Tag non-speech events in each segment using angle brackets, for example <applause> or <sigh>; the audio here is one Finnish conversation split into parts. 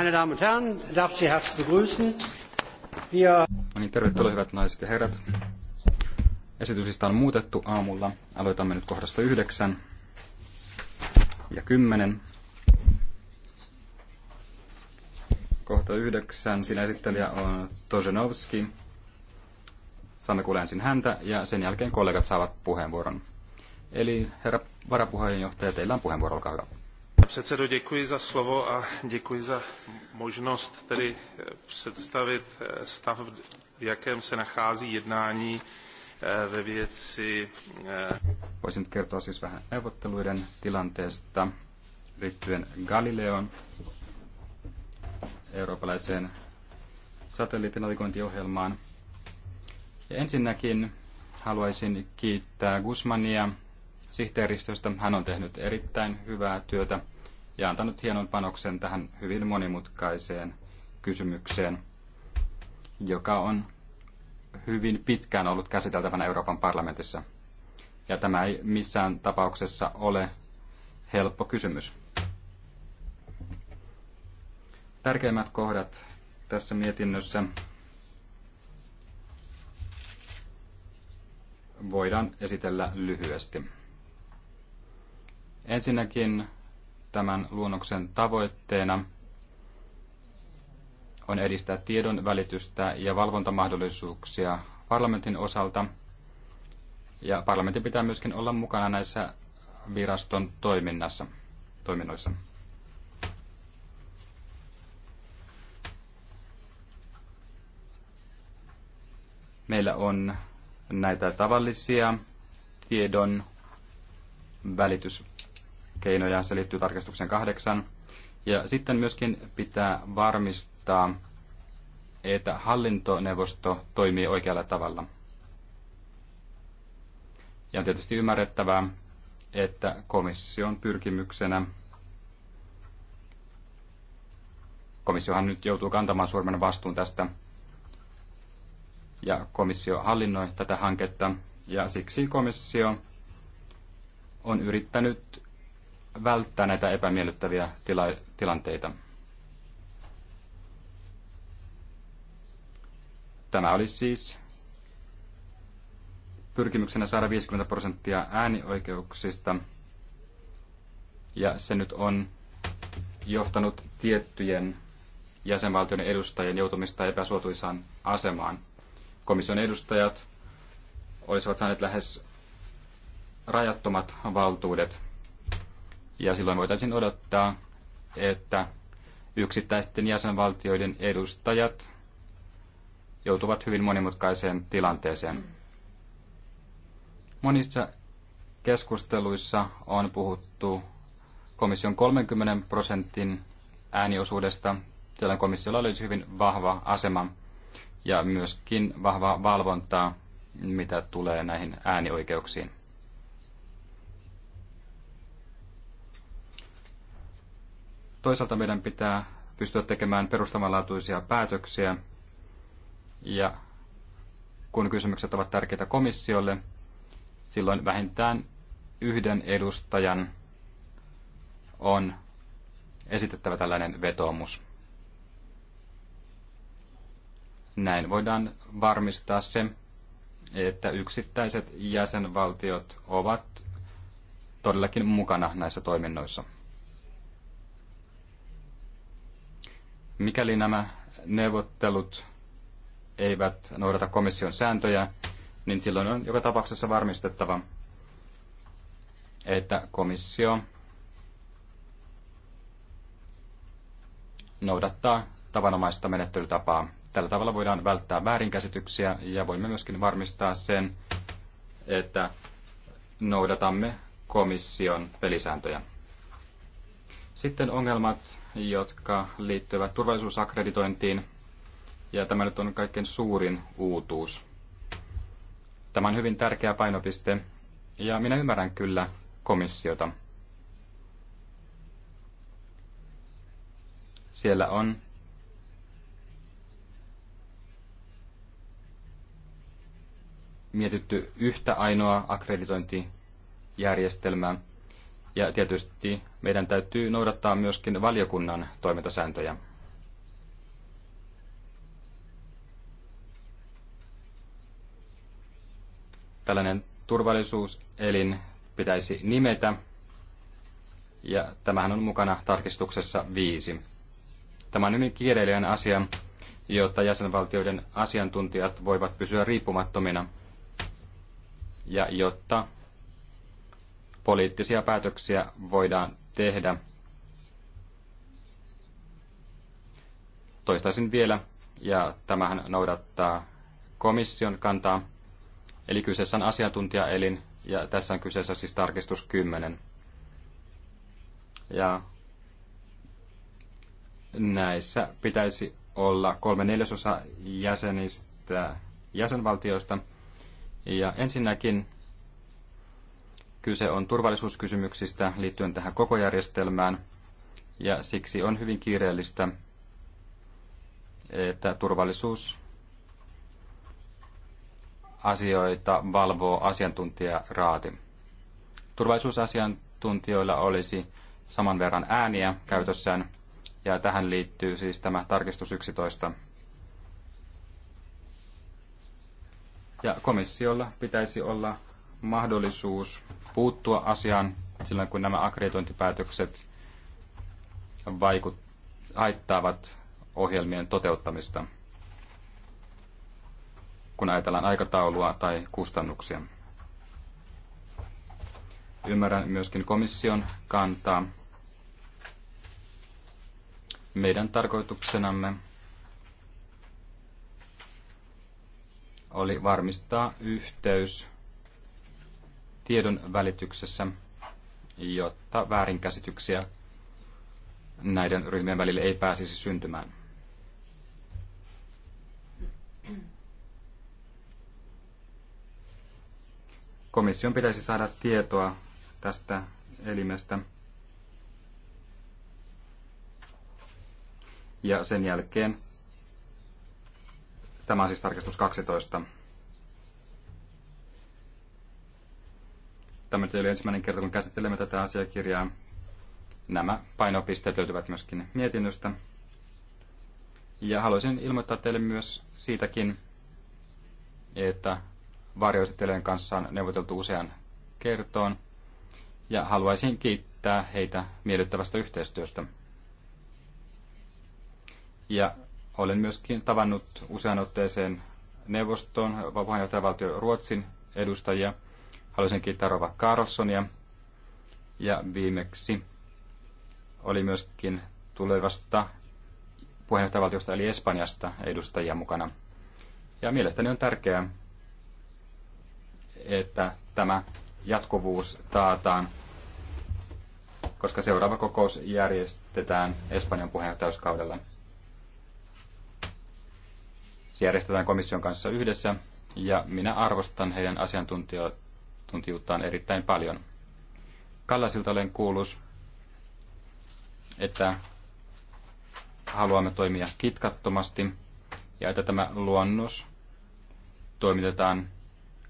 Meine Damen und Herren, darf Sie herzlich begrüßen. Wir... No niin, tervetuloa hyvät naiset ja herrat. Esitysistä on muutettu aamulla. Aloitamme nyt kohdasta 9 ja 10. Kohta 9. Siinä esittelijä on Tozenovski. Saamme kuulla ensin häntä ja sen jälkeen kollegat saavat puheenvuoron. Eli herra varapuheenjohtaja, teillä on puheenvuoro, olkaa hyvä. Předsedo, děkuji za slovo a děkuji za možnost tedy eh, představit eh, stav, v jakém se nachází jednání eh, ve věci... Voisin kertoa siis vähän neuvotteluiden tilanteesta liittyen Galileon, eurooppalaiseen satelliittinavigointiohjelmaan. Ja ensinnäkin haluaisin kiittää Guzmania sihteeristöstä. Hän on tehnyt erittäin hyvää työtä ja antanut hienon panoksen tähän hyvin monimutkaiseen kysymykseen, joka on hyvin pitkään ollut käsiteltävänä Euroopan parlamentissa. Ja tämä ei missään tapauksessa ole helppo kysymys. Tärkeimmät kohdat tässä mietinnössä voidaan esitellä lyhyesti. Ensinnäkin tämän luonnoksen tavoitteena on edistää tiedon välitystä ja valvontamahdollisuuksia parlamentin osalta. Ja parlamentin pitää myöskin olla mukana näissä viraston toiminnassa, toiminnoissa. Meillä on näitä tavallisia tiedon välitys keinoja. Se liittyy tarkistukseen kahdeksan. Ja sitten myöskin pitää varmistaa, että hallintoneuvosto toimii oikealla tavalla. Ja on tietysti ymmärrettävää, että komission pyrkimyksenä komissiohan nyt joutuu kantamaan suurimman vastuun tästä, ja komissio hallinnoi tätä hanketta, ja siksi komissio on yrittänyt välttää näitä epämiellyttäviä tila- tilanteita. Tämä oli siis pyrkimyksenä saada 50 prosenttia äänioikeuksista, ja se nyt on johtanut tiettyjen jäsenvaltioiden edustajien joutumista epäsuotuisaan asemaan. Komission edustajat olisivat saaneet lähes rajattomat valtuudet ja silloin voitaisiin odottaa, että yksittäisten jäsenvaltioiden edustajat joutuvat hyvin monimutkaiseen tilanteeseen. Monissa keskusteluissa on puhuttu komission 30 prosentin ääniosuudesta. Siellä komissiolla olisi hyvin vahva asema ja myöskin vahvaa valvontaa, mitä tulee näihin äänioikeuksiin. Toisaalta meidän pitää pystyä tekemään perustavanlaatuisia päätöksiä ja kun kysymykset ovat tärkeitä komissiolle, silloin vähintään yhden edustajan on esitettävä tällainen vetoomus. Näin voidaan varmistaa se, että yksittäiset jäsenvaltiot ovat todellakin mukana näissä toiminnoissa. Mikäli nämä neuvottelut eivät noudata komission sääntöjä, niin silloin on joka tapauksessa varmistettava, että komissio noudattaa tavanomaista menettelytapaa. Tällä tavalla voidaan välttää väärinkäsityksiä ja voimme myöskin varmistaa sen, että noudatamme komission pelisääntöjä. Sitten ongelmat, jotka liittyvät turvallisuusakkreditointiin, ja tämä nyt on kaikkein suurin uutuus. Tämä on hyvin tärkeä painopiste, ja minä ymmärrän kyllä komissiota. Siellä on mietitty yhtä ainoa akkreditointijärjestelmää, ja tietysti meidän täytyy noudattaa myöskin valiokunnan toimintasääntöjä. Tällainen turvallisuuselin pitäisi nimetä, ja tämähän on mukana tarkistuksessa viisi. Tämä on hyvin kiireellinen asia, jotta jäsenvaltioiden asiantuntijat voivat pysyä riippumattomina ja jotta poliittisia päätöksiä voidaan tehdä. Toistaisin vielä, ja tämähän noudattaa komission kantaa. Eli kyseessä on asiantuntijaelin, ja tässä on kyseessä siis tarkistus 10. Ja näissä pitäisi olla kolme neljäsosa jäsenistä, jäsenvaltioista. Ja ensinnäkin Kyse on turvallisuuskysymyksistä liittyen tähän koko järjestelmään, ja siksi on hyvin kiireellistä, että turvallisuusasioita valvoo asiantuntijaraati. Turvallisuusasiantuntijoilla olisi saman verran ääniä käytössään, ja tähän liittyy siis tämä tarkistus 11. Ja komissiolla pitäisi olla mahdollisuus puuttua asiaan silloin, kun nämä akkreditointipäätökset vaikut, haittaavat ohjelmien toteuttamista, kun ajatellaan aikataulua tai kustannuksia. Ymmärrän myöskin komission kantaa. Meidän tarkoituksenamme oli varmistaa yhteys tiedon välityksessä, jotta väärinkäsityksiä näiden ryhmien välille ei pääsisi syntymään. Komission pitäisi saada tietoa tästä elimestä. Ja sen jälkeen, tämä on siis tarkistus 12, Tämä oli ensimmäinen kerta, kun käsittelemme tätä asiakirjaa. Nämä painopisteet löytyvät myöskin mietinnöstä. Ja haluaisin ilmoittaa teille myös siitäkin, että varjoesittelijän kanssa on neuvoteltu usean kertoon. Ja haluaisin kiittää heitä miellyttävästä yhteistyöstä. Ja olen myöskin tavannut usean otteeseen neuvoston puheenjohtajavaltio Ruotsin edustajia – Haluaisin kiittää Rova Carlsonia. Ja viimeksi oli myöskin tulevasta puheenjohtajavaltiosta eli Espanjasta edustajia mukana. Ja mielestäni on tärkeää, että tämä jatkuvuus taataan, koska seuraava kokous järjestetään Espanjan puheenjohtajuuskaudella. Se järjestetään komission kanssa yhdessä ja minä arvostan heidän asiantuntijoita asiantuntijuuttaan erittäin paljon. Kallasilta olen kuullut, että haluamme toimia kitkattomasti ja että tämä luonnos toimitetaan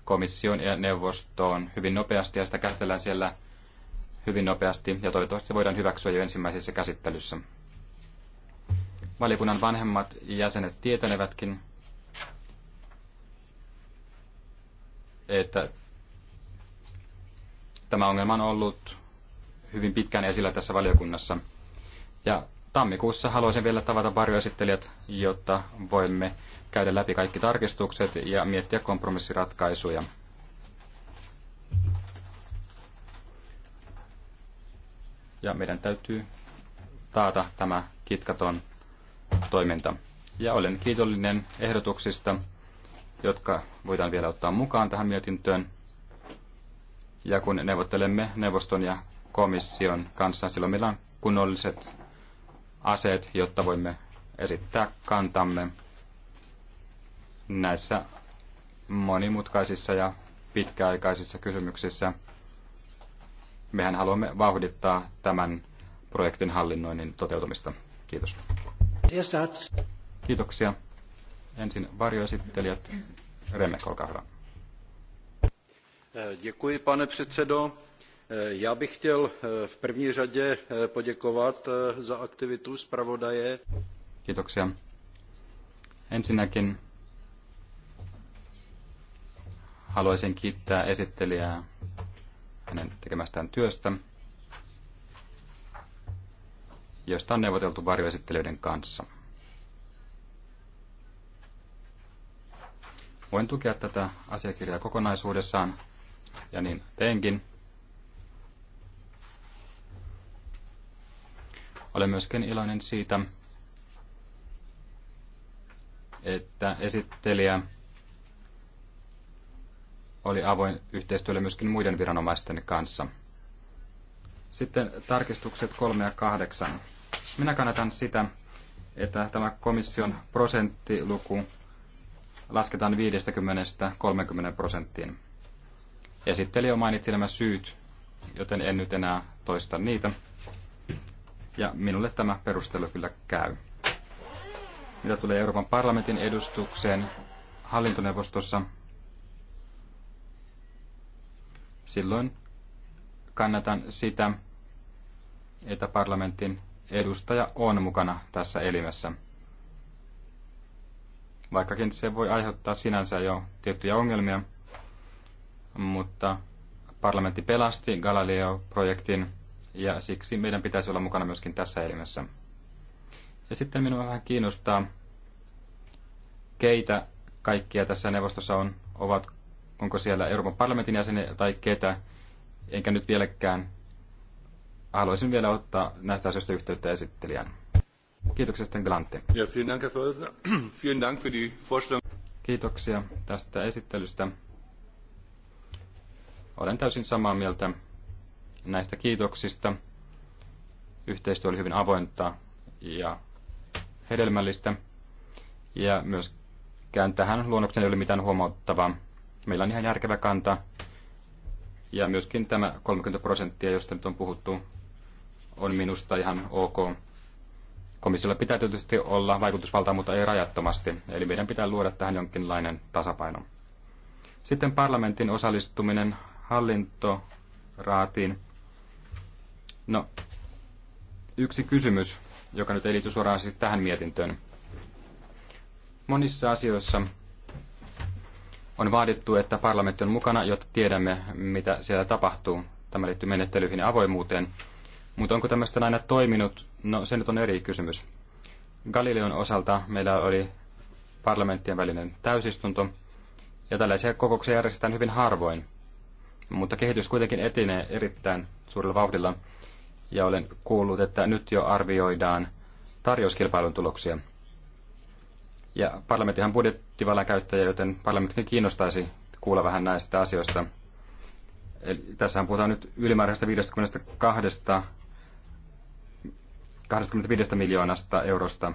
komission ja neuvostoon hyvin nopeasti ja sitä käsitellään siellä hyvin nopeasti ja toivottavasti se voidaan hyväksyä jo ensimmäisessä käsittelyssä. Valiokunnan vanhemmat jäsenet tietänevätkin, että Tämä ongelma on ollut hyvin pitkään esillä tässä valiokunnassa. Ja tammikuussa haluaisin vielä tavata varjoesittelijät, jotta voimme käydä läpi kaikki tarkistukset ja miettiä kompromissiratkaisuja. Ja meidän täytyy taata tämä kitkaton toiminta. Ja olen kiitollinen ehdotuksista, jotka voidaan vielä ottaa mukaan tähän mietintöön. Ja kun neuvottelemme neuvoston ja komission kanssa, silloin meillä on kunnolliset aseet, jotta voimme esittää kantamme näissä monimutkaisissa ja pitkäaikaisissa kysymyksissä. Mehän haluamme vauhdittaa tämän projektin hallinnoinnin toteutumista. Kiitos. Kiitoksia. Ensin varjoesittelijät. Remek, olkaa hyvä pane předsedo. Já bych chtěl eh, v první řadě eh, poděkovat eh, za aktivitu zpravodaje. haluaisin kiittää esittelijää hänen tekemästään työstä, josta on neuvoteltu varjoesittelijöiden kanssa. Voin tukea tätä asiakirjaa kokonaisuudessaan, ja niin teinkin. Olen myöskin iloinen siitä, että esittelijä oli avoin yhteistyölle myöskin muiden viranomaisten kanssa. Sitten tarkistukset 3 ja 8. Minä kannatan sitä, että tämä komission prosenttiluku lasketaan 50-30 prosenttiin jo mainitsi nämä syyt, joten en nyt enää toista niitä. Ja minulle tämä perustelu kyllä käy. Mitä tulee Euroopan parlamentin edustukseen hallintoneuvostossa, silloin kannatan sitä, että parlamentin edustaja on mukana tässä elimessä. Vaikkakin se voi aiheuttaa sinänsä jo tiettyjä ongelmia, mutta parlamentti pelasti Galileo-projektin ja siksi meidän pitäisi olla mukana myöskin tässä elimessä. Ja sitten minua vähän kiinnostaa, keitä kaikkia tässä neuvostossa on, ovat, onko siellä Euroopan parlamentin jäseniä tai ketä, enkä nyt vieläkään haluaisin vielä ottaa näistä asioista yhteyttä esittelijän. Kiitoksia sitten Glantti. Ja, vielen Dank, <clears throat> Vielen Dank für die Vorstellung. Kiitoksia tästä esittelystä. Olen täysin samaa mieltä näistä kiitoksista. Yhteistyö oli hyvin avointa ja hedelmällistä. Ja myöskään tähän luonnokseen ei ole mitään huomauttavaa. Meillä on ihan järkevä kanta. Ja myöskin tämä 30 prosenttia, josta nyt on puhuttu, on minusta ihan ok. Komissiolla pitää tietysti olla vaikutusvaltaa, mutta ei rajattomasti. Eli meidän pitää luoda tähän jonkinlainen tasapaino. Sitten parlamentin osallistuminen hallintoraatiin. No, yksi kysymys, joka nyt ei liity suoraan siis tähän mietintöön. Monissa asioissa on vaadittu, että parlamentti on mukana, jotta tiedämme, mitä siellä tapahtuu. Tämä liittyy menettelyihin ja avoimuuteen. Mutta onko tämmöistä aina toiminut? No se nyt on eri kysymys. Galileon osalta meillä oli parlamenttien välinen täysistunto, ja tällaisia kokouksia järjestetään hyvin harvoin. Mutta kehitys kuitenkin etenee erittäin suurella vauhdilla ja olen kuullut, että nyt jo arvioidaan tarjouskilpailun tuloksia. Ja parlamenttihan budjettivallan käyttäjä, joten parlamentti kiinnostaisi kuulla vähän näistä asioista. Eli tässähän puhutaan nyt ylimääräisestä 52 25 miljoonasta eurosta.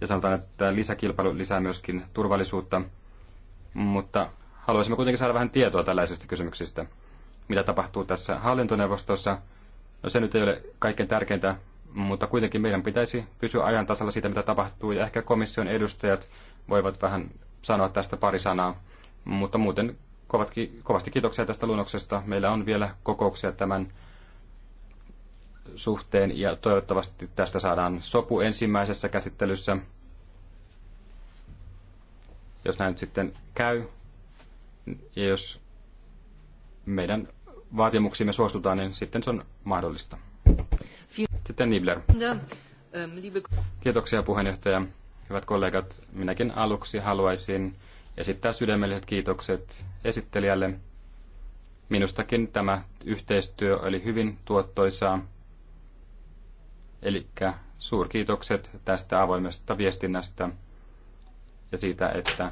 Ja sanotaan, että lisäkilpailu lisää myöskin turvallisuutta, mutta haluaisimme kuitenkin saada vähän tietoa tällaisista kysymyksistä. Mitä tapahtuu tässä hallintoneuvostossa? No se nyt ei ole kaikkein tärkeintä, mutta kuitenkin meidän pitäisi pysyä ajan tasalla siitä, mitä tapahtuu, ja ehkä komission edustajat voivat vähän sanoa tästä pari sanaa. Mutta muuten kovatki, kovasti kiitoksia tästä luonnoksesta. Meillä on vielä kokouksia tämän suhteen, ja toivottavasti tästä saadaan sopu ensimmäisessä käsittelyssä. Jos näin nyt sitten käy, ja jos meidän vaatimuksiimme suostutaan, niin sitten se on mahdollista. Sitten Nibler. Kiitoksia puheenjohtaja. Hyvät kollegat, minäkin aluksi haluaisin esittää sydämelliset kiitokset esittelijälle. Minustakin tämä yhteistyö oli hyvin tuottoisaa. Eli suurkiitokset tästä avoimesta viestinnästä ja siitä, että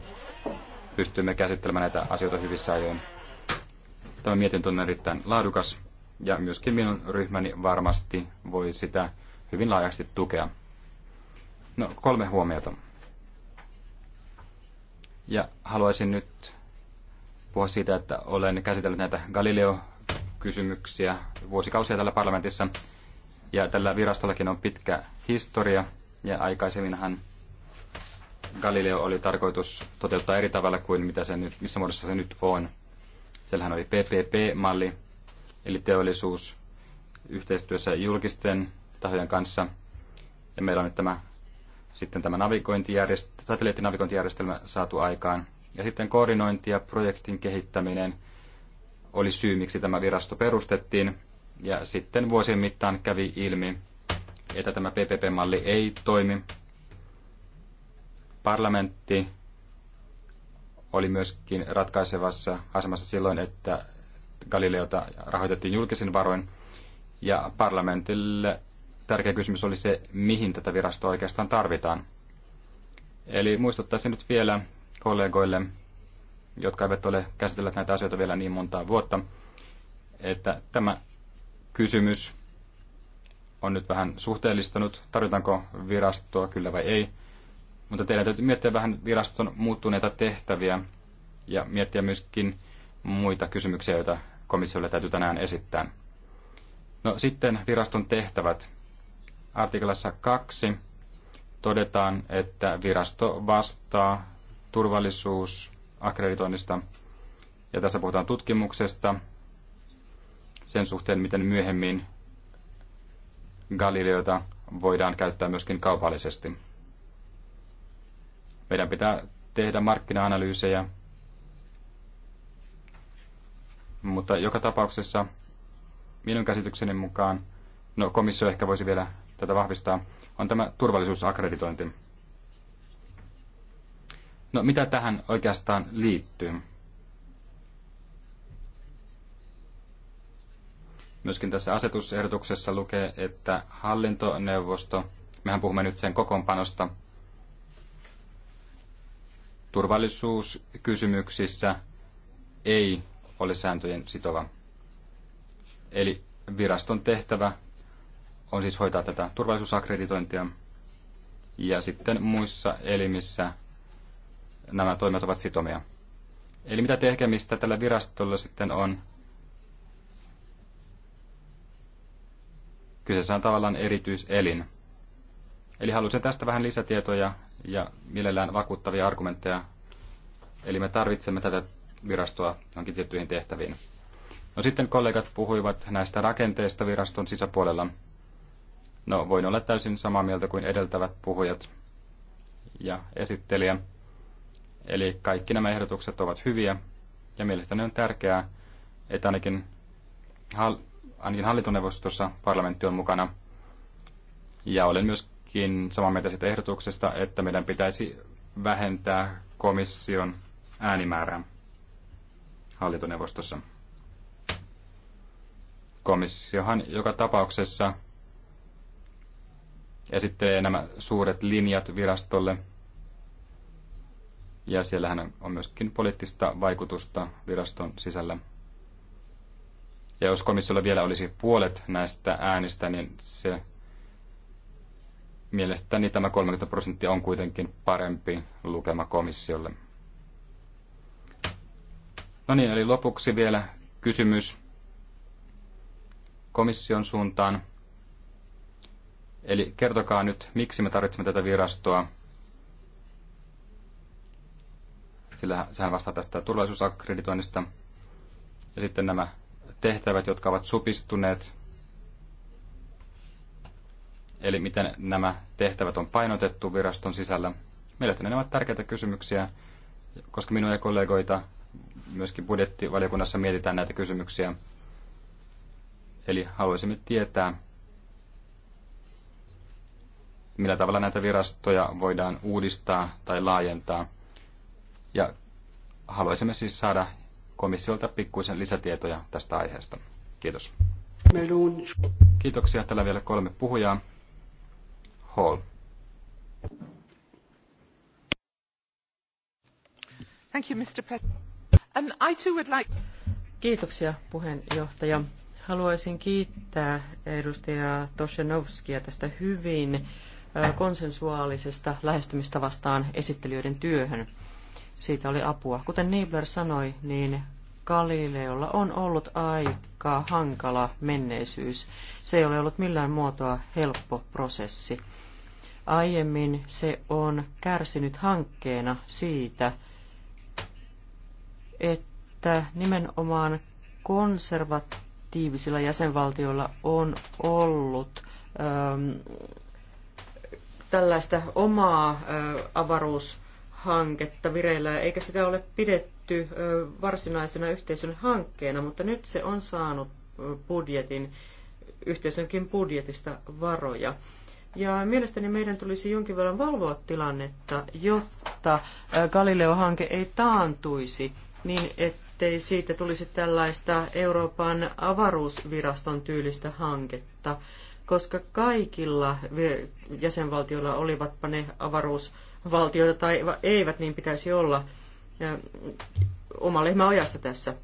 pystymme käsittelemään näitä asioita hyvissä ajoin. Tämä mietintö on erittäin laadukas ja myöskin minun ryhmäni varmasti voi sitä hyvin laajasti tukea. No, kolme huomiota. Ja haluaisin nyt puhua siitä, että olen käsitellyt näitä Galileo-kysymyksiä vuosikausia tällä parlamentissa. Ja tällä virastollakin on pitkä historia. Ja aikaisemminhan Galileo oli tarkoitus toteuttaa eri tavalla kuin mitä se nyt, missä muodossa se nyt on. Siellähän oli PPP-malli, eli teollisuus yhteistyössä julkisten tahojen kanssa. Ja meillä on nyt tämä, sitten tämä navigointijärjestelmä, satelliittinavigointijärjestelmä saatu aikaan. Ja sitten koordinointi ja projektin kehittäminen oli syy, miksi tämä virasto perustettiin. Ja sitten vuosien mittaan kävi ilmi, että tämä PPP-malli ei toimi Parlamentti oli myöskin ratkaisevassa asemassa silloin, että Galileota rahoitettiin julkisin varoin. Ja parlamentille tärkeä kysymys oli se, mihin tätä virastoa oikeastaan tarvitaan. Eli muistuttaisin nyt vielä kollegoille, jotka eivät ole käsitelleet näitä asioita vielä niin montaa vuotta, että tämä kysymys on nyt vähän suhteellistanut, tarvitaanko virastoa kyllä vai ei, mutta teidän täytyy miettiä vähän viraston muuttuneita tehtäviä ja miettiä myöskin muita kysymyksiä, joita komissiolle täytyy tänään esittää. No sitten viraston tehtävät. Artiklassa 2 todetaan, että virasto vastaa turvallisuusakkreditoinnista ja tässä puhutaan tutkimuksesta sen suhteen, miten myöhemmin Galileota voidaan käyttää myöskin kaupallisesti. Meidän pitää tehdä markkina-analyysejä, mutta joka tapauksessa minun käsitykseni mukaan, no komissio ehkä voisi vielä tätä vahvistaa, on tämä turvallisuusakkreditointi. No mitä tähän oikeastaan liittyy? Myöskin tässä asetusehdotuksessa lukee, että hallintoneuvosto, mehän puhumme nyt sen kokoonpanosta, turvallisuuskysymyksissä ei ole sääntöjen sitova. Eli viraston tehtävä on siis hoitaa tätä turvallisuusakreditointia. Ja sitten muissa elimissä nämä toimet ovat sitomia. Eli mitä tekemistä tällä virastolla sitten on? Kyseessä on tavallaan erityiselin. Eli halusin tästä vähän lisätietoja ja mielellään vakuuttavia argumentteja. Eli me tarvitsemme tätä virastoa jonkin tiettyihin tehtäviin. No sitten kollegat puhuivat näistä rakenteista viraston sisäpuolella. No voin olla täysin samaa mieltä kuin edeltävät puhujat ja esittelijä. Eli kaikki nämä ehdotukset ovat hyviä ja mielestäni on tärkeää, että ainakin, hal- ainakin hallintoneuvostossa parlamentti on mukana. Ja olen myös myöskin samaa mieltä siitä ehdotuksesta, että meidän pitäisi vähentää komission äänimäärää hallintoneuvostossa. Komissiohan joka tapauksessa esittelee nämä suuret linjat virastolle, ja siellähän on myöskin poliittista vaikutusta viraston sisällä. Ja jos komissiolla vielä olisi puolet näistä äänistä, niin se mielestäni tämä 30 prosenttia on kuitenkin parempi lukema komissiolle. No niin, eli lopuksi vielä kysymys komission suuntaan. Eli kertokaa nyt, miksi me tarvitsemme tätä virastoa. Sillä sehän vastaa tästä turvallisuusakkreditoinnista. Ja sitten nämä tehtävät, jotka ovat supistuneet eli miten nämä tehtävät on painotettu viraston sisällä. Mielestäni ne ovat tärkeitä kysymyksiä, koska minun ja kollegoita myöskin budjettivaliokunnassa mietitään näitä kysymyksiä. Eli haluaisimme tietää, millä tavalla näitä virastoja voidaan uudistaa tai laajentaa. Ja haluaisimme siis saada komissiolta pikkuisen lisätietoja tästä aiheesta. Kiitos. Kiitoksia. Tällä vielä kolme puhujaa. Hall. Thank you, Mr. Um, I too would like... Kiitoksia puheenjohtaja. Haluaisin kiittää edustaja Toshenovskia tästä hyvin konsensuaalisesta lähestymistavastaan esittelijöiden työhön. Siitä oli apua. Kuten Niebler sanoi, niin Galileolla on ollut aika hankala menneisyys. Se ei ole ollut millään muotoa helppo prosessi. Aiemmin se on kärsinyt hankkeena siitä, että nimenomaan konservatiivisilla jäsenvaltioilla on ollut ähm, tällaista omaa äh, avaruushanketta vireillä, eikä sitä ole pidetty äh, varsinaisena yhteisön hankkeena, mutta nyt se on saanut äh, budjetin, yhteisönkin budjetista varoja. Ja mielestäni meidän tulisi jonkin verran valvoa tilannetta, jotta Galileo-hanke ei taantuisi niin, ettei siitä tulisi tällaista Euroopan avaruusviraston tyylistä hanketta, koska kaikilla jäsenvaltioilla olivatpa ne avaruusvaltioita tai eivät, niin pitäisi olla oma lehmä ojassa tässä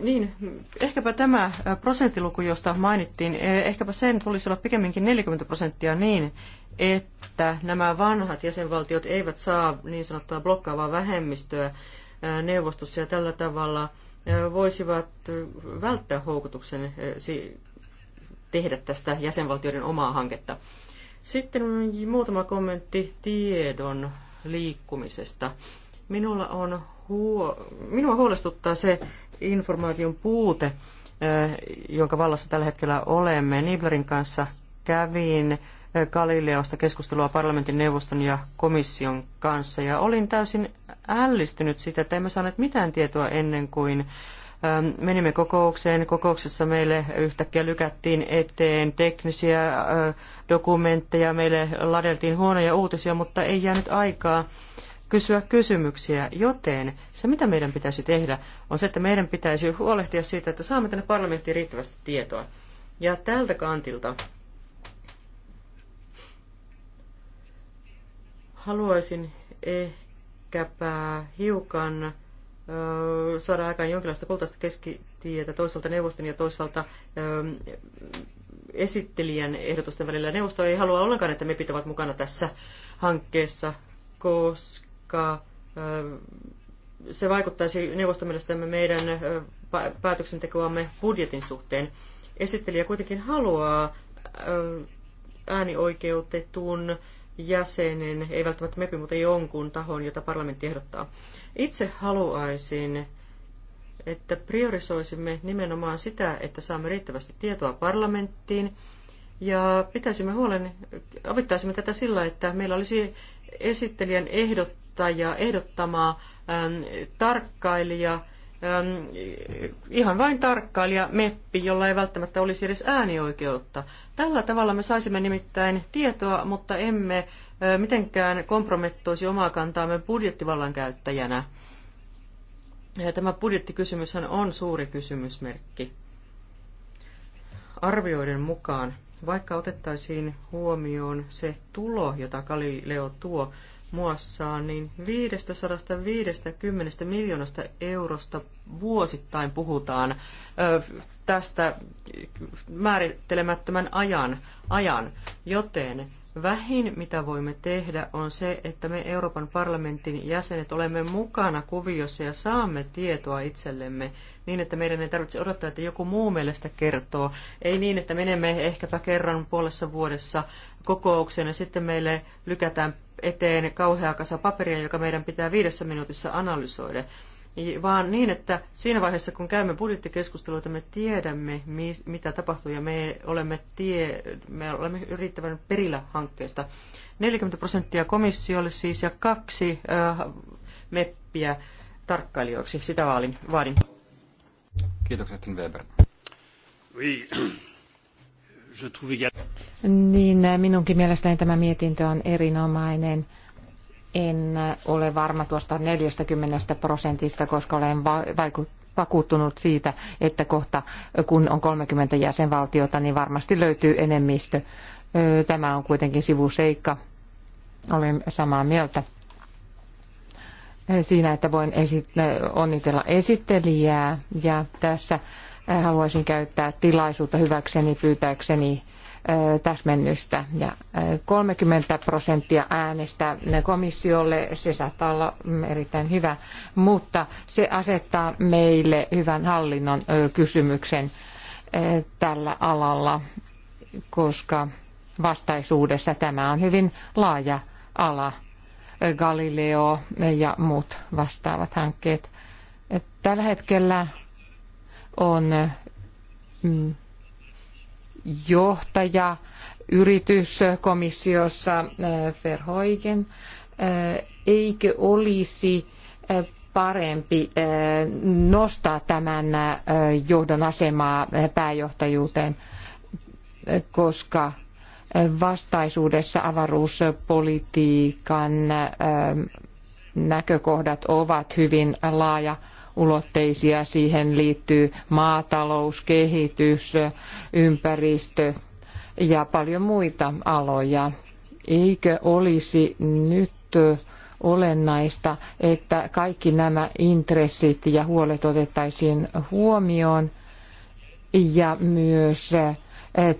niin, ehkäpä tämä prosenttiluku, josta mainittiin, e, ehkäpä sen tulisi olla pikemminkin 40 prosenttia niin, että nämä vanhat jäsenvaltiot eivät saa niin sanottua blokkaavaa vähemmistöä neuvostossa ja tällä tavalla voisivat välttää houkutuksen tehdä tästä jäsenvaltioiden omaa hanketta. Sitten muutama kommentti tiedon liikkumisesta. Minulla on huo- Minua huolestuttaa se, informaation puute, jonka vallassa tällä hetkellä olemme. Niblerin kanssa kävin Galileosta keskustelua parlamentin neuvoston ja komission kanssa ja olin täysin ällistynyt siitä, että emme saaneet mitään tietoa ennen kuin menimme kokoukseen. Kokouksessa meille yhtäkkiä lykättiin eteen teknisiä dokumentteja, meille ladeltiin huonoja uutisia, mutta ei jäänyt aikaa kysyä kysymyksiä, joten se mitä meidän pitäisi tehdä on se, että meidän pitäisi huolehtia siitä, että saamme tänne parlamenttiin riittävästi tietoa. Ja tältä kantilta haluaisin ehkäpä hiukan ö, saada aikaan jonkinlaista kultaista keskitietä toisaalta neuvoston ja toisaalta ö, esittelijän ehdotusten välillä. Neuvosto ei halua ollenkaan, että me pitävät mukana tässä hankkeessa, koska vaikka se vaikuttaisi neuvoston mielestämme meidän päätöksentekoamme budjetin suhteen. Esittelijä kuitenkin haluaa äänioikeutetun jäsenen, ei välttämättä MEPI, mutta jonkun tahon, jota parlamentti ehdottaa. Itse haluaisin, että priorisoisimme nimenomaan sitä, että saamme riittävästi tietoa parlamenttiin, ja pitäisimme huolen, avittaisimme tätä sillä, että meillä olisi esittelijän ehdot johtaja, ehdottama ähm, tarkkailija, ähm, ihan vain tarkkailija, meppi, jolla ei välttämättä olisi edes äänioikeutta. Tällä tavalla me saisimme nimittäin tietoa, mutta emme äh, mitenkään kompromettoisi omaa kantaamme budjettivallan käyttäjänä. Tämä budjettikysymyshän on suuri kysymysmerkki. Arvioiden mukaan, vaikka otettaisiin huomioon se tulo, jota Galileo tuo, muassaan, niin 550 miljoonasta eurosta vuosittain puhutaan ö, tästä määrittelemättömän ajan, ajan, joten Vähin, mitä voimme tehdä, on se, että me Euroopan parlamentin jäsenet olemme mukana kuviossa ja saamme tietoa itsellemme niin, että meidän ei tarvitse odottaa, että joku muu meille sitä kertoo. Ei niin, että menemme ehkäpä kerran puolessa vuodessa kokoukseen ja sitten meille lykätään eteen kauhea kasa paperia, joka meidän pitää viidessä minuutissa analysoida vaan niin, että siinä vaiheessa, kun käymme budjettikeskusteluita, me tiedämme, mitä tapahtuu, ja me olemme, tie, me olemme yrittävän perillä hankkeesta. 40 prosenttia komissiolle siis, ja kaksi äh, meppiä tarkkailijoiksi. Sitä vaadin. vaadin. Weber. Oui. <clears throat> Je trouve... Niin, minunkin mielestäni tämä mietintö on erinomainen. En ole varma tuosta 40 prosentista, koska olen vakuuttunut siitä, että kohta kun on 30 jäsenvaltiota, niin varmasti löytyy enemmistö. Tämä on kuitenkin sivuseikka. Olen samaa mieltä siinä, että voin esit- onnitella esittelijää ja tässä äh, haluaisin käyttää tilaisuutta hyväkseni pyytääkseni äh, täsmennystä. Ja 30 äh, prosenttia äänestä komissiolle, se saattaa olla mm, erittäin hyvä, mutta se asettaa meille hyvän hallinnon kysymyksen tällä alalla, koska vastaisuudessa tämä on hyvin laaja ala Galileo ja muut vastaavat hankkeet. Tällä hetkellä on mm, johtaja yrityskomissiossa äh, Verhoiken. Äh, eikö olisi äh, parempi nostaa tämän johdon asemaa pääjohtajuuteen, koska vastaisuudessa avaruuspolitiikan ähm, näkökohdat ovat hyvin laaja ulotteisia. Siihen liittyy maatalous, kehitys, ympäristö ja paljon muita aloja. Eikö olisi nyt olennaista, että kaikki nämä intressit ja huolet otettaisiin huomioon ja myös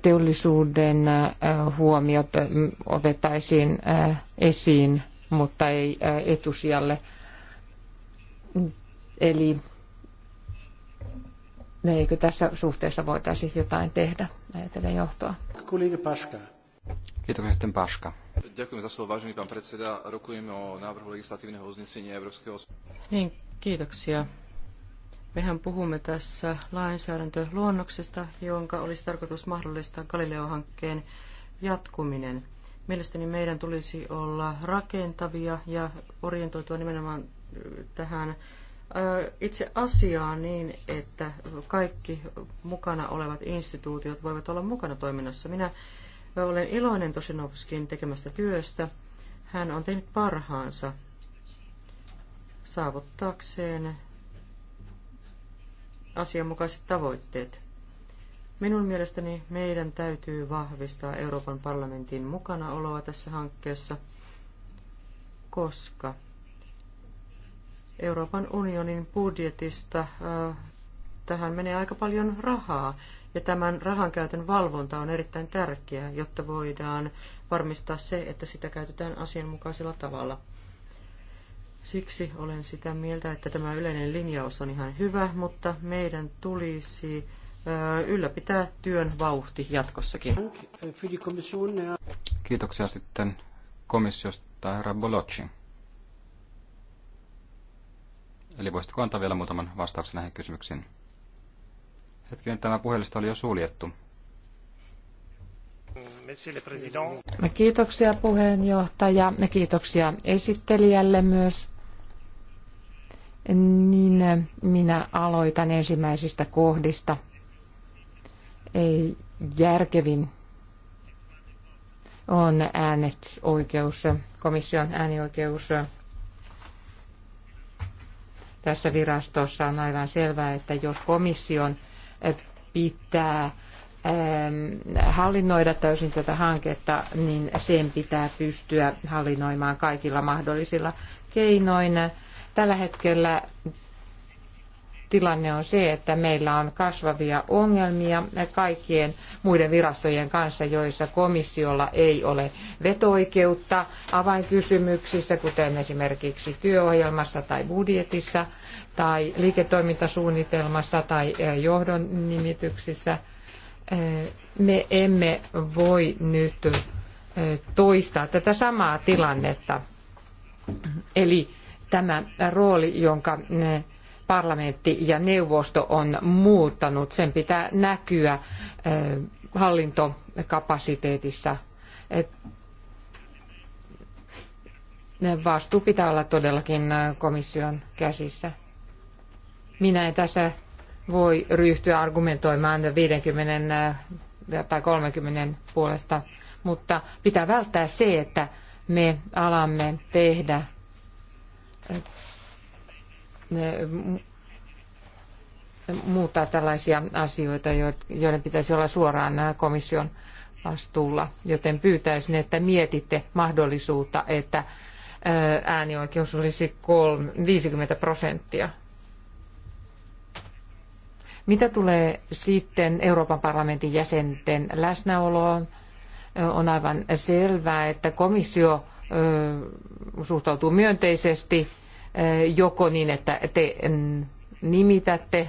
teollisuuden äh, huomiot äh, otettaisiin äh, esiin, mutta ei etusijalle. Eli eikö tässä suhteessa voitaisi jotain tehdä, ajatellen johtoa? Kollega Paška. Kiitoksia sitten Paška. Ďakujem za slovo, vážený pán predseda. Rokujeme o návrhu legislatívneho uznesenia Európskeho... Niin, kiitoksia Mehän puhumme tässä lainsäädäntöluonnoksesta, jonka olisi tarkoitus mahdollistaa Galileo-hankkeen jatkuminen. Mielestäni meidän tulisi olla rakentavia ja orientoitua nimenomaan tähän itse asiaan, niin, että kaikki mukana olevat instituutiot voivat olla mukana toiminnassa. Minä olen iloinen Tosinovskin tekemästä työstä. Hän on tehnyt parhaansa saavuttaakseen asianmukaiset tavoitteet. Minun mielestäni meidän täytyy vahvistaa Euroopan parlamentin mukanaoloa tässä hankkeessa, koska Euroopan unionin budjetista tähän menee aika paljon rahaa, ja tämän rahan käytön valvonta on erittäin tärkeää, jotta voidaan varmistaa se, että sitä käytetään asianmukaisella tavalla. Siksi olen sitä mieltä, että tämä yleinen linjaus on ihan hyvä, mutta meidän tulisi ylläpitää työn vauhti jatkossakin. Kiitoksia sitten komissiosta herra Bolocci. Eli voisitko antaa vielä muutaman vastauksen näihin kysymyksiin? Hetkinen, tämä puhelista oli jo suljettu. Kiitoksia puheenjohtaja ja kiitoksia esittelijälle myös niin eh, minä aloitan ensimmäisistä kohdista. Ei järkevin on äänestysoikeus, komission äänioikeus. Tässä virastossa on aivan selvää, että jos komission eh, pitää ehm, hallinnoida täysin tätä hanketta, niin sen pitää pystyä hallinnoimaan kaikilla mahdollisilla keinoina. Tällä hetkellä tilanne on se, että meillä on kasvavia ongelmia kaikkien muiden virastojen kanssa, joissa komissiolla ei ole vetoikeutta avainkysymyksissä, kuten esimerkiksi työohjelmassa tai budjetissa tai liiketoimintasuunnitelmassa tai e, johdon nimityksissä. E, me emme voi nyt e, toistaa tätä samaa tilannetta. Eli tämä rooli, jonka eh, parlamentti ja neuvosto on muuttanut, sen pitää näkyä eh, hallintokapasiteetissa. Eh, vastuu pitää olla todellakin komission käsissä. Minä en tässä voi ryhtyä argumentoimaan 50 tai 30 puolesta, mutta pitää välttää se, että me alamme tehdä muuttaa tällaisia asioita, joiden pitäisi olla suoraan komission vastuulla. Joten pyytäisin, että mietitte mahdollisuutta, että äänioikeus olisi 50 prosenttia. Mitä tulee sitten Euroopan parlamentin jäsenten läsnäoloon, on aivan selvää, että komissio suhtautuu myönteisesti joko niin, että te nimitätte.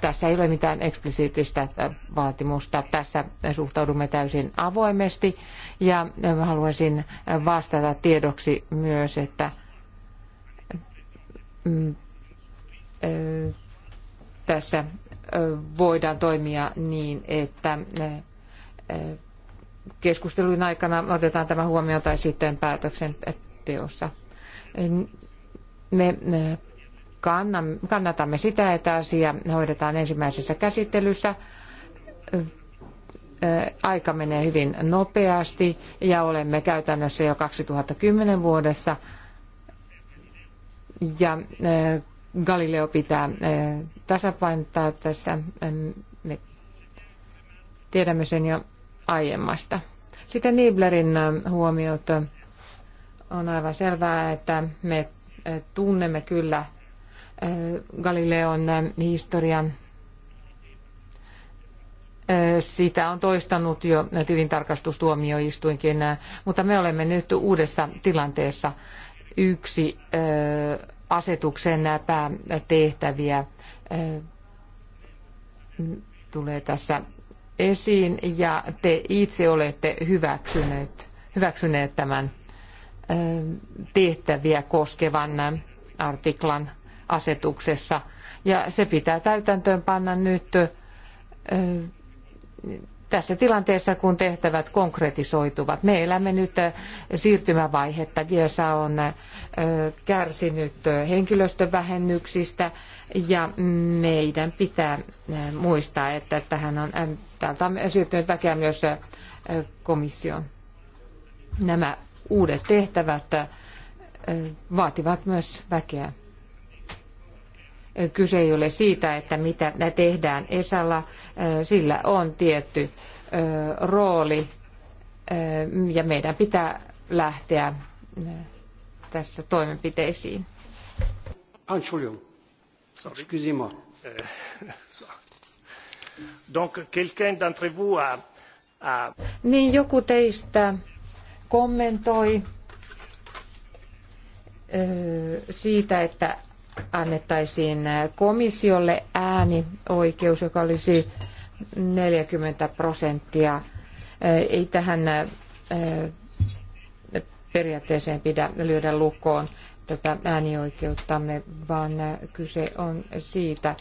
Tässä ei ole mitään eksplisiittistä vaatimusta. Tässä suhtaudumme täysin avoimesti ja haluaisin vastata tiedoksi myös, että mm, tässä voidaan toimia niin, että keskustelujen aikana otetaan tämä huomioon tai sitten päätöksenteossa. Me kannatamme sitä, että asia hoidetaan ensimmäisessä käsittelyssä. Aika menee hyvin nopeasti ja olemme käytännössä jo 2010 vuodessa. Ja Galileo pitää tasapainottaa tässä. Me tiedämme sen jo aiemmasta. Sitten Niblerin äh, huomiot. On aivan selvää, että me äh, tunnemme kyllä äh, Galileon historian. Sitä on toistanut jo tilintarkastustuomioistuinkin, mutta me olemme nyt uudessa tilanteessa yksi asetuksen päätehtäviä tulee tässä esiin ja te itse olette hyväksyneet, hyväksyneet tämän tehtäviä koskevan artiklan asetuksessa. Ja se pitää täytäntöön panna nyt tässä tilanteessa, kun tehtävät konkretisoituvat. Me elämme nyt siirtymävaihetta. GSA on kärsinyt henkilöstövähennyksistä ja meidän pitää eh, muistaa, että tähän on, eh, täältä on siirtynyt väkeä myös eh, komission. Nämä uudet tehtävät vaativat myös väkeä. Kyse ei ole siitä, että mitä tehdään Esalla. Sillä on tietty rooli ja meidän pitää lähteä tässä toimenpiteisiin. Anchulio. Excusez-moi. Eh, <laughs> donc, quelqu'un d'entre vous a, a... Niin joku teistä kommentoi eh, siitä, että annettaisiin komissiolle äänioikeus, joka olisi 40 prosenttia. Eh, ei tähän periaatteeseen pidä lyödä lukkoon tätä äänioikeuttamme, vaan kyse on siitä,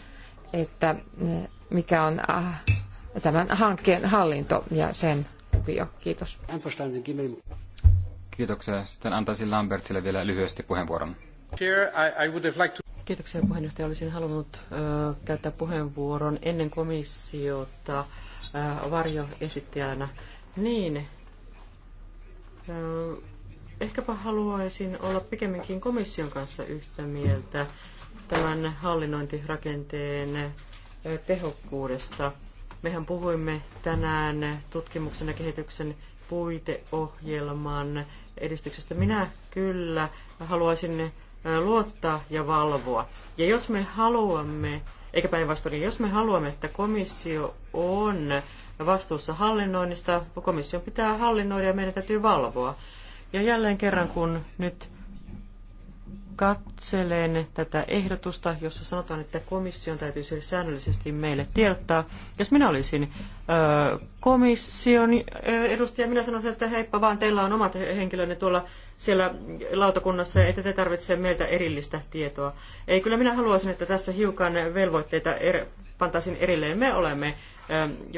että mikä on äh, tämän hankkeen hallinto ja sen kuvio. Kiitos. Kiitoksia. Sitten antaisin Lambertsille vielä lyhyesti puheenvuoron. Kiitoksia puheenjohtaja. Olisin halunnut käyttää puheenvuoron ennen komissiota varjoesittäjänä. Niin, Ehkäpä haluaisin olla pikemminkin komission kanssa yhtä mieltä tämän hallinnointirakenteen tehokkuudesta. Mehän puhuimme tänään tutkimuksen ja kehityksen puiteohjelman edistyksestä. Minä kyllä haluaisin luottaa ja valvoa. Ja jos me haluamme, eikä päinvastoin, jos me haluamme, että komissio on vastuussa hallinnoinnista, komission pitää hallinnoida ja meidän täytyy valvoa. Ja jälleen kerran, kun nyt katselen tätä ehdotusta, jossa sanotaan, että komission täytyy siis säännöllisesti meille tiedottaa. Jos minä olisin komission edustaja, minä sanoisin, että heippa vaan, teillä on omat henkilönne tuolla siellä lautakunnassa, että te tarvitse meiltä erillistä tietoa. Ei, kyllä minä haluaisin, että tässä hiukan velvoitteita er, pantaisin erilleen. Me olemme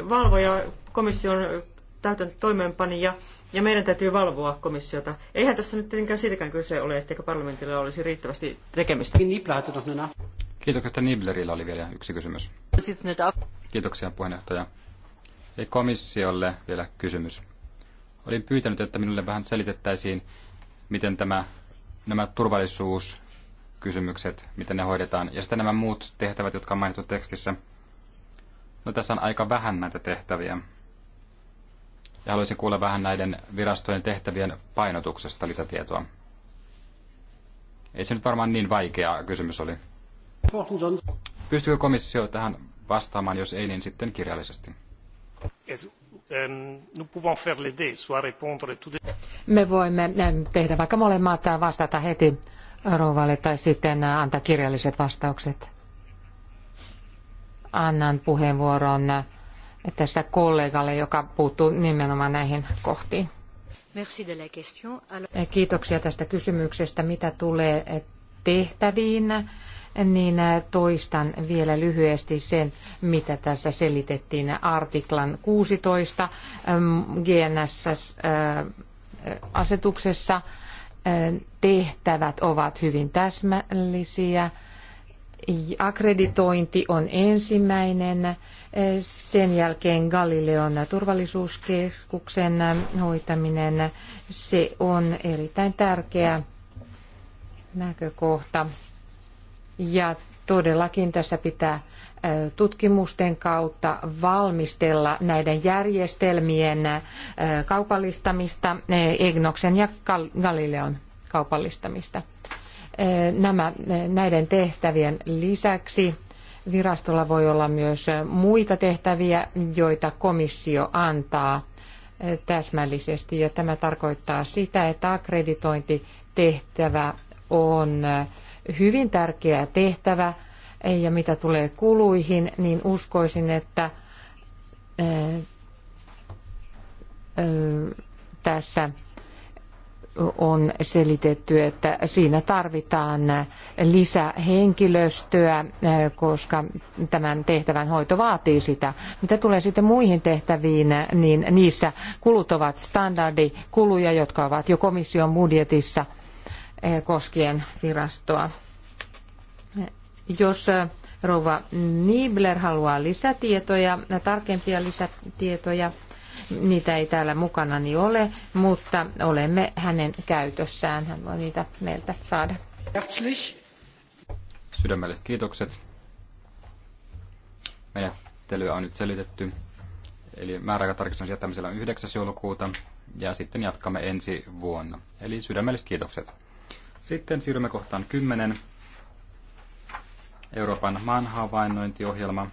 valvoja, komission täytön toimeenpanija, ja meidän täytyy valvoa komissiota. Eihän tässä nyt tietenkään siitäkään kyse ole, etteikö parlamentilla olisi riittävästi tekemistä. Kiitoksia. Niblerillä oli vielä yksi kysymys. Kiitoksia puheenjohtaja. Ja komissiolle vielä kysymys. Olin pyytänyt, että minulle vähän selitettäisiin, miten tämä, nämä turvallisuuskysymykset, miten ne hoidetaan. Ja sitten nämä muut tehtävät, jotka on mainittu tekstissä. No tässä on aika vähän näitä tehtäviä ja haluaisin kuulla vähän näiden virastojen tehtävien painotuksesta lisätietoa. Ei se nyt varmaan niin vaikea kysymys oli. Pystyykö komissio tähän vastaamaan, jos ei, niin sitten kirjallisesti? Um, Me voimme ähm, tehdä vaikka molemmat äh, vastata heti rouvalle tai sitten äh, antaa kirjalliset vastaukset. Annan puheenvuoron äh, tässä kollegalle, joka puuttuu nimenomaan näihin kohtiin. Eh, kiitoksia tästä kysymyksestä. Mitä tulee eh, tehtäviin, eh, niin toistan vielä lyhyesti sen, mitä tässä selitettiin artiklan 16 ehm, GNS-asetuksessa. Tehtävät ovat hyvin täsmällisiä Akkreditointi on ensimmäinen, sen jälkeen Galileon turvallisuuskeskuksen hoitaminen. Se on erittäin tärkeä näkökohta. Ja todellakin tässä pitää tutkimusten kautta valmistella näiden järjestelmien kaupallistamista, Egnoksen ja Galileon kaupallistamista. Eh, nämä, eh, näiden tehtävien lisäksi virastolla voi olla myös eh, muita tehtäviä, joita komissio antaa täsmällisesti. Ja tämä tarkoittaa sitä, että akkreditointitehtävä on hyvin tärkeä tehtävä. Ja mitä tulee kuluihin, niin uskoisin, että tässä on selitetty, että siinä tarvitaan lisähenkilöstöä, koska tämän tehtävän hoito vaatii sitä. Mitä tulee sitten muihin tehtäviin, niin niissä kulut ovat standardikuluja, jotka ovat jo komission budjetissa eh, koskien virastoa. Jos eh, rouva Niebler haluaa lisätietoja, tarkempia lisätietoja, Niitä ei täällä mukanani ole, mutta olemme hänen käytössään. Hän voi niitä meiltä saada. Sydämelliset kiitokset. Menettelyä on nyt selitetty. Eli määräaikatarkistuksen jättämisellä on 9. joulukuuta ja sitten jatkamme ensi vuonna. Eli sydämelliset kiitokset. Sitten siirrymme kohtaan 10. Euroopan maanhavainnointiohjelma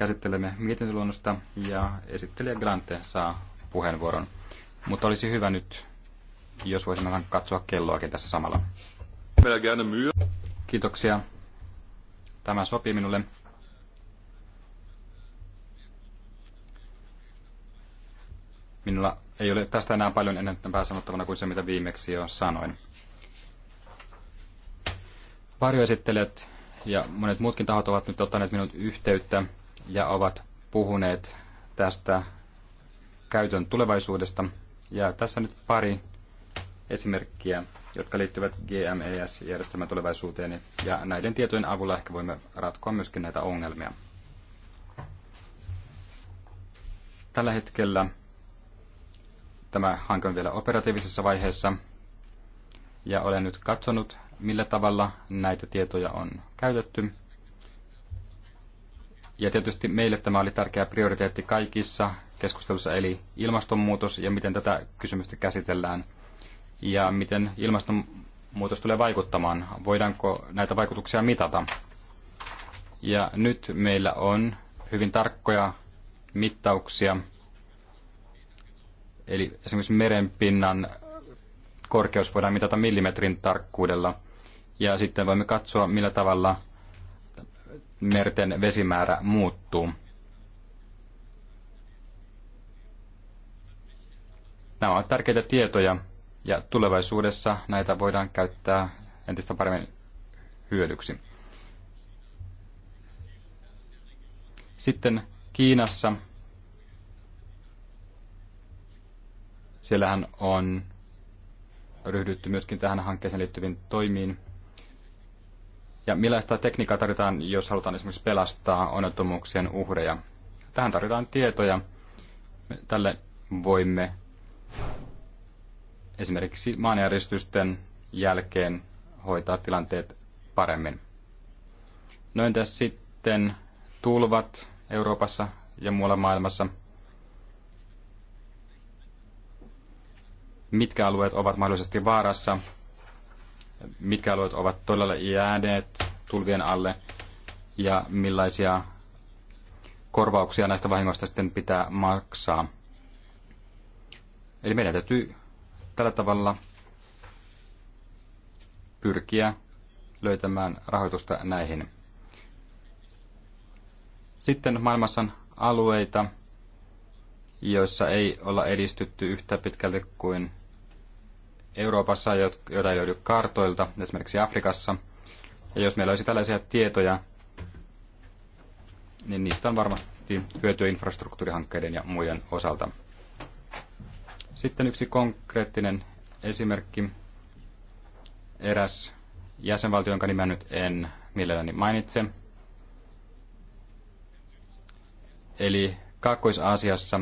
käsittelemme mietintöluonnosta ja esittelijä Glante saa puheenvuoron. Mutta olisi hyvä nyt, jos voisimme vähän katsoa kelloakin tässä samalla. Kiitoksia. Tämä sopii minulle. Minulla ei ole tästä enää paljon enempää sanottavana kuin se, mitä viimeksi jo sanoin. Varjoesittelijät ja monet muutkin tahot ovat nyt ottaneet minut yhteyttä ja ovat puhuneet tästä käytön tulevaisuudesta. Ja tässä nyt pari esimerkkiä, jotka liittyvät GMES-järjestelmän tulevaisuuteen, ja näiden tietojen avulla ehkä voimme ratkoa myöskin näitä ongelmia. Tällä hetkellä tämä hanke on vielä operatiivisessa vaiheessa, ja olen nyt katsonut, millä tavalla näitä tietoja on käytetty. Ja tietysti meille tämä oli tärkeä prioriteetti kaikissa keskustelussa, eli ilmastonmuutos ja miten tätä kysymystä käsitellään ja miten ilmastonmuutos tulee vaikuttamaan. Voidaanko näitä vaikutuksia mitata? Ja nyt meillä on hyvin tarkkoja mittauksia, eli esimerkiksi merenpinnan korkeus voidaan mitata millimetrin tarkkuudella. Ja sitten voimme katsoa, millä tavalla merten vesimäärä muuttuu. Nämä ovat tärkeitä tietoja ja tulevaisuudessa näitä voidaan käyttää entistä paremmin hyödyksi. Sitten Kiinassa. Siellähän on ryhdytty myöskin tähän hankkeeseen liittyviin toimiin. Ja millaista tekniikkaa tarvitaan, jos halutaan esimerkiksi pelastaa onnettomuuksien uhreja? Tähän tarvitaan tietoja. Me tälle voimme esimerkiksi maanjäristysten jälkeen hoitaa tilanteet paremmin. No entäs sitten tulvat Euroopassa ja muualla maailmassa? Mitkä alueet ovat mahdollisesti vaarassa mitkä alueet ovat todella jääneet tulvien alle ja millaisia korvauksia näistä vahingoista sitten pitää maksaa. Eli meidän täytyy tällä tavalla pyrkiä löytämään rahoitusta näihin. Sitten maailmassa on alueita, joissa ei olla edistytty yhtä pitkälle kuin Euroopassa, joita ei löydy kartoilta, esimerkiksi Afrikassa. Ja jos meillä olisi tällaisia tietoja, niin niistä on varmasti hyötyä infrastruktuurihankkeiden ja muiden osalta. Sitten yksi konkreettinen esimerkki. Eräs jäsenvaltio, jonka nimen nyt en mielelläni mainitse. Eli Kaakkois-Aasiassa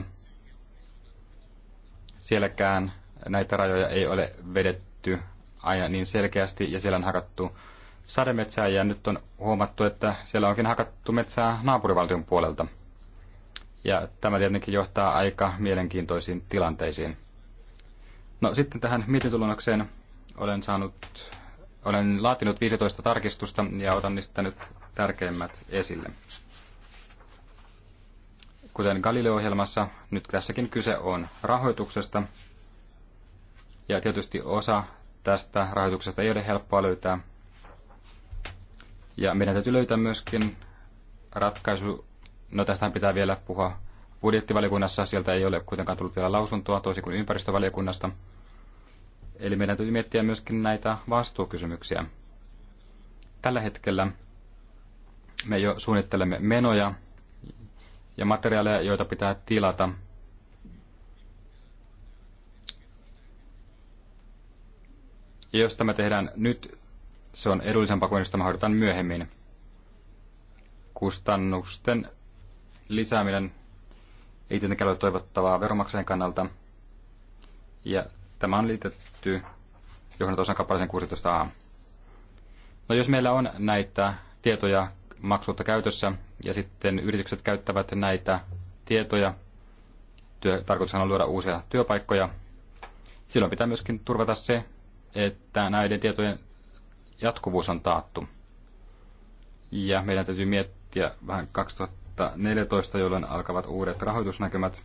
sielläkään näitä rajoja ei ole vedetty aina niin selkeästi ja siellä on hakattu sademetsää ja nyt on huomattu, että siellä onkin hakattu metsää naapurivaltion puolelta. Ja tämä tietenkin johtaa aika mielenkiintoisiin tilanteisiin. No sitten tähän mietintulunnokseen olen saanut, olen laatinut 15 tarkistusta ja otan niistä nyt tärkeimmät esille. Kuten Galileo-ohjelmassa, nyt tässäkin kyse on rahoituksesta, ja tietysti osa tästä rahoituksesta ei ole helppoa löytää. Ja meidän täytyy löytää myöskin ratkaisu, no tästähän pitää vielä puhua budjettivaliokunnassa, sieltä ei ole kuitenkaan tullut vielä lausuntoa, toisin kuin ympäristövaliokunnasta. Eli meidän täytyy miettiä myöskin näitä vastuukysymyksiä. Tällä hetkellä me jo suunnittelemme menoja ja materiaaleja, joita pitää tilata – Ja jos tämä tehdään nyt, se on edullisempaa kuin jos tämä hoidetaan myöhemmin. Kustannusten lisääminen ei tietenkään ole toivottavaa veromaksajan kannalta. Ja tämä on liitetty johdantosan kappaleeseen 16a. No jos meillä on näitä tietoja maksutta käytössä ja sitten yritykset käyttävät näitä tietoja, työ, tarkoitushan on luoda uusia työpaikkoja, silloin pitää myöskin turvata se, että näiden tietojen jatkuvuus on taattu. Ja meidän täytyy miettiä vähän 2014, jolloin alkavat uudet rahoitusnäkymät.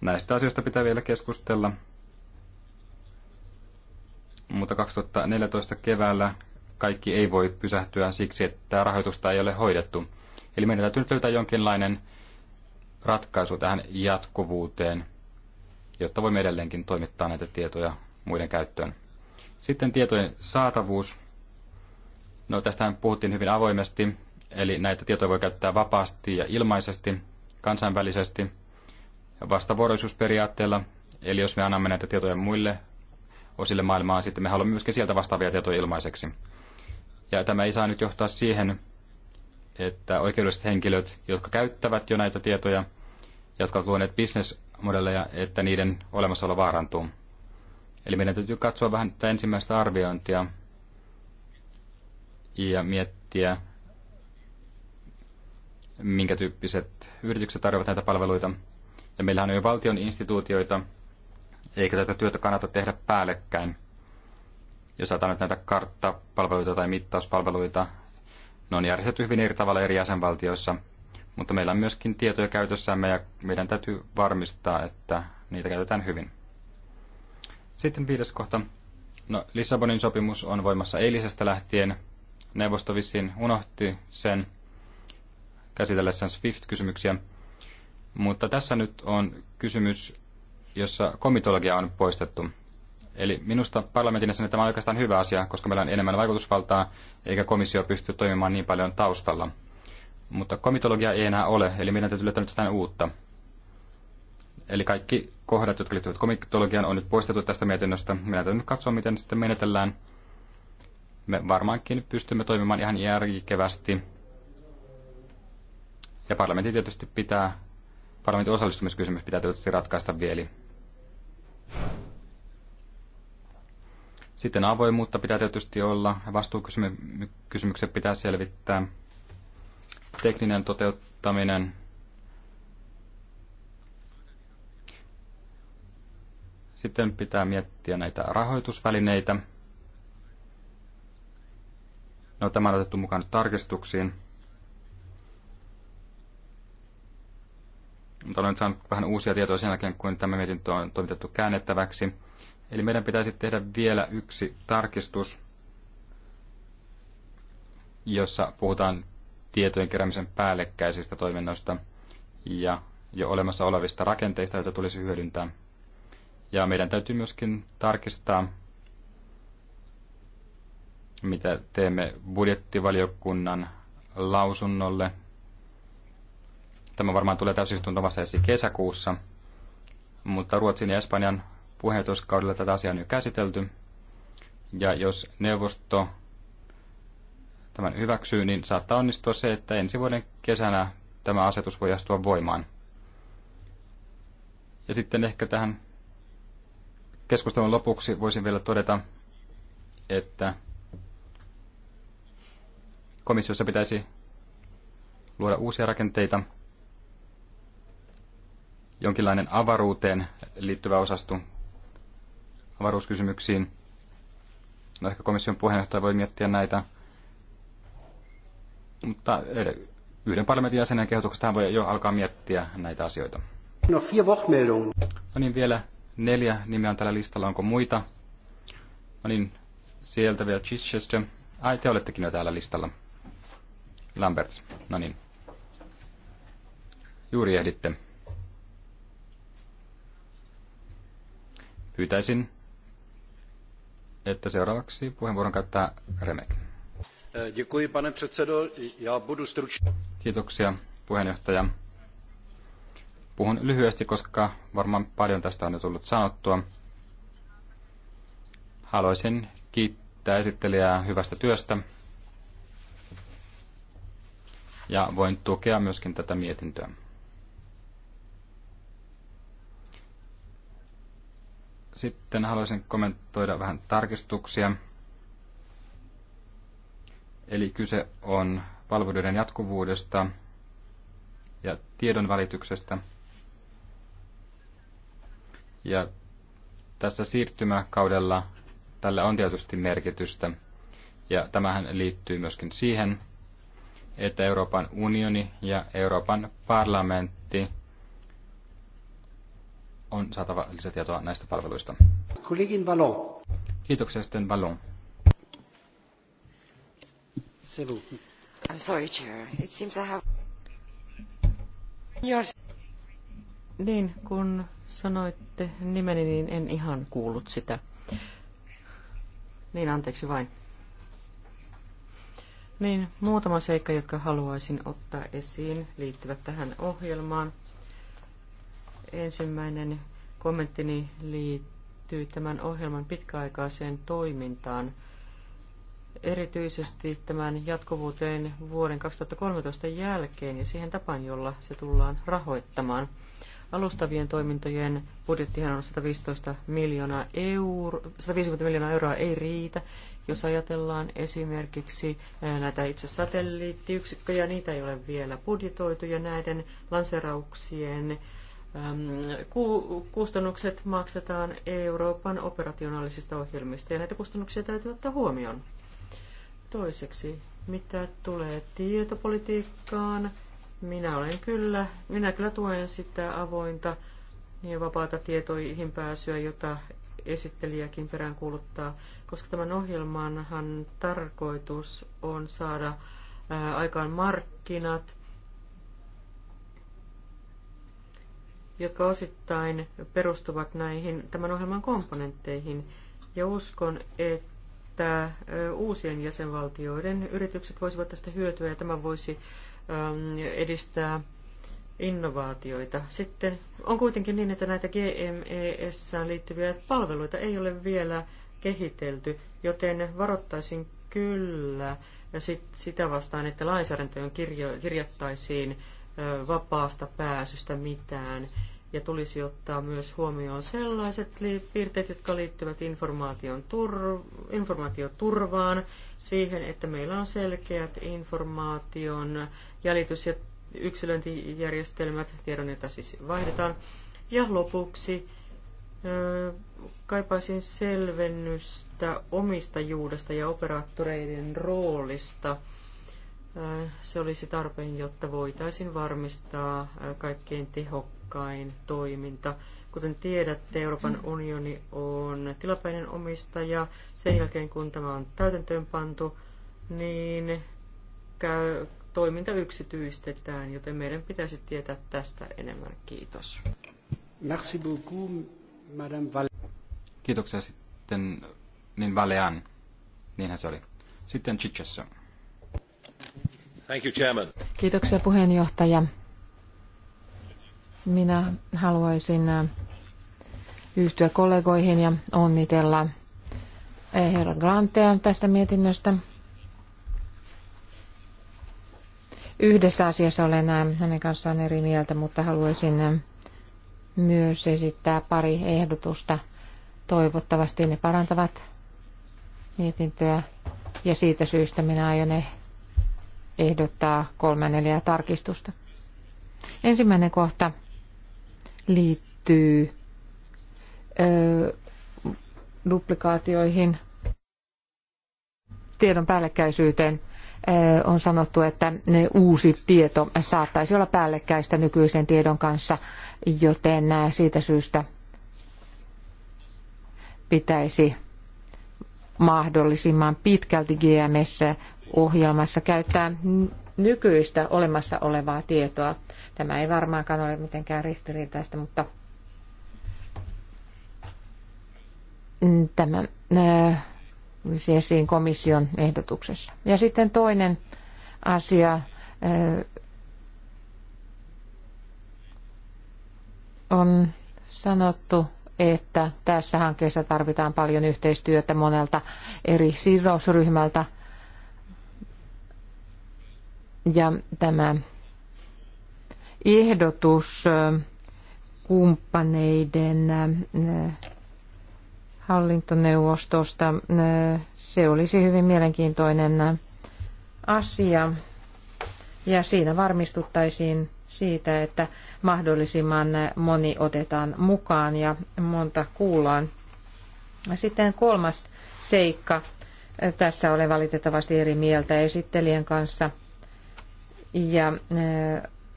Näistä asioista pitää vielä keskustella. Mutta 2014 keväällä kaikki ei voi pysähtyä siksi, että rahoitusta ei ole hoidettu. Eli meidän täytyy nyt löytää jonkinlainen ratkaisu tähän jatkuvuuteen, jotta voimme edelleenkin toimittaa näitä tietoja muiden käyttöön. Sitten tietojen saatavuus. No tästähän puhuttiin hyvin avoimesti, eli näitä tietoja voi käyttää vapaasti ja ilmaisesti, kansainvälisesti vastavuoroisuusperiaatteella. Eli jos me annamme näitä tietoja muille osille maailmaa, sitten me haluamme myöskin sieltä vastaavia tietoja ilmaiseksi. Ja tämä ei saa nyt johtaa siihen, että oikeudelliset henkilöt, jotka käyttävät jo näitä tietoja, jotka ovat luoneet bisnesmodelleja, että niiden olemassaolo vaarantuu. Eli meidän täytyy katsoa vähän tätä ensimmäistä arviointia ja miettiä, minkä tyyppiset yritykset tarjoavat näitä palveluita. Ja meillähän on jo valtion instituutioita, eikä tätä työtä kannata tehdä päällekkäin. Jos ajatellaan näitä karttapalveluita tai mittauspalveluita, ne on järjestetty hyvin eri tavalla eri jäsenvaltioissa, mutta meillä on myöskin tietoja käytössämme ja meidän täytyy varmistaa, että niitä käytetään hyvin. Sitten viides kohta. No, Lissabonin sopimus on voimassa eilisestä lähtien. Neuvosto vissiin unohti sen käsitellessään SWIFT-kysymyksiä. Mutta tässä nyt on kysymys, jossa komitologia on poistettu. Eli minusta parlamentin jäsenet tämä on oikeastaan hyvä asia, koska meillä on enemmän vaikutusvaltaa, eikä komissio pysty toimimaan niin paljon taustalla. Mutta komitologia ei enää ole, eli meidän täytyy löytää nyt jotain uutta. Eli kaikki kohdat, jotka liittyvät komiktologiaan, on nyt poistettu tästä mietinnöstä. Minä nyt katsoa, miten sitten menetellään. Me varmaankin pystymme toimimaan ihan järkevästi. Ja parlamentti tietysti pitää, parlamentin osallistumiskysymys pitää tietysti ratkaista vielä. Sitten avoimuutta pitää tietysti olla, vastuukysymykset pitää selvittää, tekninen toteuttaminen, Sitten pitää miettiä näitä rahoitusvälineitä. No, tämä on otettu mukaan tarkistuksiin. Mutta olen saanut vähän uusia tietoja sen jälkeen, kun tämä mietintö on toimitettu käännettäväksi. Eli meidän pitäisi tehdä vielä yksi tarkistus, jossa puhutaan tietojen keräämisen päällekkäisistä toiminnoista ja jo olemassa olevista rakenteista, joita tulisi hyödyntää – ja meidän täytyy myöskin tarkistaa, mitä teemme budjettivaliokunnan lausunnolle. Tämä varmaan tulee täysistuntomassa vasta ensi kesäkuussa, mutta Ruotsin ja Espanjan puheenjohtajuuskaudella tätä asiaa on jo käsitelty. Ja jos neuvosto tämän hyväksyy, niin saattaa onnistua se, että ensi vuoden kesänä tämä asetus voi astua voimaan. Ja sitten ehkä tähän keskustelun lopuksi voisin vielä todeta, että komissiossa pitäisi luoda uusia rakenteita, jonkinlainen avaruuteen liittyvä osasto avaruuskysymyksiin. No ehkä komission puheenjohtaja voi miettiä näitä. Mutta eh, yhden parlamentin jäsenen kehotuksesta voi jo alkaa miettiä näitä asioita. No, vier Wortmeldungen. No niin, vielä Neljä nimeä on tällä listalla. Onko muita? No niin, sieltä vielä Chichester. Ai, te olettekin jo täällä listalla. Lamberts, no niin. Juuri ehditte. Pyytäisin, että seuraavaksi puheenvuoron käyttää Remek. Děkuji, pane předsedo. Já budu stručný. Kiitoksia, puheenjohtaja. Puhun lyhyesti, koska varmaan paljon tästä on jo tullut sanottua. Haluaisin kiittää esittelijää hyvästä työstä ja voin tukea myöskin tätä mietintöä. Sitten haluaisin kommentoida vähän tarkistuksia. Eli kyse on palveluiden jatkuvuudesta ja tiedon välityksestä – ja tässä siirtymäkaudella tälle on tietysti merkitystä. Ja tämähän liittyy myöskin siihen, että Euroopan unioni ja Euroopan parlamentti on saatava lisätietoa näistä palveluista. Kollegin Valon. Kiitoksia sitten Valon. I'm sorry, Chair. It seems I have... Niin, kun sanoitte nimeni, niin en ihan kuullut sitä. Niin, anteeksi vain. Niin, muutama seikka, jotka haluaisin ottaa esiin, liittyvät tähän ohjelmaan. Ensimmäinen kommenttini liittyy tämän ohjelman pitkäaikaiseen toimintaan. Erityisesti tämän jatkuvuuteen vuoden 2013 jälkeen ja siihen tapaan, jolla se tullaan rahoittamaan – Alustavien toimintojen budjettihan on 115 miljoonaa euro, 150 miljoonaa euroa ei riitä. Jos ajatellaan esimerkiksi eh, näitä itse satelliittiyksikköjä, niitä ei ole vielä budjetoitu ja näiden lanserauksien ehm, kustannukset maksetaan Euroopan operationaalisista ohjelmista ja näitä kustannuksia täytyy ottaa huomioon. Toiseksi, mitä tulee tietopolitiikkaan, minä olen kyllä, minä kyllä tuen sitä avointa ja vapaata tietoihin pääsyä, jota esittelijäkin peräänkuuluttaa, koska tämän ohjelmanhan tarkoitus on saada ää, aikaan markkinat, jotka osittain perustuvat näihin tämän ohjelman komponentteihin. Ja uskon, että uusien jäsenvaltioiden yritykset voisivat tästä hyötyä ja tämä voisi Ähm, edistää innovaatioita. Sitten on kuitenkin niin, että näitä GMES liittyviä palveluita ei ole vielä kehitelty, joten varoittaisin kyllä sit, sitä vastaan, että lainsäädäntöön kirjo, kirjattaisiin vapaasta pääsystä mitään. Ja tulisi ottaa myös huomioon sellaiset piirteet, jotka liittyvät informaation tur, informaatioturvaan, siihen, että meillä on selkeät informaation jäljitys- ja yksilöintijärjestelmät, tiedon, jota siis vaihdetaan. Ja lopuksi kaipaisin selvennystä omistajuudesta ja operaattoreiden roolista. Se olisi tarpeen, jotta voitaisiin varmistaa kaikkein tehokkain toiminta. Kuten tiedätte, Euroopan unioni on tilapäinen omistaja. Sen jälkeen, kun tämä on pantu, niin toiminta yksityistetään, joten meidän pitäisi tietää tästä enemmän. Kiitos. Merci beaucoup, Madame Val- Kiitoksia sitten, niin Valean. Niinhän se oli. Sitten Chichessa. Thank you, Chairman. Kiitoksia puheenjohtaja. Minä haluaisin äh, yhtyä kollegoihin ja onnitella äh, herra Grantea tästä mietinnöstä. yhdessä asiassa olen hänen kanssaan eri mieltä, mutta haluaisin myös esittää pari ehdotusta. Toivottavasti ne parantavat mietintöä ja siitä syystä minä aion ehdottaa kolme neljää tarkistusta. Ensimmäinen kohta liittyy ö, duplikaatioihin, tiedon päällekkäisyyteen – on sanottu, että uusi tieto saattaisi olla päällekkäistä nykyisen tiedon kanssa, joten siitä syystä pitäisi mahdollisimman pitkälti GMS-ohjelmassa käyttää nykyistä olemassa olevaa tietoa. Tämä ei varmaankaan ole mitenkään ristiriitaista, mutta tämä tulisi esiin komission ehdotuksessa. Ja sitten toinen asia eh, on sanottu, että tässä hankkeessa tarvitaan paljon yhteistyötä monelta eri sidosryhmältä. Ja tämä ehdotus eh, kumppaneiden eh, hallintoneuvostosta. Se olisi hyvin mielenkiintoinen asia ja siinä varmistuttaisiin siitä, että mahdollisimman moni otetaan mukaan ja monta kuullaan. Sitten kolmas seikka. Tässä olen valitettavasti eri mieltä esittelijän kanssa. Ja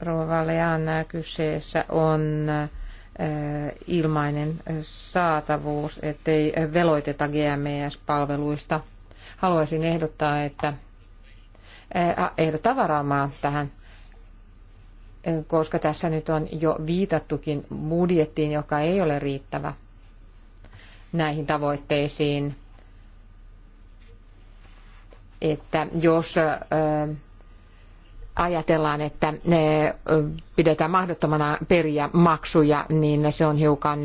Rovalean kyseessä on ilmainen saatavuus, ettei veloiteta gms palveluista Haluaisin ehdottaa, että ehdota varaamaa tähän, koska tässä nyt on jo viitattukin budjettiin, joka ei ole riittävä näihin tavoitteisiin. Että jos ajatellaan, että pidetään mahdottomana periä maksuja, niin se on hiukan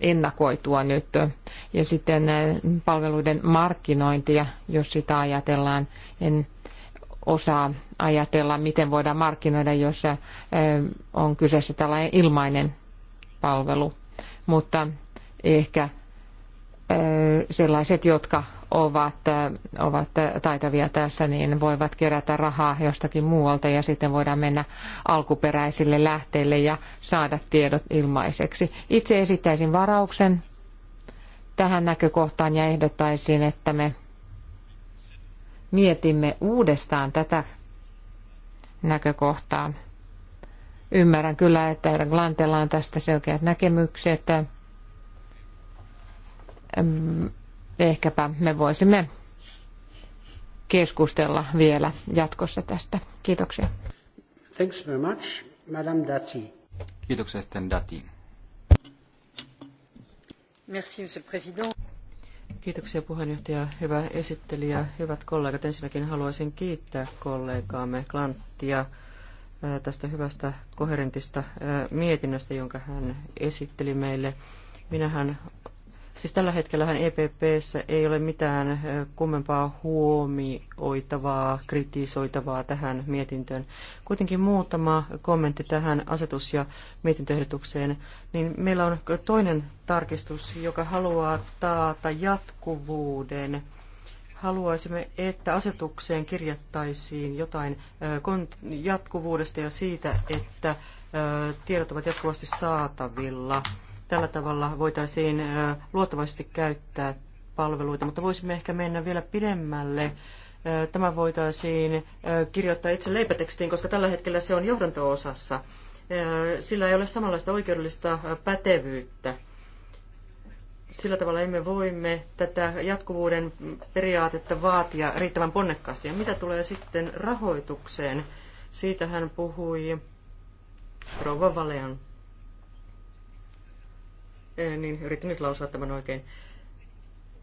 ennakoitua nyt. Ja sitten palveluiden markkinointia, jos sitä ajatellaan, en osaa ajatella, miten voidaan markkinoida, jos on kyseessä tällainen ilmainen palvelu. Mutta ehkä sellaiset, jotka ovat, äh, ovat taitavia tässä, niin voivat kerätä rahaa jostakin muualta ja sitten voidaan mennä alkuperäisille lähteille ja saada tiedot ilmaiseksi. Itse esittäisin varauksen tähän näkökohtaan ja ehdottaisin, että me mietimme uudestaan tätä näkökohtaa. Ymmärrän kyllä, että Glantella on tästä selkeät näkemykset ehkäpä me voisimme keskustella vielä jatkossa tästä. Kiitoksia. Thanks very much, Madame Dati. Kiitoksia sitten Dati. Merci, Monsieur le Président. Kiitoksia puheenjohtaja, hyvä esittelijä, hyvät kollegat. Ensinnäkin haluaisin kiittää kollegaamme Klanttia tästä hyvästä koherentista mietinnöstä, jonka hän esitteli meille. Minähän Siis tällä hetkellä EPPssä ei ole mitään kummempaa huomioitavaa, kritisoitavaa tähän mietintöön. Kuitenkin muutama kommentti tähän asetus- ja mietintöehdotukseen. Niin meillä on toinen tarkistus, joka haluaa taata jatkuvuuden. Haluaisimme, että asetukseen kirjattaisiin jotain jatkuvuudesta ja siitä, että tiedot ovat jatkuvasti saatavilla – Tällä tavalla voitaisiin luottavasti käyttää palveluita, mutta voisimme ehkä mennä vielä pidemmälle. Tämä voitaisiin kirjoittaa itse leipätekstiin, koska tällä hetkellä se on johdanto-osassa. Sillä ei ole samanlaista oikeudellista pätevyyttä sillä tavalla emme voimme tätä jatkuvuuden periaatetta vaatia riittävän ponnekkaasti. Ja mitä tulee sitten rahoitukseen, siitä hän puhui rouva Valean niin yritin nyt lausua tämän oikein,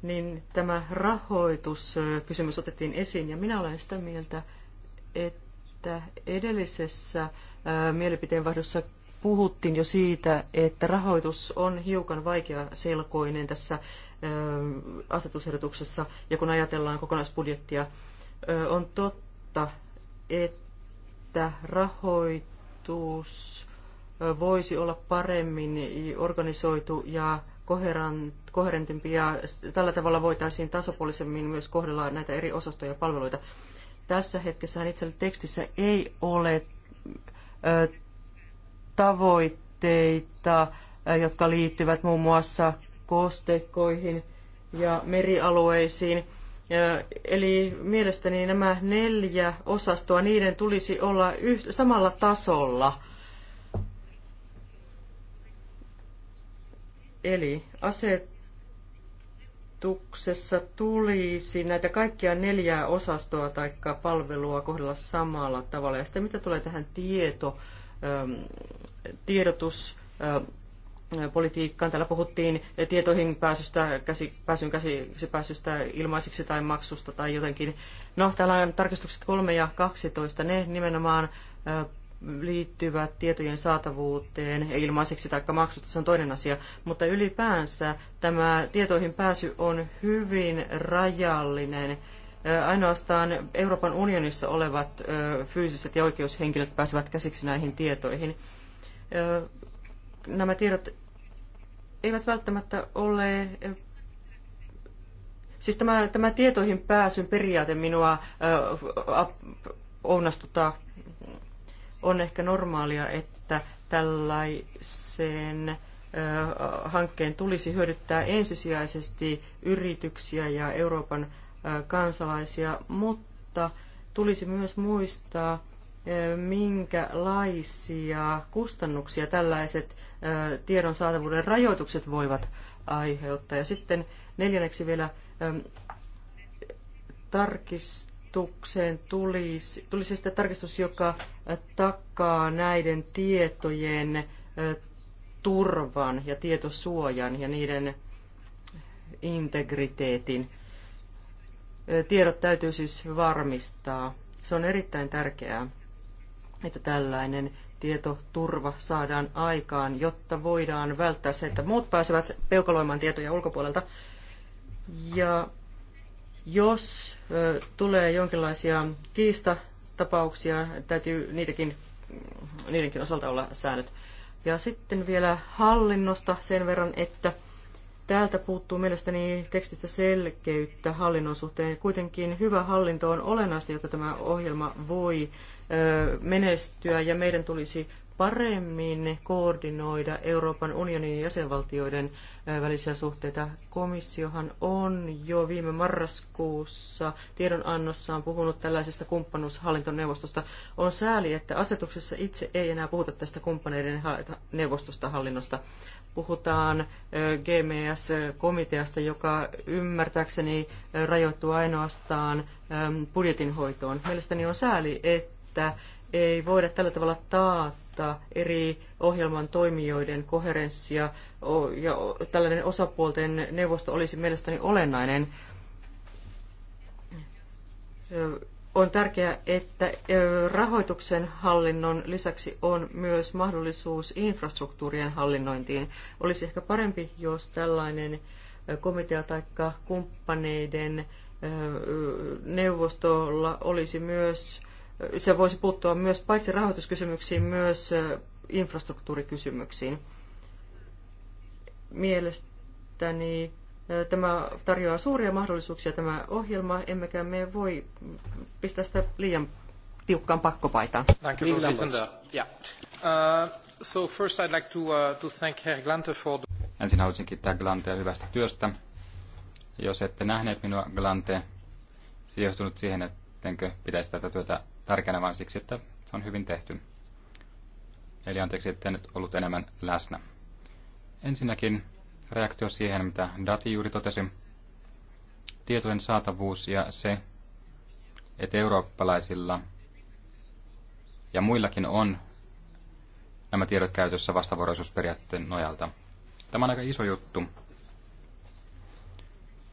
niin tämä rahoituskysymys otettiin esiin, ja minä olen sitä mieltä, että edellisessä mielipiteenvaihdossa puhuttiin jo siitä, että rahoitus on hiukan vaikea selkoinen tässä asetusehdotuksessa, ja kun ajatellaan kokonaisbudjettia, on totta, että rahoitus voisi olla paremmin organisoitu ja koherentimpi ja tällä tavalla voitaisiin tasapuolisemmin myös kohdella näitä eri osastoja ja palveluita. Tässä hetkessä itsellä tekstissä ei ole tavoitteita, jotka liittyvät muun muassa kosteikkoihin ja merialueisiin. Eli mielestäni nämä neljä osastoa, niiden tulisi olla samalla tasolla – Eli asetuksessa tulisi näitä kaikkia neljää osastoa tai palvelua kohdella samalla tavalla. Ja sitten mitä tulee tähän tieto, ähm, tiedotus, ähm, politiikkaan. Täällä puhuttiin tietoihin pääsystä, käsi, pääsyn käsi, pääsystä ilmaiseksi tai maksusta tai jotenkin. No, täällä on tarkistukset 3 ja 12. Ne nimenomaan äh, liittyvät tietojen saatavuuteen ilmaiseksi tai maksutta, se on toinen asia, mutta ylipäänsä tämä tietoihin pääsy on hyvin rajallinen. Ainoastaan Euroopan unionissa olevat fyysiset ja oikeushenkilöt pääsevät käsiksi näihin tietoihin. Nämä tiedot eivät välttämättä ole Siis tämä, tämä tietoihin pääsyn periaate minua ounastuttaa on ehkä normaalia, että tällaisen hankkeen tulisi hyödyttää ensisijaisesti yrityksiä ja Euroopan kansalaisia, mutta tulisi myös muistaa, minkälaisia kustannuksia tällaiset tiedon saatavuuden rajoitukset voivat aiheuttaa. Ja sitten neljänneksi vielä tarkistukseen tulisi, tulisi sitä tarkistus, joka takaa näiden tietojen turvan ja tietosuojan ja niiden integriteetin. Tiedot täytyy siis varmistaa. Se on erittäin tärkeää, että tällainen tietoturva saadaan aikaan, jotta voidaan välttää se, että muut pääsevät peukaloimaan tietoja ulkopuolelta. Ja jos tulee jonkinlaisia kiista tapauksia, täytyy niitäkin, niidenkin osalta olla säännöt. Ja sitten vielä hallinnosta sen verran, että täältä puuttuu mielestäni tekstistä selkeyttä hallinnon suhteen. Kuitenkin hyvä hallinto on olennaista, jotta tämä ohjelma voi menestyä ja meidän tulisi paremmin koordinoida Euroopan unionin ja jäsenvaltioiden välisiä suhteita. Komissiohan on jo viime marraskuussa tiedonannossaan puhunut tällaisesta kumppanuushallintoneuvostosta. On sääli, että asetuksessa itse ei enää puhuta tästä kumppaneiden neuvostosta hallinnosta. Puhutaan GMS-komiteasta, joka ymmärtääkseni rajoittuu ainoastaan budjetinhoitoon. Mielestäni on sääli, että että ei voida tällä tavalla taata eri ohjelman toimijoiden koherenssia, ja tällainen osapuolten neuvosto olisi mielestäni olennainen. On tärkeää, että rahoituksen hallinnon lisäksi on myös mahdollisuus infrastruktuurien hallinnointiin. Olisi ehkä parempi, jos tällainen komitea tai kumppaneiden neuvostolla olisi myös se voisi puuttua myös paitsi rahoituskysymyksiin, myös infrastruktuurikysymyksiin. Mielestäni tämä tarjoaa suuria mahdollisuuksia tämä ohjelma, emmekä me voi pistää sitä liian tiukkaan pakkopaitaan. Thank you, yeah. uh, so first I'd like to, uh, to thank Herr Glante for the... Ensin haluaisin kiittää Glantea hyvästä työstä. Jos ette nähneet minua Glante, se johtunut siihen, ettenkö pitäisi tätä työtä tärkeänä, vaan siksi, että se on hyvin tehty. Eli anteeksi, että nyt ollut enemmän läsnä. Ensinnäkin reaktio siihen, mitä Dati juuri totesi. Tietojen saatavuus ja se, että eurooppalaisilla ja muillakin on nämä tiedot käytössä vastavuoroisuusperiaatteen nojalta. Tämä on aika iso juttu,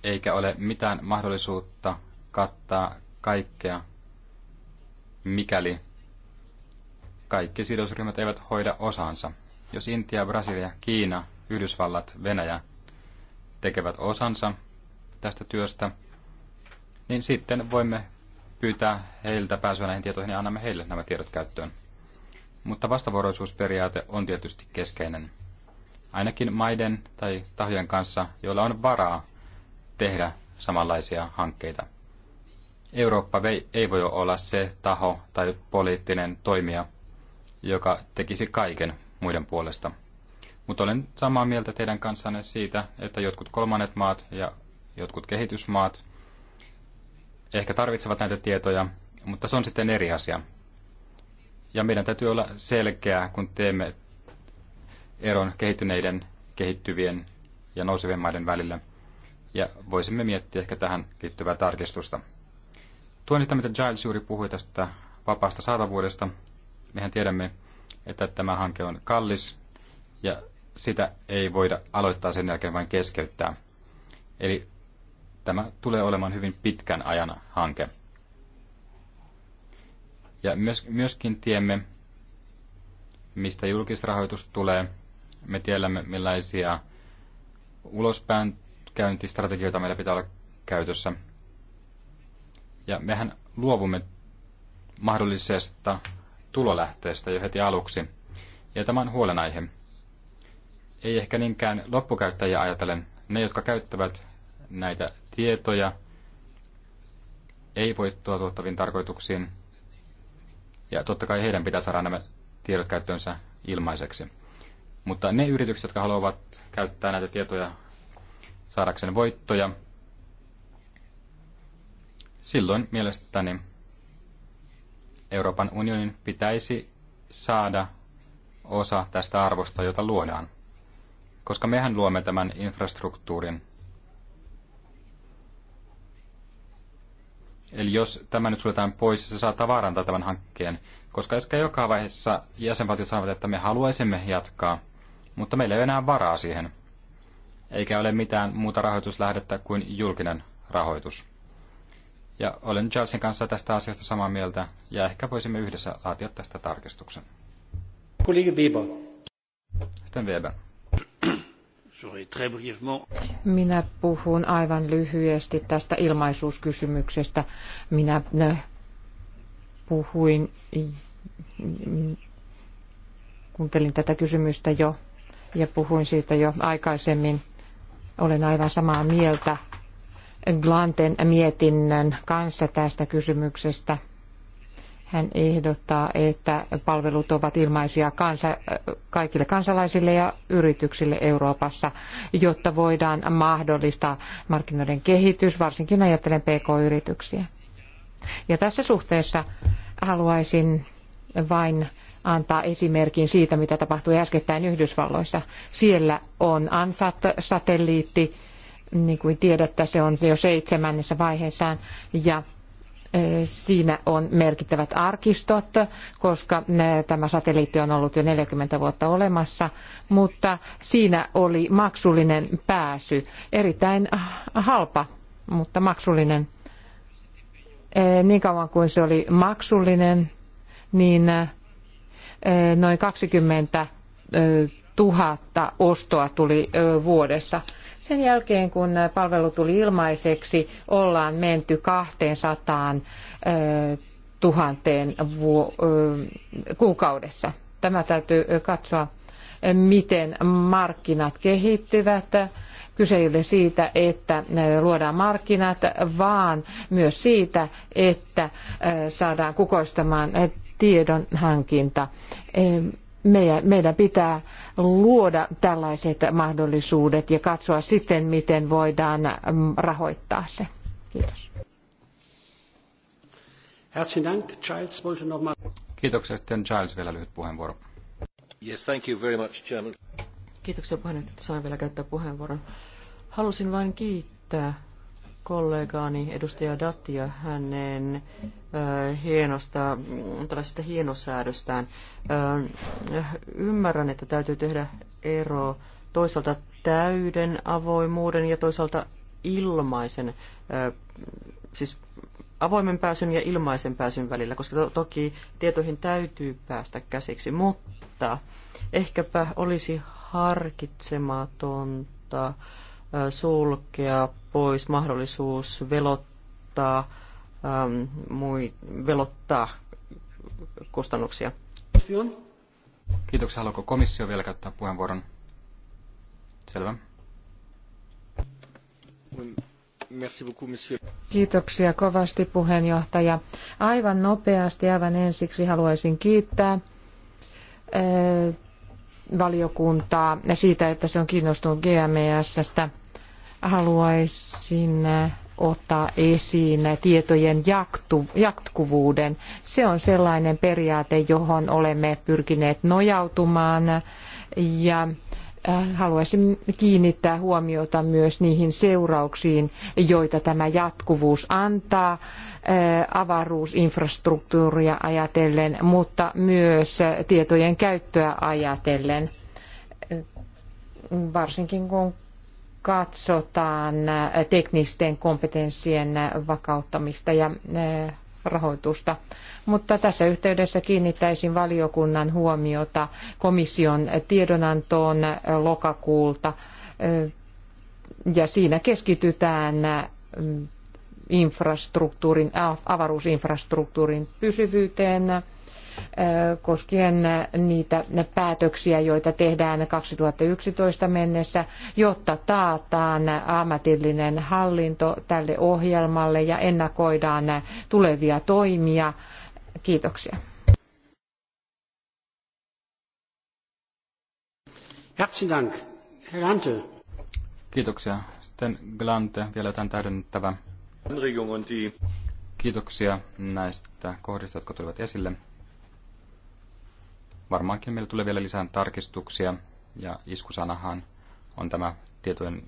eikä ole mitään mahdollisuutta kattaa kaikkea mikäli kaikki sidosryhmät eivät hoida osansa. Jos Intia, Brasilia, Kiina, Yhdysvallat, Venäjä tekevät osansa tästä työstä, niin sitten voimme pyytää heiltä pääsyä näihin tietoihin ja annamme heille nämä tiedot käyttöön. Mutta vastavuoroisuusperiaate on tietysti keskeinen. Ainakin maiden tai tahojen kanssa, joilla on varaa tehdä samanlaisia hankkeita. Eurooppa ei voi olla se taho tai poliittinen toimija, joka tekisi kaiken muiden puolesta. Mutta olen samaa mieltä teidän kanssanne siitä, että jotkut kolmannet maat ja jotkut kehitysmaat ehkä tarvitsevat näitä tietoja, mutta se on sitten eri asia. Ja meidän täytyy olla selkeää, kun teemme eron kehittyneiden, kehittyvien ja nousevien maiden välillä. Ja voisimme miettiä ehkä tähän liittyvää tarkistusta. Tuen sitä, mitä Giles juuri puhui tästä vapaasta saatavuudesta. Mehän tiedämme, että tämä hanke on kallis ja sitä ei voida aloittaa sen jälkeen vain keskeyttää. Eli tämä tulee olemaan hyvin pitkän ajan hanke. Ja myöskin tiemme, mistä julkisrahoitus tulee. Me tiedämme, millaisia ulospäin käyntistrategioita meillä pitää olla käytössä. Ja mehän luovumme mahdollisesta tulolähteestä jo heti aluksi. Ja tämä on huolenaihe. Ei ehkä niinkään loppukäyttäjiä ajatellen. Ne, jotka käyttävät näitä tietoja ei voi tuottaviin tarkoituksiin. Ja totta kai heidän pitää saada nämä tiedot käyttöönsä ilmaiseksi. Mutta ne yritykset, jotka haluavat käyttää näitä tietoja saadakseen voittoja, Silloin mielestäni Euroopan unionin pitäisi saada osa tästä arvosta, jota luodaan. Koska mehän luomme tämän infrastruktuurin. Eli jos tämä nyt suljetaan pois, se saattaa vaarantaa tämän hankkeen, koska ehkä joka vaiheessa jäsenvaltiot sanovat, että me haluaisimme jatkaa, mutta meillä ei ole enää varaa siihen. Eikä ole mitään muuta rahoituslähdettä kuin julkinen rahoitus. Ja olen Charlesin kanssa tästä asiasta samaa mieltä, ja ehkä voisimme yhdessä laatia tästä tarkistuksen. Kollega Weber. Sitten Weber. Minä puhun aivan lyhyesti tästä ilmaisuuskysymyksestä. Minä puhuin, kuuntelin tätä kysymystä jo ja puhuin siitä jo aikaisemmin. Olen aivan samaa mieltä Glanten mietinnön kanssa tästä kysymyksestä. Hän ehdottaa, että palvelut ovat ilmaisia kansa, kaikille kansalaisille ja yrityksille Euroopassa, jotta voidaan mahdollistaa markkinoiden kehitys, varsinkin ajattelen pk-yrityksiä. Ja tässä suhteessa haluaisin vain antaa esimerkin siitä, mitä tapahtui äskettäin Yhdysvalloissa. Siellä on ANSAT-satelliitti, niin kuin tiedätte, se on jo seitsemännessä vaiheessaan ja e, Siinä on merkittävät arkistot, koska e, tämä satelliitti on ollut jo 40 vuotta olemassa, mutta siinä oli maksullinen pääsy, erittäin halpa, mutta maksullinen. E, niin kauan kuin se oli maksullinen, niin noin 20 000 ostoa tuli vuodessa. Sen jälkeen, kun palvelu tuli ilmaiseksi, ollaan menty 200 tuhanteen kuukaudessa. Tämä täytyy katsoa, miten markkinat kehittyvät. Kyse ei ole siitä, että luodaan markkinat, vaan myös siitä, että saadaan kukoistamaan tiedon hankinta meidän pitää luoda tällaiset mahdollisuudet ja katsoa sitten, miten voidaan mm, rahoittaa se. Kiitos. Herzlichen Dank. Giles wollte noch mal... Kiitoksia. Sitten Giles vielä lyhyt puheenvuoro. Yes, thank you very much, Chairman. Kiitoksia puheenjohtaja, että sain vielä käyttää puheenvuoron. Halusin vain kiittää kollegaani edustaja Dattia hänen äh, hienosta, tällaisesta hienosäädöstään. Äh, ymmärrän, että täytyy tehdä ero toisaalta täyden avoimuuden ja toisaalta ilmaisen, äh, siis avoimen pääsyn ja ilmaisen pääsyn välillä, koska to- toki tietoihin täytyy päästä käsiksi, mutta ehkäpä olisi harkitsematonta sulkea pois mahdollisuus velottaa, ähm, mui, velottaa kustannuksia. Kiitoksia. Haluatko komissio vielä käyttää puheenvuoron? Selvä. Kiitoksia kovasti puheenjohtaja. Aivan nopeasti, aivan ensiksi haluaisin kiittää äh, valiokuntaa siitä, että se on kiinnostunut GMSstä haluaisin ottaa esiin tietojen jatkuvuuden. Se on sellainen periaate, johon olemme pyrkineet nojautumaan ja äh, haluaisin kiinnittää huomiota myös niihin seurauksiin, joita tämä jatkuvuus antaa äh, avaruusinfrastruktuuria ajatellen, mutta myös tietojen käyttöä ajatellen, äh, varsinkin kun katsotaan äh, teknisten kompetenssien äh, vakauttamista ja äh, rahoitusta. Mutta tässä yhteydessä kiinnittäisin valiokunnan huomiota komission tiedonantoon lokakuulta ja siinä keskitytään infrastruktuurin, avaruusinfrastruktuurin pysyvyyteen koskien niitä päätöksiä, joita tehdään 2011 mennessä, jotta taataan ammatillinen hallinto tälle ohjelmalle ja ennakoidaan tulevia toimia. Kiitoksia. Herzlichen Dank. Herr Glante. Kiitoksia. Sitten Glante, vielä jotain täydennettävää. Kiitoksia näistä kohdista, jotka tulivat esille varmaankin meillä tulee vielä lisää tarkistuksia ja iskusanahan on tämä tietojen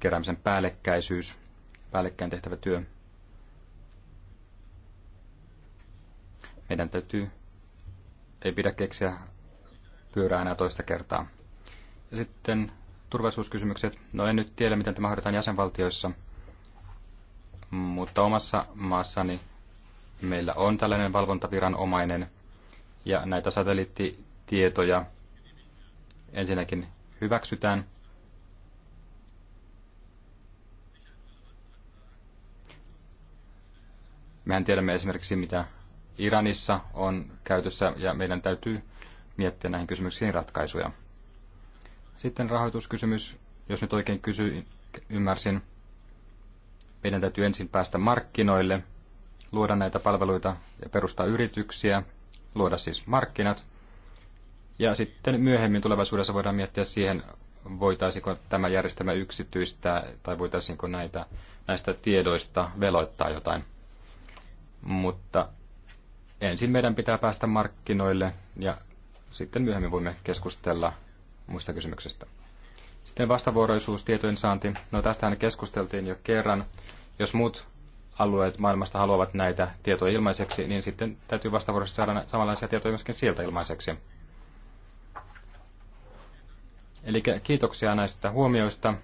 keräämisen päällekkäisyys, päällekkäin tehtävä työ. Meidän täytyy, ei pidä keksiä pyörää enää toista kertaa. Ja sitten turvallisuuskysymykset. No en nyt tiedä, miten tämä hoidetaan jäsenvaltioissa, mutta omassa maassani meillä on tällainen valvontaviranomainen, ja näitä satelliittitietoja ensinnäkin hyväksytään. Mehän tiedämme esimerkiksi, mitä Iranissa on käytössä, ja meidän täytyy miettiä näihin kysymyksiin ratkaisuja. Sitten rahoituskysymys, jos nyt oikein kysyin, ymmärsin. Meidän täytyy ensin päästä markkinoille, luoda näitä palveluita ja perustaa yrityksiä, luoda siis markkinat. Ja sitten myöhemmin tulevaisuudessa voidaan miettiä siihen, voitaisiinko tämä järjestelmä yksityistää tai voitaisiinko näitä, näistä tiedoista veloittaa jotain. Mutta ensin meidän pitää päästä markkinoille ja sitten myöhemmin voimme keskustella muista kysymyksistä. Sitten vastavuoroisuus, tietojen saanti. No tästähän keskusteltiin jo kerran. Jos muut alueet maailmasta haluavat näitä tietoja ilmaiseksi, niin sitten täytyy vastavuorossa saada samanlaisia tietoja myöskin sieltä ilmaiseksi. Eli kiitoksia näistä huomioista.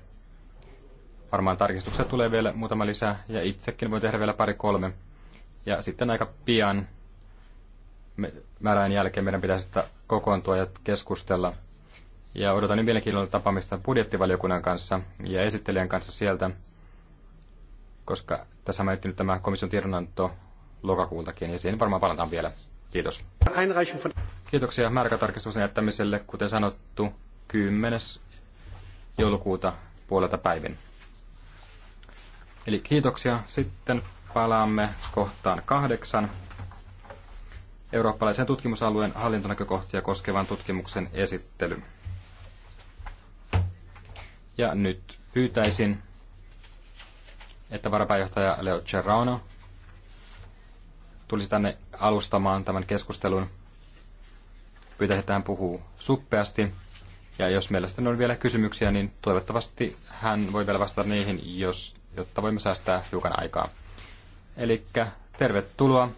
Varmaan tarkistuksia tulee vielä muutama lisää ja itsekin voi tehdä vielä pari kolme. Ja sitten aika pian määrän jälkeen meidän pitäisi kokoontua ja keskustella. Ja odotan nyt niin mielenkiinnolla tapaamista budjettivaliokunnan kanssa ja esittelijän kanssa sieltä, koska tässä mainittiin nyt tämä komission tiedonanto lokakuultakin, ja siihen varmaan palataan vielä. Kiitos. Kiitoksia määräkatarkistuksen jättämiselle, kuten sanottu, 10. joulukuuta puolelta päivin. Eli kiitoksia. Sitten palaamme kohtaan kahdeksan. Eurooppalaisen tutkimusalueen hallintonäkökohtia koskevan tutkimuksen esittely. Ja nyt pyytäisin että varapääjohtaja Leo Cerrano tulisi tänne alustamaan tämän keskustelun. Pyytäisin, että hän puhuu suppeasti. Ja jos mielestäni on vielä kysymyksiä, niin toivottavasti hän voi vielä vastata niihin, jos, jotta voimme säästää hiukan aikaa. Eli tervetuloa.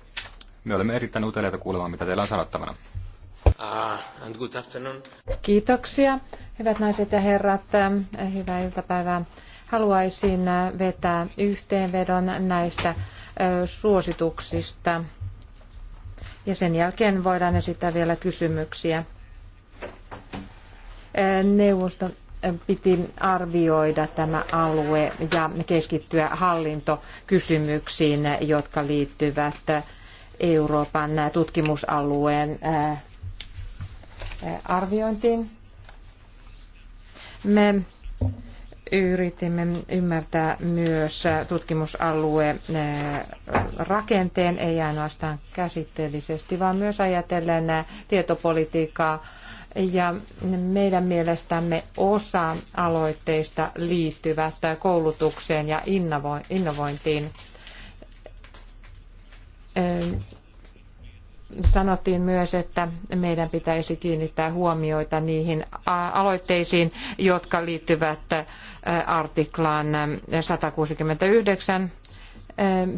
Me olemme erittäin uteliaita kuulemaan, mitä teillä on sanottavana. Uh, Kiitoksia, hyvät naiset ja herrat. Hyvää iltapäivää Haluaisin äh, vetää yhteenvedon näistä äh, suosituksista ja sen jälkeen voidaan esittää vielä kysymyksiä. Äh, neuvosto piti arvioida tämä alue ja keskittyä hallintokysymyksiin, jotka liittyvät Euroopan tutkimusalueen arviointiin. Me yritimme ymmärtää myös äh, tutkimusalue äh, rakenteen, ei ainoastaan käsitteellisesti, vaan myös ajatellen äh, tietopolitiikkaa. Ja meidän mielestämme osa aloitteista liittyvät koulutukseen ja innovointiin sanottiin myös, että meidän pitäisi kiinnittää huomiota niihin aloitteisiin, jotka liittyvät artiklaan 169.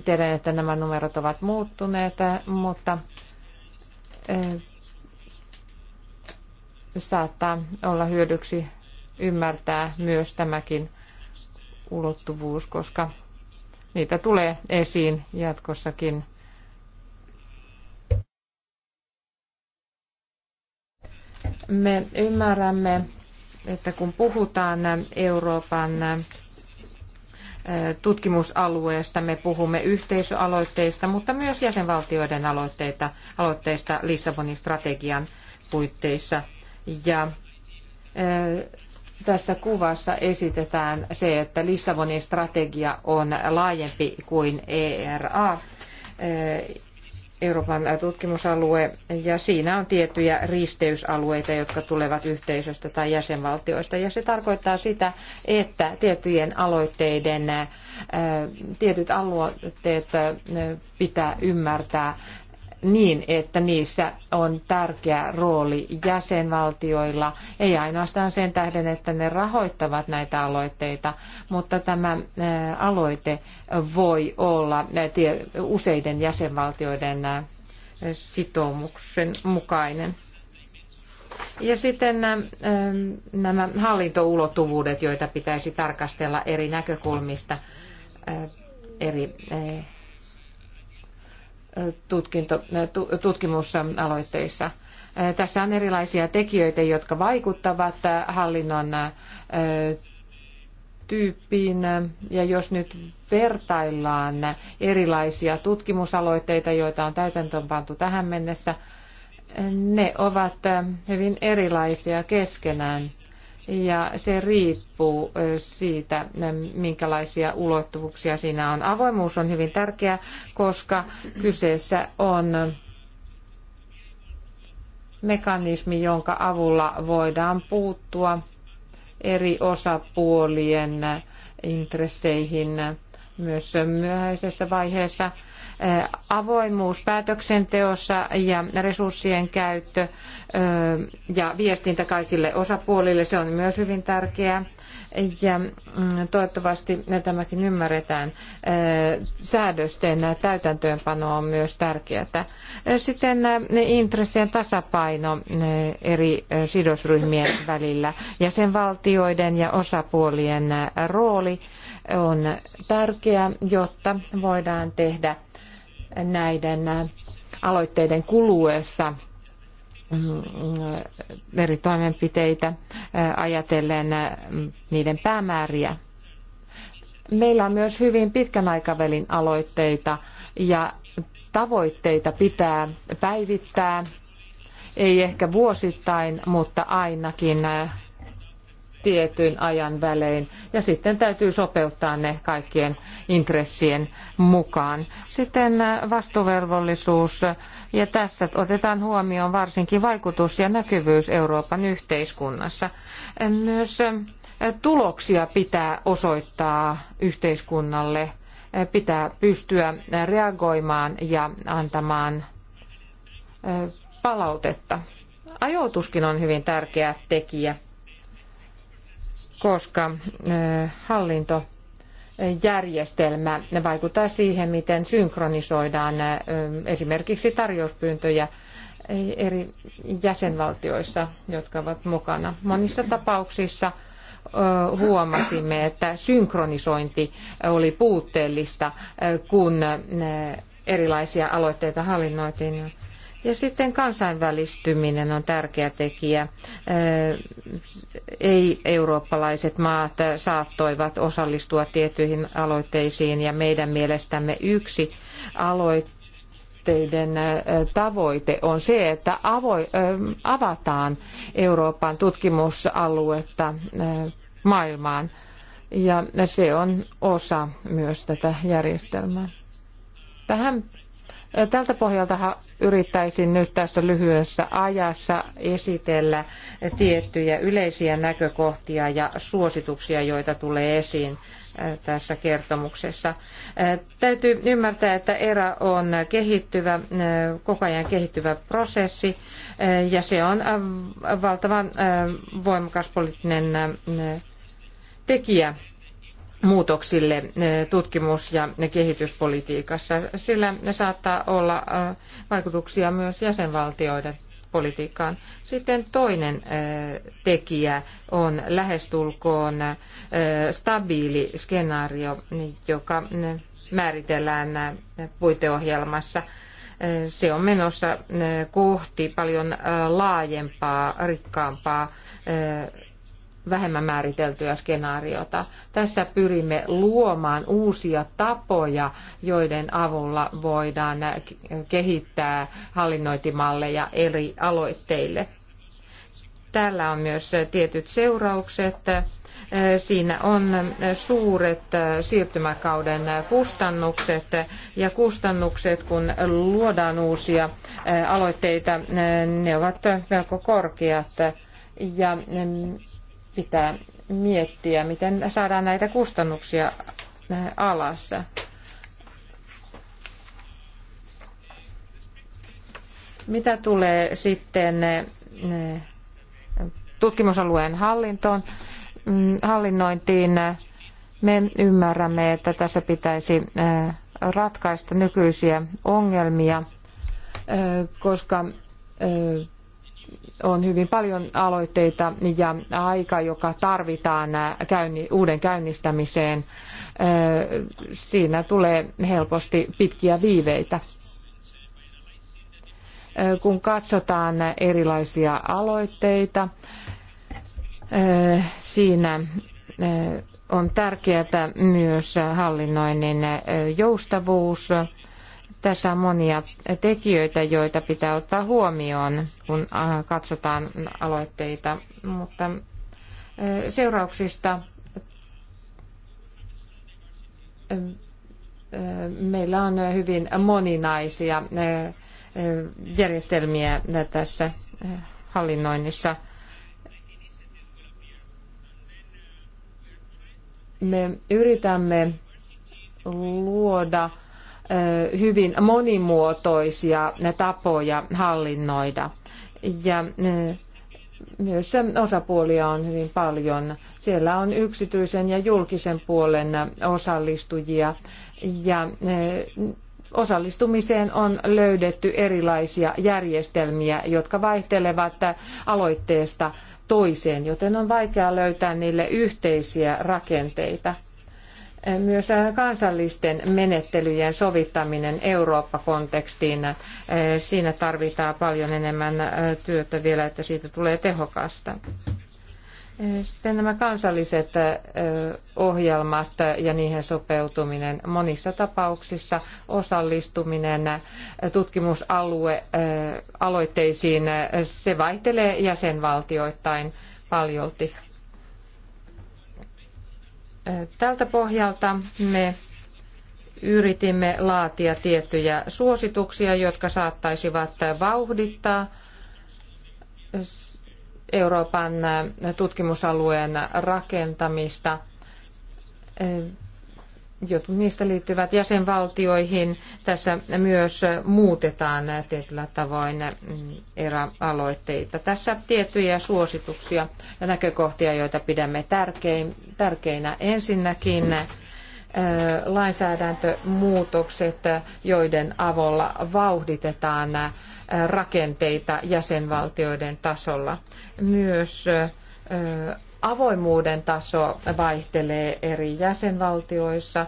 Tiedän, että nämä numerot ovat muuttuneet, mutta saattaa olla hyödyksi ymmärtää myös tämäkin ulottuvuus, koska niitä tulee esiin jatkossakin Me ymmärrämme, että kun puhutaan Euroopan tutkimusalueesta, me puhumme yhteisöaloitteista, mutta myös jäsenvaltioiden aloitteita, aloitteista Lissabonin strategian puitteissa. Ja tässä kuvassa esitetään se, että Lissabonin strategia on laajempi kuin ERA, Euroopan tutkimusalue, ja siinä on tiettyjä risteysalueita, jotka tulevat yhteisöstä tai jäsenvaltioista, ja se tarkoittaa sitä, että tiettyjen aloitteiden, tietyt aloitteet pitää ymmärtää niin, että niissä on tärkeä rooli jäsenvaltioilla, ei ainoastaan sen tähden, että ne rahoittavat näitä aloitteita, mutta tämä aloite voi olla useiden jäsenvaltioiden sitoumuksen mukainen. Ja sitten nämä hallintoulottuvuudet, joita pitäisi tarkastella eri näkökulmista, eri tutkinto, tutkimusaloitteissa. Tässä on erilaisia tekijöitä, jotka vaikuttavat hallinnon tyyppiin. Ja jos nyt vertaillaan erilaisia tutkimusaloitteita, joita on täytäntöönpantu tähän mennessä, ne ovat hyvin erilaisia keskenään ja se riippuu siitä, minkälaisia ulottuvuuksia siinä on. Avoimuus on hyvin tärkeä, koska kyseessä on mekanismi, jonka avulla voidaan puuttua eri osapuolien intresseihin myös myöhäisessä vaiheessa. Avoimuus päätöksenteossa ja resurssien käyttö ja viestintä kaikille osapuolille, se on myös hyvin tärkeää. Ja mm, toivottavasti tämäkin ymmärretään. Säädösten täytäntöönpano on myös tärkeää. Sitten intressien tasapaino eri sidosryhmien välillä ja sen valtioiden ja osapuolien rooli on tärkeä, jotta voidaan tehdä näiden aloitteiden kuluessa mm, eri toimenpiteitä ajatellen niiden päämääriä. Meillä on myös hyvin pitkän aikavälin aloitteita ja tavoitteita pitää päivittää, ei ehkä vuosittain, mutta ainakin tietyin ajan välein ja sitten täytyy sopeuttaa ne kaikkien intressien mukaan. Sitten äh, vastuvelvollisuus ja tässä otetaan huomioon varsinkin vaikutus ja näkyvyys Euroopan yhteiskunnassa. Myös äh, tuloksia pitää osoittaa yhteiskunnalle, äh, pitää pystyä reagoimaan ja antamaan palautetta. Ajoituskin on hyvin tärkeä tekijä koska hallinto järjestelmä vaikuttaa siihen, miten synkronisoidaan esimerkiksi tarjouspyyntöjä eri jäsenvaltioissa, jotka ovat mukana. Monissa tapauksissa huomasimme, että synkronisointi oli puutteellista, kun erilaisia aloitteita hallinnoitiin. Ja sitten kansainvälistyminen on tärkeä tekijä. Ei-eurooppalaiset maat saattoivat osallistua tiettyihin aloitteisiin ja meidän mielestämme yksi aloitteiden tavoite on se, että avataan Euroopan tutkimusaluetta maailmaan. Ja se on osa myös tätä järjestelmää. Tähän Tältä pohjalta yrittäisin nyt tässä lyhyessä ajassa esitellä tiettyjä yleisiä näkökohtia ja suosituksia, joita tulee esiin tässä kertomuksessa. Täytyy ymmärtää, että ERA on kehittyvä, koko ajan kehittyvä prosessi ja se on valtavan voimakas poliittinen tekijä muutoksille eh, tutkimus- ja kehityspolitiikassa, sillä ne saattaa olla eh, vaikutuksia myös jäsenvaltioiden politiikkaan. Sitten toinen eh, tekijä on lähestulkoon stabiili skenaario, joka määritellään puiteohjelmassa. Se on menossa kohti paljon laajempaa, rikkaampaa vähemmän määriteltyä skenaariota. Tässä pyrimme luomaan uusia tapoja, joiden avulla voidaan kehittää hallinnointimalleja eri aloitteille. Täällä on myös tietyt seuraukset. Siinä on suuret siirtymäkauden kustannukset ja kustannukset, kun luodaan uusia aloitteita, ne ovat melko korkeat. Ja pitää miettiä, miten saadaan näitä kustannuksia eh, alas. Mitä tulee sitten eh, tutkimusalueen hallintoon, mm, hallinnointiin, me ymmärrämme, että tässä pitäisi eh, ratkaista nykyisiä ongelmia, koska on hyvin paljon aloitteita ja aika, joka tarvitaan äh, uuden käynnistämiseen, äh, siinä tulee helposti pitkiä viiveitä. Äh, kun katsotaan erilaisia aloitteita, siinä on tärkeää myös hallinnoinnin joustavuus tässä on monia tekijöitä, joita pitää ottaa huomioon, kun äh, katsotaan aloitteita, mutta äh, seurauksista äh, meillä on hyvin moninaisia järjestelmiä tässä hallinnoinnissa. Me yritämme luoda hyvin monimuotoisia tapoja hallinnoida. Ja myös osapuolia on hyvin paljon. Siellä on yksityisen ja julkisen puolen osallistujia ja osallistumiseen on löydetty erilaisia järjestelmiä, jotka vaihtelevat aloitteesta toiseen, joten on vaikea löytää niille yhteisiä rakenteita. Myös kansallisten menettelyjen sovittaminen Eurooppa-kontekstiin, eh, siinä tarvitaan paljon enemmän eh, työtä vielä, että siitä tulee tehokasta. Eh, sitten nämä kansalliset ohjelmat ja niihin sopeutuminen. Monissa tapauksissa osallistuminen tutkimusalue aloitteisiin, se vaihtelee jäsenvaltioittain paljolti. Tältä pohjalta me yritimme laatia tiettyjä suosituksia, jotka saattaisivat vauhdittaa Euroopan tutkimusalueen rakentamista Jotkut niistä liittyvät jäsenvaltioihin. Tässä myös muutetaan tietyllä tavoin mm, aloitteita. Tässä tiettyjä suosituksia ja näkökohtia, joita pidämme tärkeinä. Ensinnäkin lainsäädäntömuutokset, joiden avulla vauhditetaan rakenteita jäsenvaltioiden tasolla. Myös avoimuuden taso vaihtelee eri jäsenvaltioissa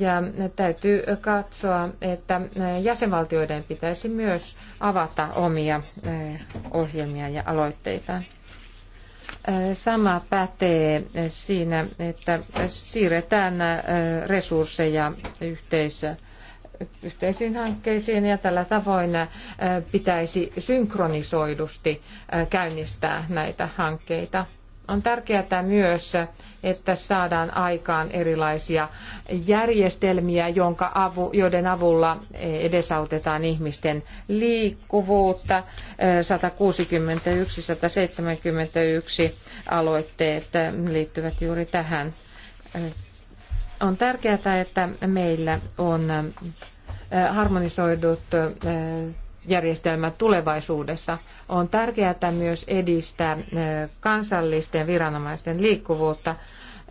ja täytyy katsoa, että jäsenvaltioiden pitäisi myös avata omia eh, ohjelmia ja aloitteitaan. Eh, sama pätee siinä, että siirretään eh, resursseja yhteisöön yhteisiin hankkeisiin ja tällä tavoin pitäisi synkronisoidusti käynnistää näitä hankkeita. On tärkeää myös, että saadaan aikaan erilaisia järjestelmiä, joiden avulla edesautetaan ihmisten liikkuvuutta. 161-171 aloitteet liittyvät juuri tähän. On tärkeää, että meillä on harmonisoidut järjestelmä tulevaisuudessa. On tärkeää myös edistää kansallisten viranomaisten liikkuvuutta.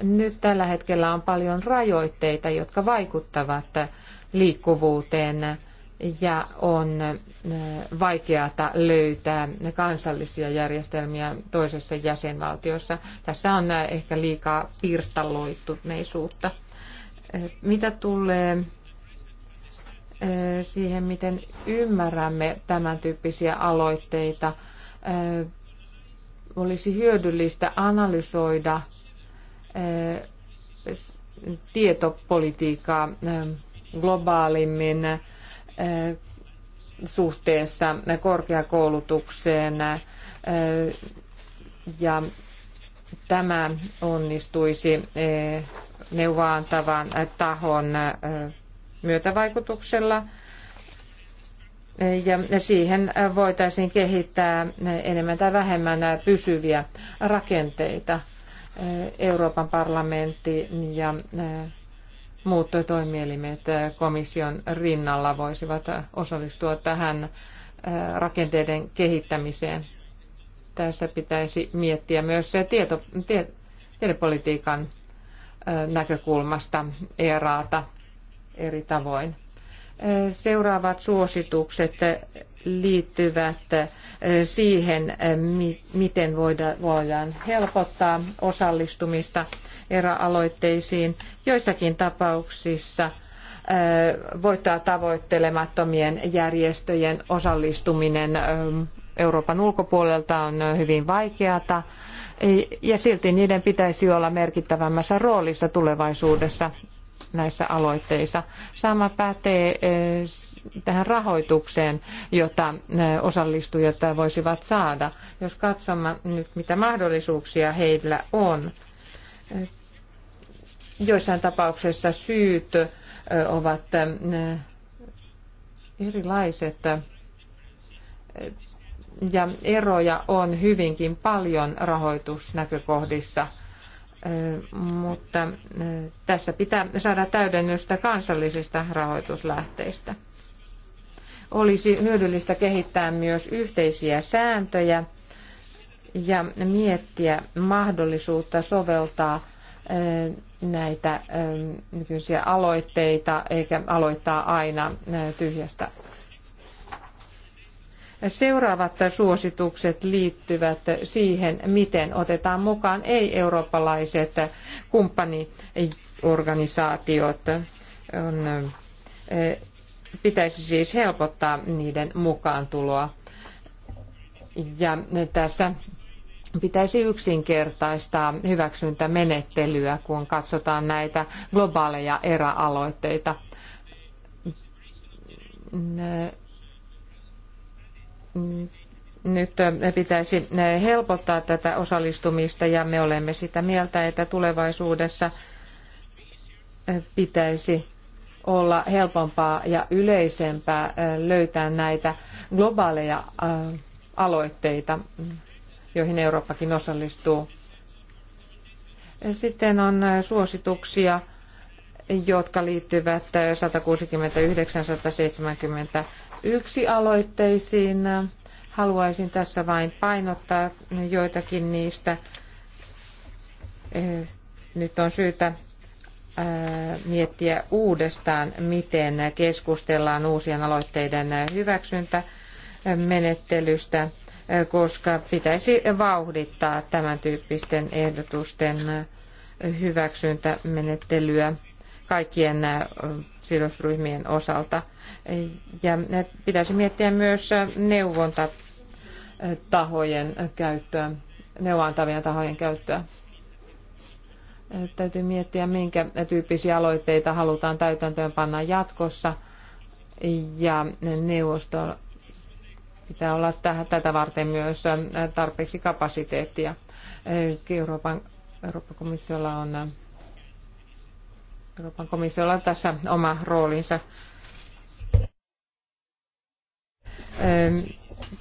Nyt tällä hetkellä on paljon rajoitteita, jotka vaikuttavat liikkuvuuteen ja on vaikeata löytää kansallisia järjestelmiä toisessa jäsenvaltiossa. Tässä on ehkä liikaa pirstaloituneisuutta. Mitä tulee siihen, miten ymmärrämme tämän tyyppisiä aloitteita. Olisi hyödyllistä analysoida tietopolitiikkaa globaalimmin suhteessa korkeakoulutukseen ja tämä onnistuisi neuvoantavan tahon myötävaikutuksella. Ja siihen voitaisiin kehittää enemmän tai vähemmän pysyviä rakenteita. Euroopan parlamentti ja muut toimielimet komission rinnalla voisivat osallistua tähän rakenteiden kehittämiseen. Tässä pitäisi miettiä myös tieto, tie, tiedepolitiikan näkökulmasta eraata eri tavoin. Seuraavat suositukset liittyvät eh, siihen, eh, miten voidaan helpottaa osallistumista eräaloitteisiin. Joissakin tapauksissa eh, voittaa tavoittelemattomien järjestöjen osallistuminen Euroopan ulkopuolelta on hyvin vaikeata ja silti niiden pitäisi olla merkittävämmässä roolissa tulevaisuudessa näissä aloitteissa. Sama pätee eh, tähän rahoitukseen, jota eh, osallistujat voisivat saada. Jos katsomme nyt, mitä mahdollisuuksia heillä on. Eh, joissain tapauksissa syyt ovat erilaiset ja eroja on hyvinkin paljon rahoitusnäkökohdissa – mutta tässä pitää saada täydennystä kansallisista rahoituslähteistä. Olisi hyödyllistä kehittää myös yhteisiä sääntöjä ja miettiä mahdollisuutta soveltaa näitä nykyisiä aloitteita, eikä aloittaa aina tyhjästä Seuraavat suositukset liittyvät siihen, miten otetaan mukaan ei-eurooppalaiset kumppaniorganisaatiot. On, eh, pitäisi siis helpottaa niiden mukaantuloa. Ja tässä pitäisi yksinkertaistaa hyväksyntämenettelyä, kun katsotaan näitä globaaleja eräaloitteita nyt pitäisi helpottaa tätä osallistumista ja me olemme sitä mieltä, että tulevaisuudessa pitäisi olla helpompaa ja yleisempää löytää näitä globaaleja aloitteita, joihin Eurooppakin osallistuu. Sitten on suosituksia, jotka liittyvät 169, yksi aloitteisiin. Haluaisin tässä vain painottaa joitakin niistä. Eh, nyt on syytä eh, miettiä uudestaan, miten keskustellaan uusien aloitteiden hyväksyntämenettelystä, eh, koska pitäisi vauhdittaa tämän tyyppisten ehdotusten hyväksyntämenettelyä kaikkien äh, sidosryhmien osalta. Ja äh, pitäisi miettiä myös äh, neuvontatahojen käyttöä, neuvontavien tahojen käyttöä. Täytyy miettiä, minkä tyyppisiä aloitteita halutaan täytäntöön panna jatkossa. Ja neuvosto pitää olla tätä varten myös tarpeeksi kapasiteettia. Euroopan, Euroopan komissiolla on Euroopan komissiolla on tässä oma roolinsa.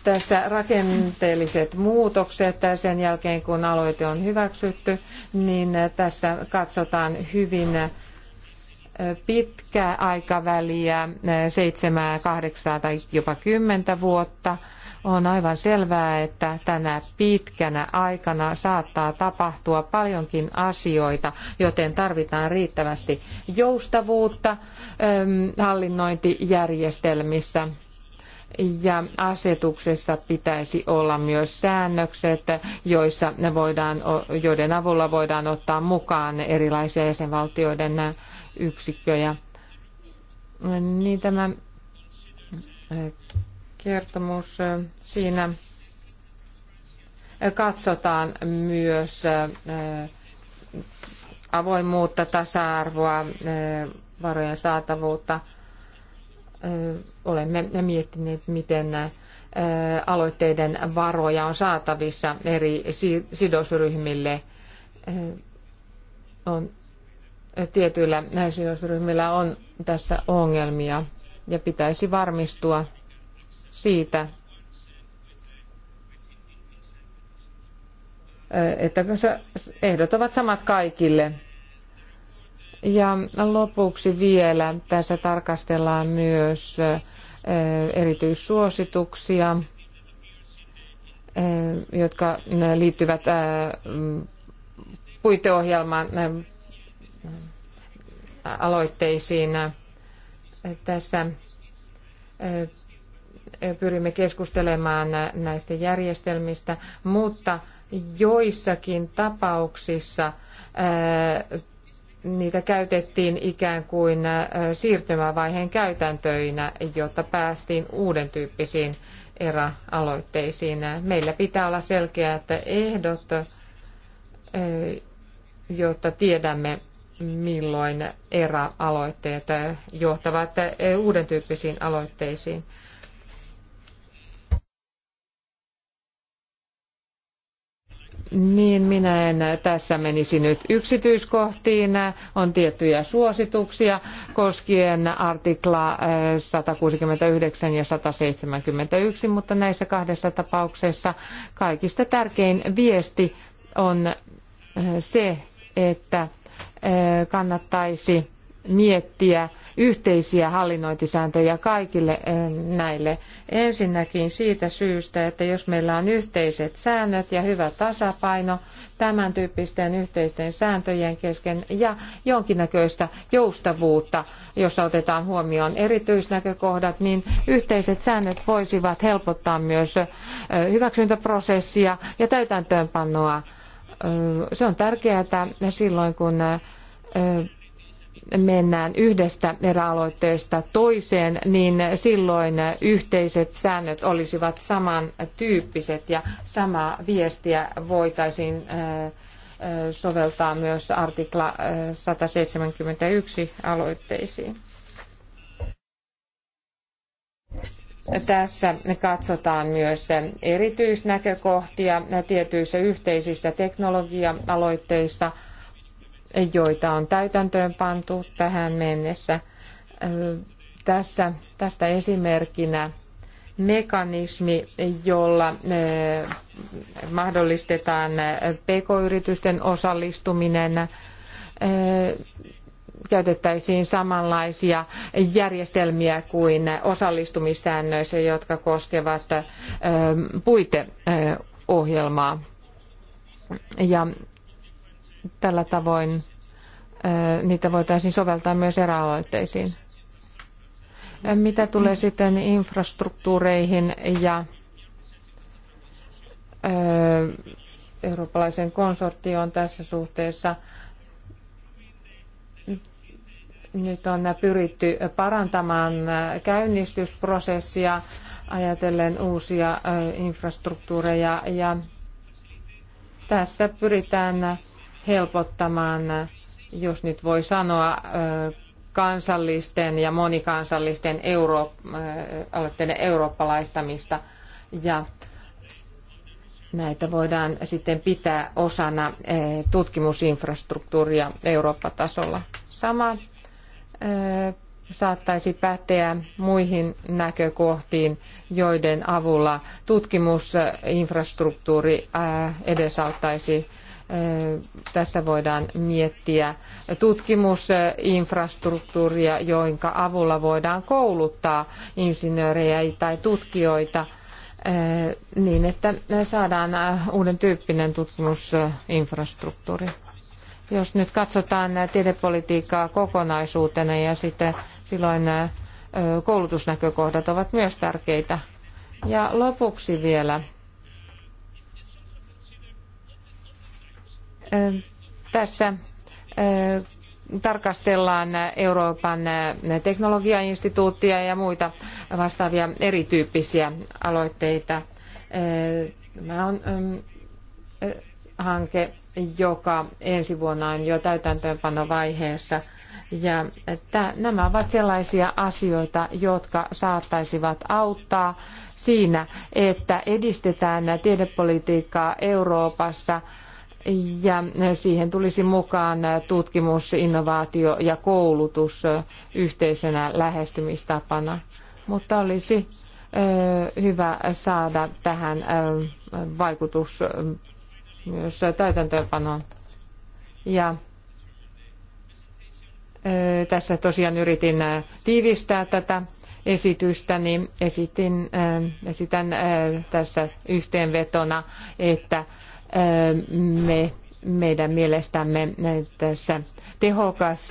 Tässä rakenteelliset muutokset sen jälkeen, kun aloite on hyväksytty, niin tässä katsotaan hyvin pitkää aikaväliä, seitsemää, kahdeksaa tai jopa kymmentä vuotta – on aivan selvää, että tänä pitkänä aikana saattaa tapahtua paljonkin asioita, joten tarvitaan riittävästi joustavuutta ähm, hallinnointijärjestelmissä ja asetuksessa pitäisi olla myös säännökset, joissa ne voidaan, joiden avulla voidaan ottaa mukaan erilaisia jäsenvaltioiden äh, yksikköjä. Niin tämä äh, kertomus. Siinä katsotaan myös avoimuutta, tasa-arvoa, varojen saatavuutta. Olemme miettineet, miten aloitteiden varoja on saatavissa eri sidosryhmille. On, tietyillä sidosryhmillä on tässä ongelmia ja pitäisi varmistua siitä, että ehdot ovat samat kaikille. Ja lopuksi vielä tässä tarkastellaan myös erityissuosituksia, jotka liittyvät puiteohjelman aloitteisiin. Tässä pyrimme keskustelemaan näistä järjestelmistä, mutta joissakin tapauksissa niitä käytettiin ikään kuin siirtymävaiheen käytäntöinä, jotta päästiin uuden tyyppisiin eräaloitteisiin. Meillä pitää olla selkeät ehdot, jotta tiedämme, milloin eräaloitteet johtavat uuden tyyppisiin aloitteisiin. Niin, minä en tässä menisi nyt yksityiskohtiin. On tiettyjä suosituksia koskien artikla 169 äh, ja 171, mutta näissä kahdessa tapauksessa kaikista tärkein viesti on äh, se, että äh, kannattaisi miettiä yhteisiä hallinnointisääntöjä kaikille eh, näille. Ensinnäkin siitä syystä, että jos meillä on yhteiset säännöt ja hyvä tasapaino tämän tyyppisten yhteisten sääntöjen kesken ja jonkinnäköistä joustavuutta, jossa otetaan huomioon erityisnäkökohdat, niin yhteiset säännöt voisivat helpottaa myös eh, hyväksyntäprosessia ja täytäntöönpanoa. Eh, se on tärkeää silloin, kun mennään yhdestä eräaloitteesta toiseen, niin silloin yhteiset säännöt olisivat samantyyppiset ja samaa viestiä voitaisiin äh, äh, soveltaa myös artikla 171 äh, aloitteisiin. Tässä katsotaan myös erityisnäkökohtia tietyissä yhteisissä teknologia-aloitteissa – joita on täytäntöön pantu tähän mennessä. Tässä, tästä esimerkkinä mekanismi, jolla mahdollistetaan pk-yritysten osallistuminen käytettäisiin samanlaisia järjestelmiä kuin osallistumissäännöissä, jotka koskevat puiteohjelmaa. Ja Tällä tavoin niitä voitaisiin soveltaa myös eräaloitteisiin. Mitä tulee sitten infrastruktuureihin ja eurooppalaisen konsortioon tässä suhteessa, nyt on pyritty parantamaan käynnistysprosessia ajatellen uusia infrastruktuureja ja tässä pyritään helpottamaan, jos nyt voi sanoa, kansallisten ja monikansallisten euro, eurooppalaistamista. Ja näitä voidaan sitten pitää osana tutkimusinfrastruktuuria Eurooppa-tasolla. Sama saattaisi päteä muihin näkökohtiin, joiden avulla tutkimusinfrastruktuuri edesauttaisi tässä voidaan miettiä tutkimusinfrastruktuuria, jonka avulla voidaan kouluttaa insinöörejä tai tutkijoita niin, että saadaan uuden tyyppinen tutkimusinfrastruktuuri. Jos nyt katsotaan tiedepolitiikkaa kokonaisuutena ja sitten silloin koulutusnäkökohdat ovat myös tärkeitä. Ja lopuksi vielä Tässä tarkastellaan Euroopan teknologiainstituuttia ja muita vastaavia erityyppisiä aloitteita. Tämä on hanke, joka ensi vuonna on jo täytäntöönpanovaiheessa. Ja että nämä ovat sellaisia asioita, jotka saattaisivat auttaa siinä, että edistetään tiedepolitiikkaa Euroopassa – ja siihen tulisi mukaan tutkimus, innovaatio ja koulutus yhteisenä lähestymistapana. Mutta olisi hyvä saada tähän vaikutus myös täytäntöönpanoon. Ja tässä tosiaan yritin tiivistää tätä esitystä, niin esitin, esitän tässä yhteenvetona, että me, meidän mielestämme tässä tehokas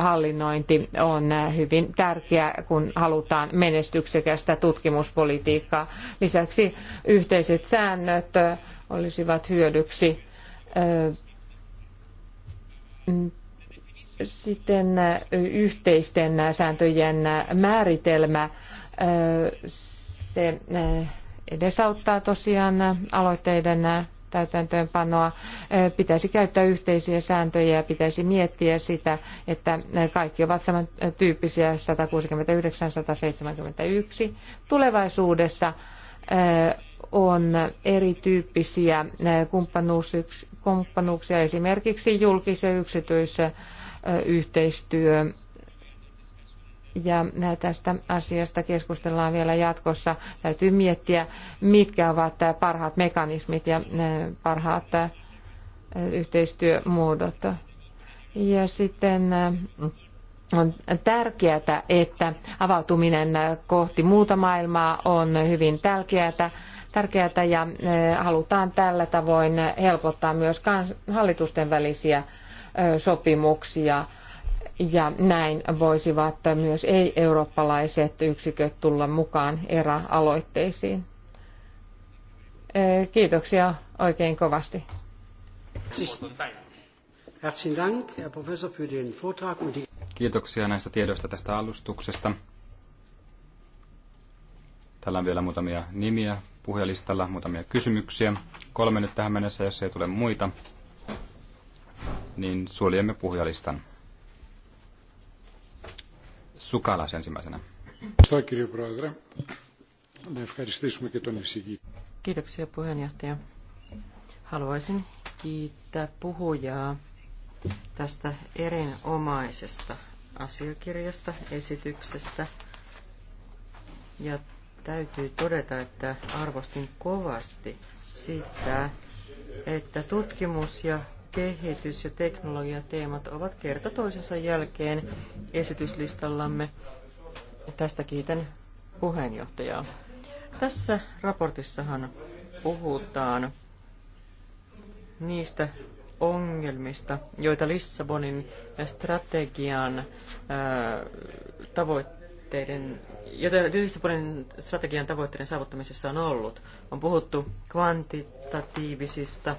hallinnointi on hyvin tärkeä, kun halutaan menestyksekästä tutkimuspolitiikkaa. Lisäksi yhteiset säännöt olisivat hyödyksi. Sitten yhteisten sääntöjen määritelmä, se edesauttaa tosiaan aloitteiden täytäntöönpanoa. Eh, pitäisi käyttää yhteisiä sääntöjä ja pitäisi miettiä sitä, että eh, kaikki ovat samantyyppisiä 169-171. Tulevaisuudessa eh, on erityyppisiä kumppanuuksia, esimerkiksi julkis- ja yksityisyhteistyö ja tästä asiasta keskustellaan vielä jatkossa. Täytyy miettiä, mitkä ovat parhaat mekanismit ja parhaat yhteistyömuodot. Ja sitten on tärkeää, että avautuminen kohti muuta maailmaa on hyvin tärkeää, tärkeää ja halutaan tällä tavoin helpottaa myös hallitusten välisiä sopimuksia – ja näin voisivat myös ei-eurooppalaiset yksiköt tulla mukaan ERA-aloitteisiin. Kiitoksia oikein kovasti. Kiitoksia näistä tiedoista tästä alustuksesta. Täällä on vielä muutamia nimiä puhelistalla, muutamia kysymyksiä. Kolme nyt tähän mennessä, jos ei tule muita, niin suljemme puhujalistan. Sukalas ensimmäisenä. Kiitoksia puheenjohtaja. Haluaisin kiittää puhujaa tästä erinomaisesta asiakirjasta, esityksestä. Ja täytyy todeta, että arvostin kovasti sitä, että tutkimus ja kehitys- ja teknologiateemat ovat kerta toisensa jälkeen esityslistallamme. Tästä kiitän puheenjohtajaa. Tässä raportissahan puhutaan niistä ongelmista, joita Lissabonin strategian ää, äh, tavoitteiden, joita Lissabonin strategian tavoitteiden saavuttamisessa on ollut. On puhuttu kvantitatiivisista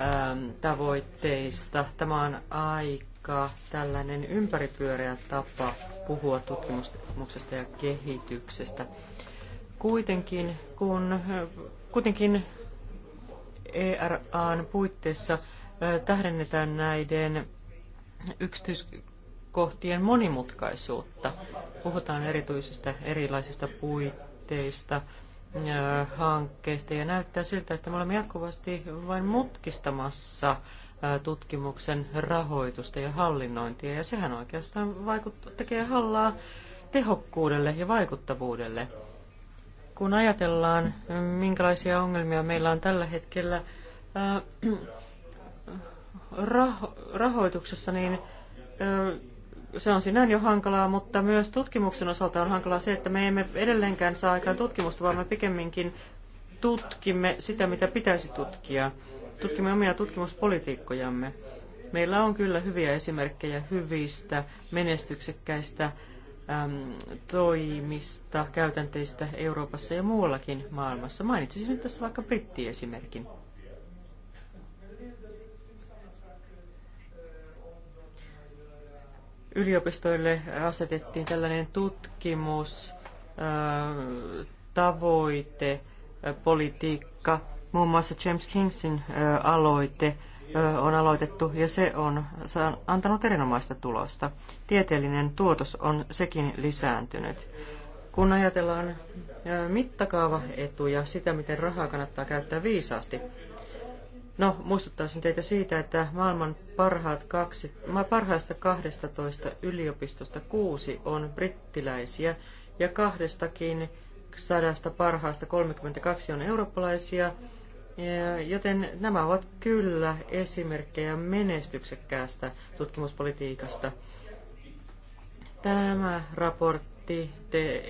Ähm, tavoitteista. Tämä on aika tällainen ympäripyöreä tapa puhua tutkimuksesta ja kehityksestä. Kuitenkin, kun, kuitenkin ERAn puitteissa tähdennetään näiden yksityiskohtien monimutkaisuutta. Puhutaan erityisistä erilaisista puitteista, hankkeista ja näyttää siltä, että me olemme jatkuvasti vain mutkistamassa tutkimuksen rahoitusta ja hallinnointia ja sehän oikeastaan tekee hallaa tehokkuudelle ja vaikuttavuudelle. Kun ajatellaan, minkälaisia ongelmia meillä on tällä hetkellä <clears throat> rahoituksessa, niin se on sinään jo hankalaa, mutta myös tutkimuksen osalta on hankalaa se, että me emme edelleenkään saa aikaan tutkimusta, vaan me pikemminkin tutkimme sitä, mitä pitäisi tutkia. Tutkimme omia tutkimuspolitiikkojamme. Meillä on kyllä hyviä esimerkkejä hyvistä, menestyksekkäistä äm, toimista, käytänteistä Euroopassa ja muuallakin maailmassa. Mainitsisin nyt tässä vaikka brittiesimerkin. esimerkin yliopistoille asetettiin tällainen tutkimustavoite, äh, äh, politiikka. Muun muassa James Kingsin äh, aloite on aloitettu ja se on antanut erinomaista tulosta. Tieteellinen tuotos on sekin lisääntynyt. Kun ajatellaan mittakaavaetuja, sitä miten rahaa kannattaa käyttää viisaasti, No, muistuttaisin teitä siitä, että maailman parhaat kaksi, parhaista 12 yliopistosta kuusi on brittiläisiä ja kahdestakin sadasta parhaasta 32 on eurooppalaisia, joten nämä ovat kyllä esimerkkejä menestyksekkäästä tutkimuspolitiikasta. Tämä raportti te,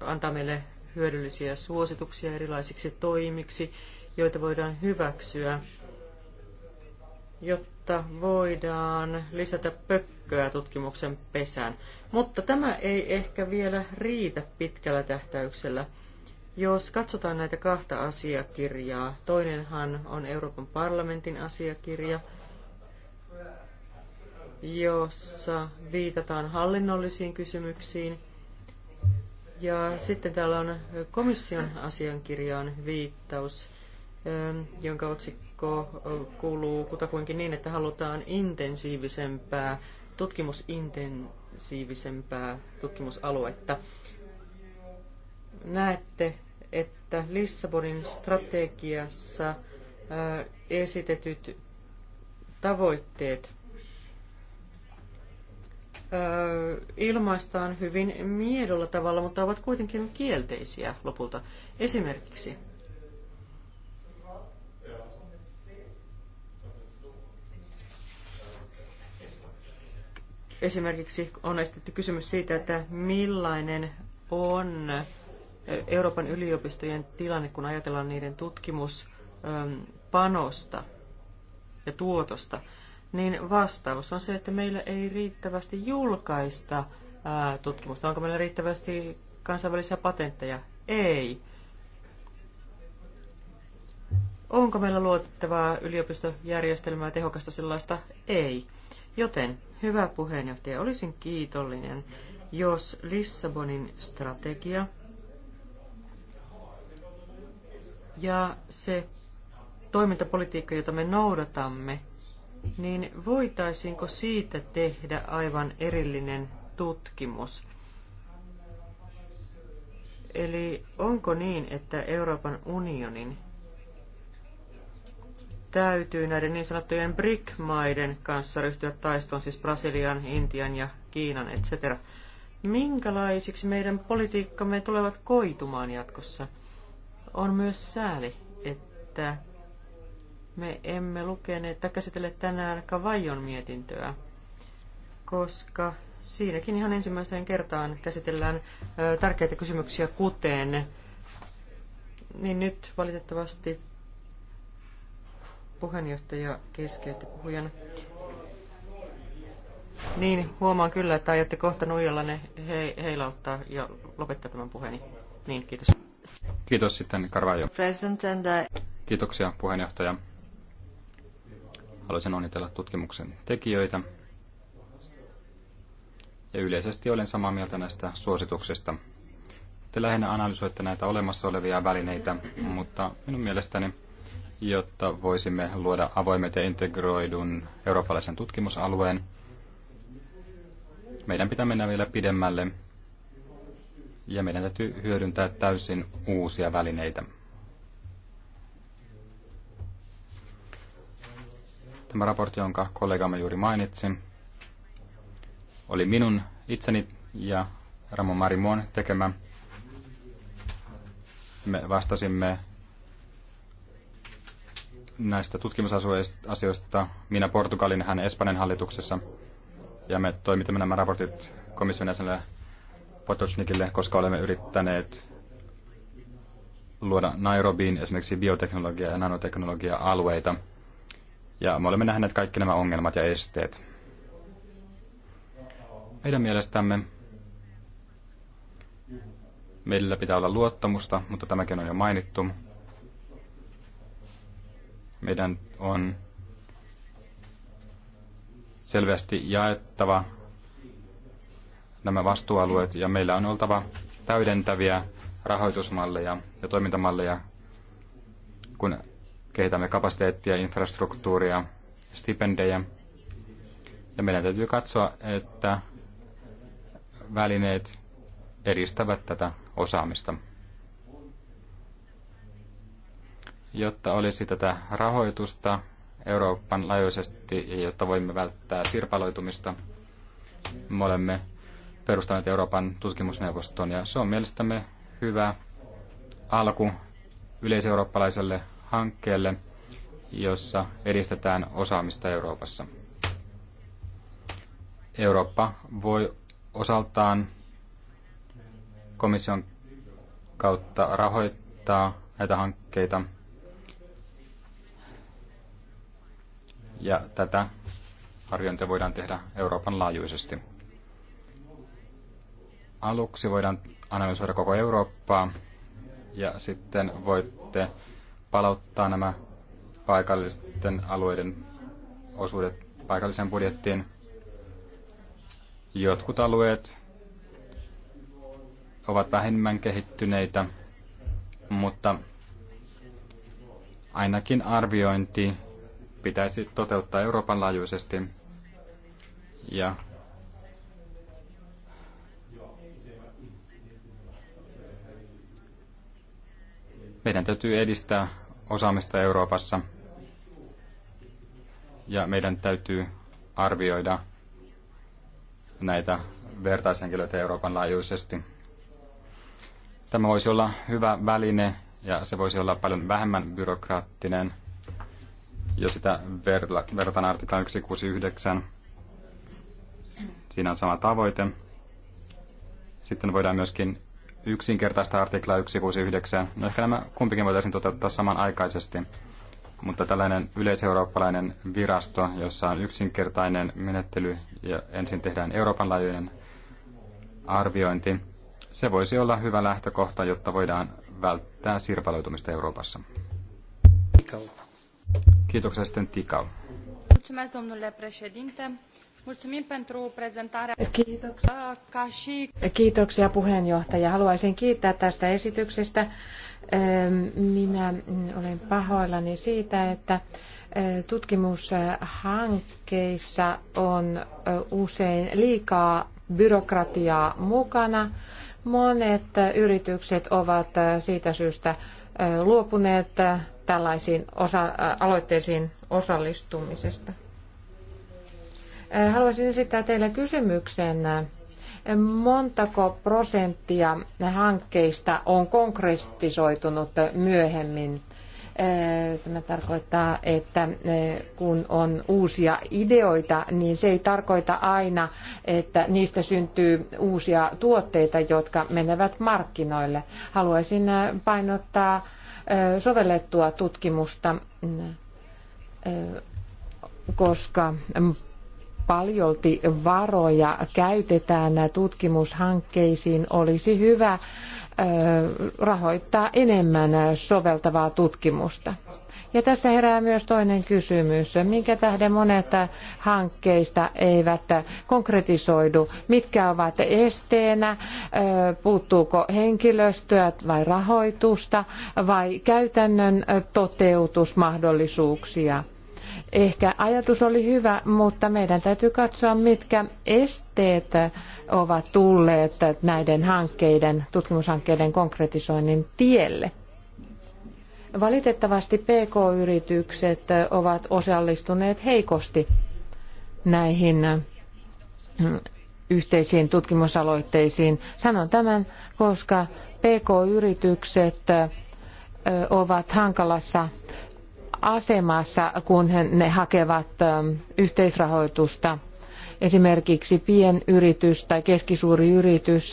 antaa meille hyödyllisiä suosituksia erilaisiksi toimiksi, joita voidaan hyväksyä jotta voidaan lisätä pökköä tutkimuksen pesään. Mutta tämä ei ehkä vielä riitä pitkällä tähtäyksellä. Jos katsotaan näitä kahta asiakirjaa, toinenhan on Euroopan parlamentin asiakirja, jossa viitataan hallinnollisiin kysymyksiin. Ja sitten täällä on komission asiankirjaan viittaus, jonka otsikko viikko kuuluu kutakuinkin niin, että halutaan intensiivisempää, tutkimusintensiivisempää tutkimusaluetta. Näette, että Lissabonin strategiassa esitetyt tavoitteet ilmaistaan hyvin miedolla tavalla, mutta ovat kuitenkin kielteisiä lopulta. Esimerkiksi Esimerkiksi on esitetty kysymys siitä, että millainen on Euroopan yliopistojen tilanne, kun ajatellaan niiden tutkimuspanosta ja tuotosta, niin vastaus on se, että meillä ei riittävästi julkaista tutkimusta. Onko meillä riittävästi kansainvälisiä patentteja? Ei. Onko meillä luotettavaa yliopistojärjestelmää, tehokasta sellaista? Ei. Joten, hyvä puheenjohtaja, olisin kiitollinen, jos Lissabonin strategia ja se toimintapolitiikka, jota me noudatamme, niin voitaisiinko siitä tehdä aivan erillinen tutkimus? Eli onko niin, että Euroopan unionin täytyy näiden niin sanottujen BRIC-maiden kanssa ryhtyä taistoon, siis Brasilian, Intian ja Kiinan, etc. Minkälaisiksi meidän politiikkamme tulevat koitumaan jatkossa? On myös sääli, että me emme lukeneet tai käsitelle tänään Kavajon mietintöä, koska siinäkin ihan ensimmäiseen kertaan käsitellään tärkeitä kysymyksiä, kuten niin nyt valitettavasti Puheenjohtaja keskeytti puhujan. Niin, huomaan kyllä, että aiotte kohta ne he, heilauttaa ja lopettaa tämän puheeni. Niin, kiitos. Kiitos sitten Karvaajo. Kiitoksia puheenjohtaja. Haluaisin onnitella tutkimuksen tekijöitä. Ja yleisesti olen samaa mieltä näistä suosituksista. Te lähinnä analysoitte näitä olemassa olevia välineitä, mutta minun mielestäni jotta voisimme luoda avoimet ja integroidun eurooppalaisen tutkimusalueen. Meidän pitää mennä vielä pidemmälle ja meidän täytyy hyödyntää täysin uusia välineitä. Tämä raportti, jonka kollegamme juuri mainitsi, oli minun itseni ja Ramon Marimon tekemä. Me vastasimme näistä tutkimusasioista, minä Portugalin, hän Espanjan hallituksessa, ja me toimitamme nämä raportit komission jäsenelle Potocnikille, koska olemme yrittäneet luoda Nairobiin esimerkiksi bioteknologia- ja nanoteknologia-alueita. Ja me olemme nähneet kaikki nämä ongelmat ja esteet. Meidän mielestämme meillä pitää olla luottamusta, mutta tämäkin on jo mainittu. Meidän on selvästi jaettava nämä vastuualueet ja meillä on oltava täydentäviä rahoitusmalleja ja toimintamalleja, kun kehitämme kapasiteettia, infrastruktuuria, stipendejä. Ja meidän täytyy katsoa, että välineet edistävät tätä osaamista. jotta olisi tätä rahoitusta Euroopan laajuisesti ja jotta voimme välttää sirpaloitumista. Me olemme perustaneet Euroopan tutkimusneuvoston ja se on mielestämme hyvä alku yleiseurooppalaiselle hankkeelle, jossa edistetään osaamista Euroopassa. Eurooppa voi osaltaan komission kautta rahoittaa näitä hankkeita – ja tätä arviointia voidaan tehdä Euroopan laajuisesti. Aluksi voidaan analysoida koko Eurooppaa ja sitten voitte palauttaa nämä paikallisten alueiden osuudet paikalliseen budjettiin. Jotkut alueet ovat vähemmän kehittyneitä, mutta ainakin arviointi pitäisi toteuttaa Euroopan laajuisesti. Ja meidän täytyy edistää osaamista Euroopassa ja meidän täytyy arvioida näitä vertaishenkilöitä Euroopan laajuisesti. Tämä voisi olla hyvä väline ja se voisi olla paljon vähemmän byrokraattinen – jos sitä vertaan artiklaan 169, siinä on sama tavoite. Sitten voidaan myöskin yksinkertaista artikla 169. No ehkä nämä kumpikin voitaisiin toteuttaa samanaikaisesti, mutta tällainen yleiseurooppalainen virasto, jossa on yksinkertainen menettely ja ensin tehdään Euroopan laajuinen arviointi, se voisi olla hyvä lähtökohta, jotta voidaan välttää sirpaloitumista Euroopassa. Kiitos. Kiitoksia sitten Tikal. Mulțumesc, domnule președinte. Mulțumim pentru prezentarea. Kiitoksia. Kiitoksia puheenjohtaja. Haluaisin kiittää tästä esityksestä. Minä olen pahoillani siitä, että e, tutkimushankkeissa on e, usein liikaa byrokratiaa mukana. Monet yritykset ovat e, siitä syystä luopuneet tällaisiin osa- aloitteisiin osallistumisesta. Haluaisin esittää teille kysymyksen. Montako prosenttia hankkeista on konkretisoitunut myöhemmin? Tämä tarkoittaa, että kun on uusia ideoita, niin se ei tarkoita aina, että niistä syntyy uusia tuotteita, jotka menevät markkinoille. Haluaisin painottaa sovellettua tutkimusta, mm, koska paljolti varoja käytetään tutkimushankkeisiin, olisi hyvä rahoittaa enemmän soveltavaa tutkimusta. Ja tässä herää myös toinen kysymys. Minkä tähden monet hankkeista eivät konkretisoidu? Mitkä ovat esteenä? Puuttuuko henkilöstöä vai rahoitusta vai käytännön toteutusmahdollisuuksia? Ehkä ajatus oli hyvä, mutta meidän täytyy katsoa, mitkä esteet ovat tulleet näiden hankkeiden, tutkimushankkeiden konkretisoinnin tielle. Valitettavasti PK-yritykset ovat osallistuneet heikosti näihin mm, yhteisiin tutkimusaloitteisiin. Sanon tämän, koska PK-yritykset ovat hankalassa asemassa, kun ne hakevat yhteisrahoitusta. Esimerkiksi pienyritys tai keskisuuri yritys,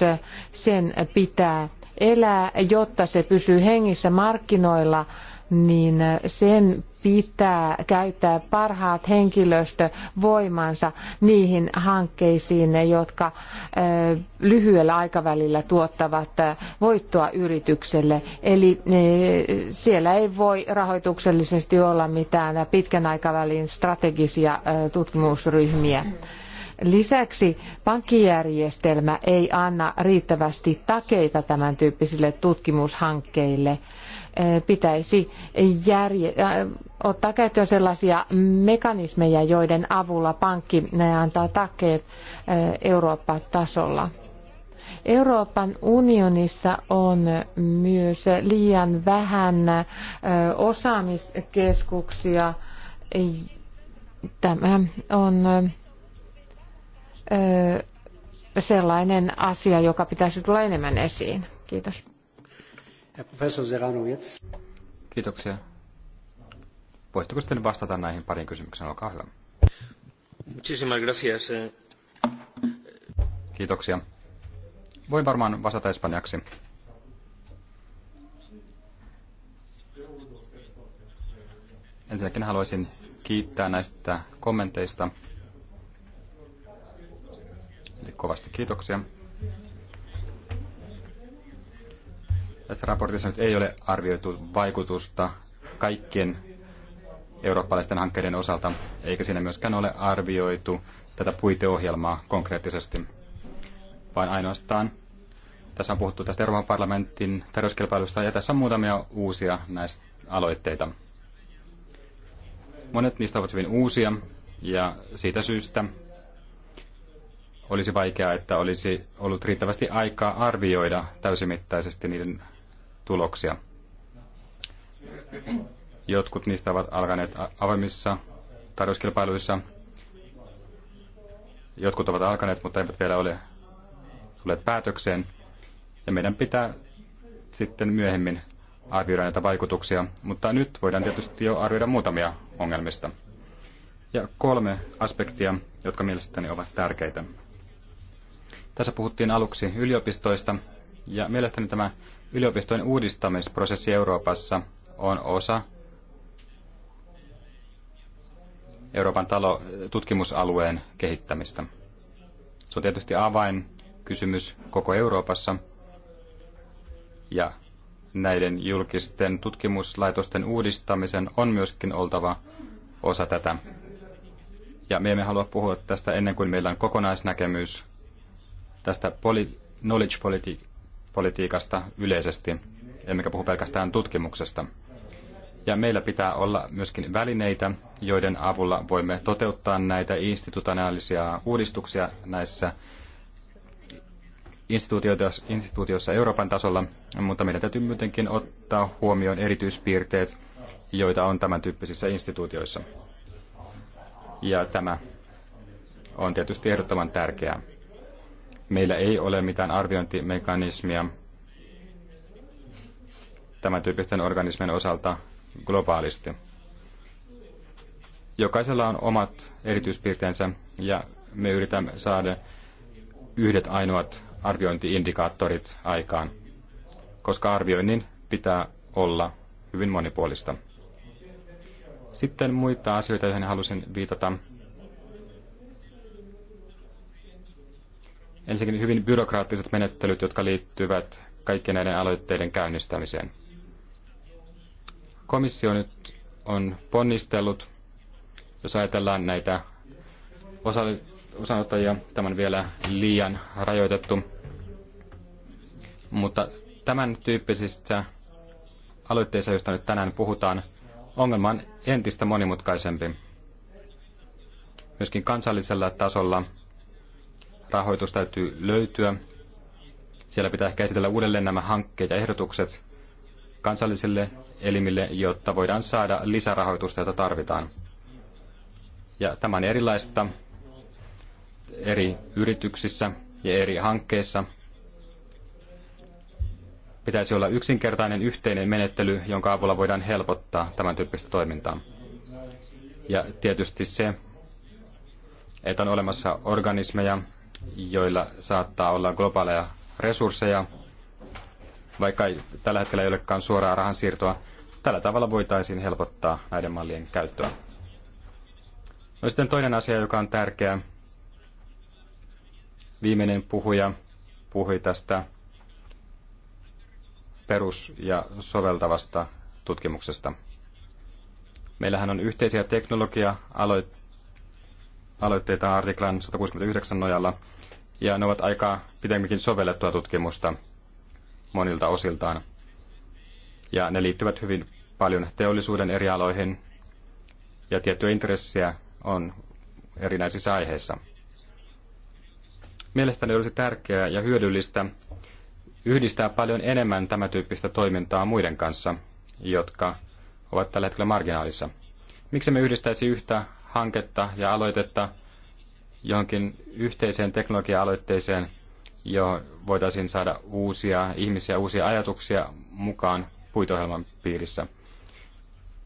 sen pitää elää, jotta se pysyy hengissä markkinoilla, niin sen pitää käyttää parhaat henkilöstövoimansa niihin hankkeisiin, jotka lyhyellä aikavälillä tuottavat voittoa yritykselle. Eli siellä ei voi rahoituksellisesti olla mitään pitkän aikavälin strategisia tutkimusryhmiä. Lisäksi pankkijärjestelmä ei anna riittävästi takeita tämän tyyppisille tutkimushankkeille. Pitäisi järje- ottaa käyttöön sellaisia mekanismeja, joiden avulla pankki antaa takeet Euroopan tasolla. Euroopan unionissa on myös liian vähän osaamiskeskuksia. Tämä on sellainen asia, joka pitäisi tulla enemmän esiin. Kiitos. Kiitoksia. Voitteko sitten vastata näihin pariin kysymykseen? Olkaa hyvä. Eh. Kiitoksia. Voin varmaan vastata espanjaksi. Ensinnäkin haluaisin kiittää näistä kommenteista Eli kovasti kiitoksia. Tässä raportissa nyt ei ole arvioitu vaikutusta kaikkien eurooppalaisten hankkeiden osalta, eikä siinä myöskään ole arvioitu tätä puiteohjelmaa konkreettisesti, vaan ainoastaan tässä on puhuttu tästä Euroopan parlamentin tarjouskilpailusta ja tässä on muutamia uusia näistä aloitteita. Monet niistä ovat hyvin uusia ja siitä syystä olisi vaikeaa, että olisi ollut riittävästi aikaa arvioida täysimittaisesti niiden tuloksia. Jotkut niistä ovat alkaneet avoimissa tarjouskilpailuissa. Jotkut ovat alkaneet, mutta eivät vielä ole tulleet päätökseen. Ja meidän pitää sitten myöhemmin arvioida näitä vaikutuksia, mutta nyt voidaan tietysti jo arvioida muutamia ongelmista. Ja kolme aspektia, jotka mielestäni ovat tärkeitä. Tässä puhuttiin aluksi yliopistoista, ja mielestäni tämä yliopistojen uudistamisprosessi Euroopassa on osa Euroopan talo- tutkimusalueen kehittämistä. Se on tietysti avainkysymys koko Euroopassa, ja näiden julkisten tutkimuslaitosten uudistamisen on myöskin oltava osa tätä. Ja me emme halua puhua tästä ennen kuin meillä on kokonaisnäkemys tästä poli- knowledge-politiikasta yleisesti, emmekä puhu pelkästään tutkimuksesta. Ja meillä pitää olla myöskin välineitä, joiden avulla voimme toteuttaa näitä institutionaalisia uudistuksia näissä instituutioissa, instituutioissa Euroopan tasolla, mutta meidän täytyy muutenkin ottaa huomioon erityispiirteet, joita on tämän tyyppisissä instituutioissa. Ja tämä on tietysti ehdottoman tärkeää. Meillä ei ole mitään arviointimekanismia tämän tyyppisten organismien osalta globaalisti. Jokaisella on omat erityispiirteensä ja me yritämme saada yhdet ainoat arviointiindikaattorit aikaan, koska arvioinnin pitää olla hyvin monipuolista. Sitten muita asioita, joihin halusin viitata. Ensinnäkin hyvin byrokraattiset menettelyt, jotka liittyvät kaikkien näiden aloitteiden käynnistämiseen. Komissio nyt on ponnistellut, jos ajatellaan näitä osanottajia, tämä on vielä liian rajoitettu, mutta tämän tyyppisissä aloitteissa, joista nyt tänään puhutaan, ongelma on entistä monimutkaisempi. Myöskin kansallisella tasolla rahoitus täytyy löytyä. Siellä pitää käsitellä uudelleen nämä hankkeet ja ehdotukset kansallisille elimille, jotta voidaan saada lisärahoitusta, jota tarvitaan. Ja tämä on erilaista eri yrityksissä ja eri hankkeissa. Pitäisi olla yksinkertainen yhteinen menettely, jonka avulla voidaan helpottaa tämän tyyppistä toimintaa. Ja tietysti se, että on olemassa organismeja, joilla saattaa olla globaaleja resursseja, vaikka ei, tällä hetkellä ei olekaan suoraa rahansiirtoa. Tällä tavalla voitaisiin helpottaa näiden mallien käyttöä. No sitten toinen asia, joka on tärkeä. Viimeinen puhuja puhui tästä perus- ja soveltavasta tutkimuksesta. Meillähän on yhteisiä teknologia-aloitteita, aloitteita artiklan 169 nojalla, ja ne ovat aika pitemminkin sovellettua tutkimusta monilta osiltaan. Ja ne liittyvät hyvin paljon teollisuuden eri aloihin, ja tiettyä intressiä on erinäisissä aiheissa. Mielestäni olisi tärkeää ja hyödyllistä yhdistää paljon enemmän tämä tyyppistä toimintaa muiden kanssa, jotka ovat tällä hetkellä marginaalissa. Miksi me yhdistäisi yhtä hanketta ja aloitetta johonkin yhteiseen teknologia-aloitteeseen, johon voitaisiin saada uusia ihmisiä, uusia ajatuksia mukaan puitohjelman piirissä.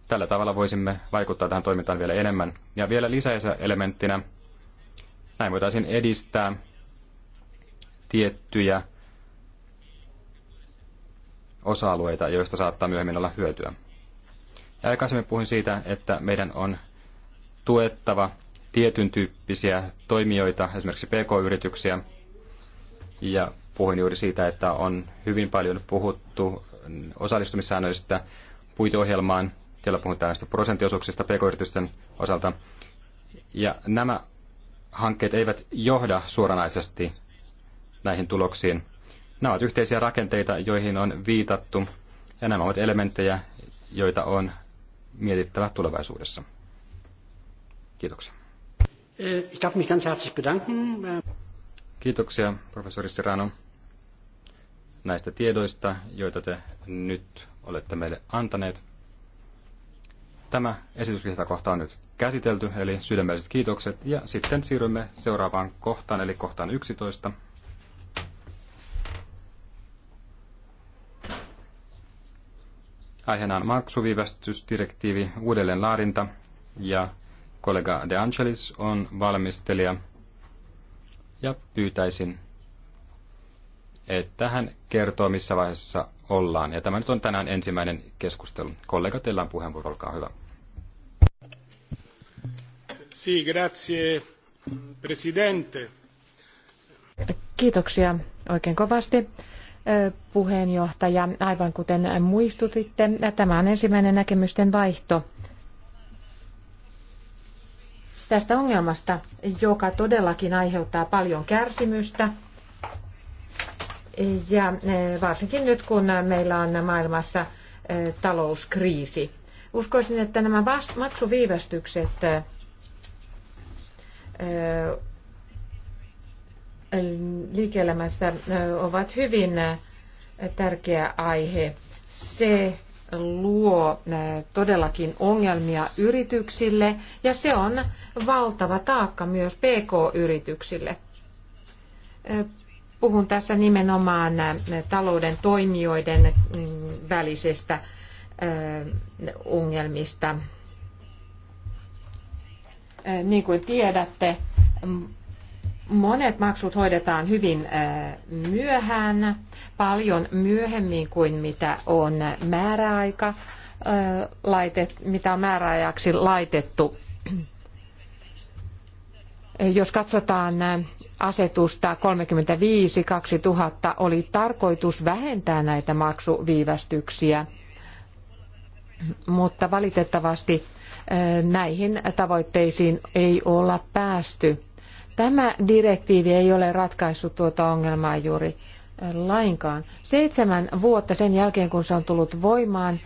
Tällä tavalla voisimme vaikuttaa tähän toimintaan vielä enemmän. Ja vielä elementtinä, näin voitaisiin edistää tiettyjä osa-alueita, joista saattaa myöhemmin olla hyötyä. Ja aikaisemmin puhuin siitä, että meidän on tuettava tietyn tyyppisiä toimijoita, esimerkiksi pk-yrityksiä. Ja puhuin juuri siitä, että on hyvin paljon puhuttu osallistumissäännöistä puiteohjelmaan. Siellä puhutaan näistä prosenttiosuuksista pk-yritysten osalta. Ja nämä hankkeet eivät johda suoranaisesti näihin tuloksiin. Nämä ovat yhteisiä rakenteita, joihin on viitattu, ja nämä ovat elementtejä, joita on mietittävä tulevaisuudessa. Kiitoksia. Äh, ich darf mich ganz herzlich bedanken. Kiitoksia, professori Serrano, näistä tiedoista, joita te nyt olette meille antaneet. Tämä esityslistakohta on nyt käsitelty, eli sydämelliset kiitokset. Ja sitten siirrymme seuraavaan kohtaan, eli kohtaan 11. Aiheena on maksuviivästysdirektiivi, uudelleenlaadinta ja kollega De Angelis on valmistelija ja pyytäisin, että hän kertoo missä vaiheessa ollaan. Ja tämä nyt on tänään ensimmäinen keskustelu. Kollega, teillä on puheenvuoro, olkaa hyvä. Si, grazie, presidente. Kiitoksia oikein kovasti puheenjohtaja. Aivan kuten muistutitte, tämä on ensimmäinen näkemysten vaihto tästä ongelmasta, joka todellakin aiheuttaa paljon kärsimystä. Ja e, varsinkin nyt, kun meillä on maailmassa e, talouskriisi. Uskoisin, että nämä maksuviivästykset e, liike ovat hyvin tärkeä aihe. Se luo eh, todellakin ongelmia yrityksille ja se on valtava taakka myös PK-yrityksille. Eh, puhun tässä nimenomaan eh, talouden toimijoiden mm, välisestä ongelmista. Niin kuin tiedätte, mm, Monet maksut hoidetaan hyvin äh, myöhään, paljon myöhemmin kuin mitä on määräaika, äh, mitä on määräajaksi laitettu. Jos katsotaan äh, asetusta 35 2000 oli tarkoitus vähentää näitä maksuviivästyksiä, mutta valitettavasti näihin tavoitteisiin ei olla päästy. Tämä direktiivi ei ole ratkaissut tuota ongelmaa juuri eh, lainkaan. Seitsemän vuotta sen jälkeen, kun se on tullut voimaan, eh,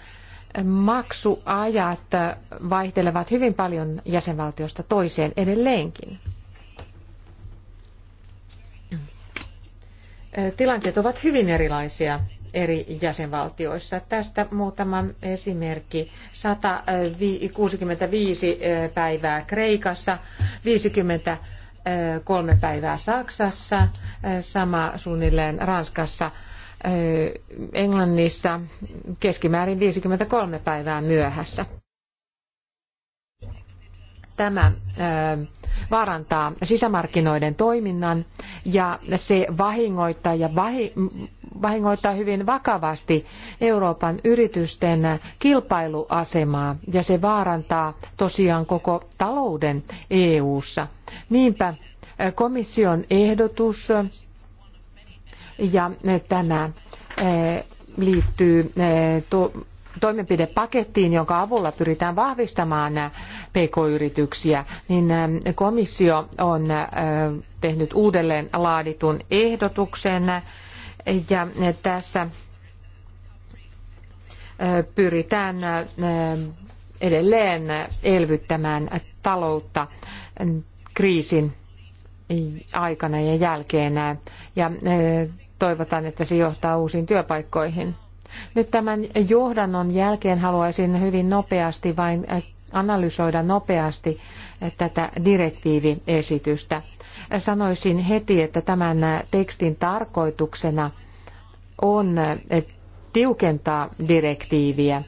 maksuajat eh, vaihtelevat hyvin paljon jäsenvaltiosta toiseen edelleenkin. Tilanteet ovat hyvin erilaisia eri jäsenvaltioissa. Tästä muutama esimerkki. 165 päivää Kreikassa, 50 kolme päivää Saksassa, sama suunnilleen Ranskassa, Englannissa keskimäärin 53 päivää myöhässä tämä vaarantaa sisämarkkinoiden toiminnan ja se vahingoittaa ja vahingoittaa hyvin vakavasti Euroopan yritysten kilpailuasemaa ja se vaarantaa tosiaan koko talouden EU:ssa. Niinpä komission ehdotus ja tämä liittyy toimenpidepakettiin, jonka avulla pyritään vahvistamaan PK-yrityksiä, niin ähm, komissio on äh, tehnyt uudelleen laaditun ehdotuksen ja äh, tässä äh, pyritään edelleen elvyttämään taloutta kriisin aikana ja jälkeen ja toivotaan, että se johtaa uusiin työpaikkoihin. Nyt tämän johdannon jälkeen haluaisin hyvin nopeasti vain äh, analysoida nopeasti äh, tätä direktiiviesitystä. Äh, sanoisin heti, että tämän tekstin tarkoituksena on tiukentaa direktiiviä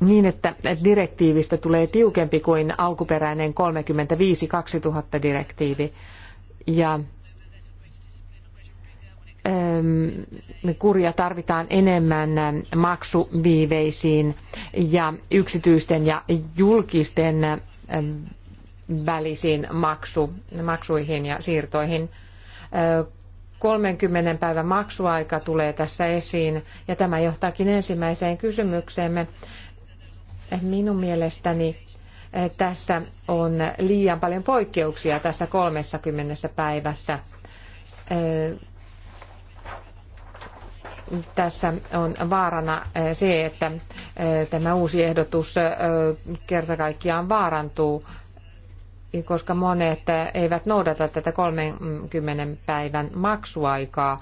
niin, että direktiivistä tulee tiukempi kuin alkuperäinen 35-2000 direktiivi. Ja kuria tarvitaan enemmän ähm, maksuviiveisiin ja yksityisten ja julkisten ähm, välisiin maksu, maksuihin ja siirtoihin. 30 päivän maksuaika tulee tässä esiin ja tämä johtaakin ensimmäiseen kysymykseemme. Minun mielestäni tässä on liian paljon poikkeuksia tässä 30 päivässä tässä on vaarana eh, se, että eh, tämä uusi ehdotus eh, kerta kaikkiaan vaarantuu, koska monet eivät noudata tätä 30 päivän maksuaikaa.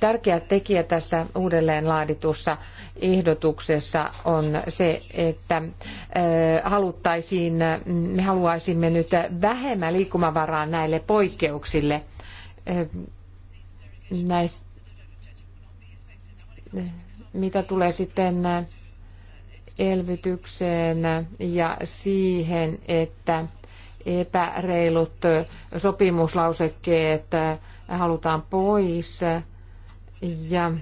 Tärkeä tekijä tässä uudelleen laaditussa ehdotuksessa on se, että haluttaisiin, me haluaisimme nyt vähemmän liikkumavaraa näille poikkeuksille näistä mitä tulee sitten elvytykseen ja siihen, että epäreilut sopimuslausekkeet halutaan pois ja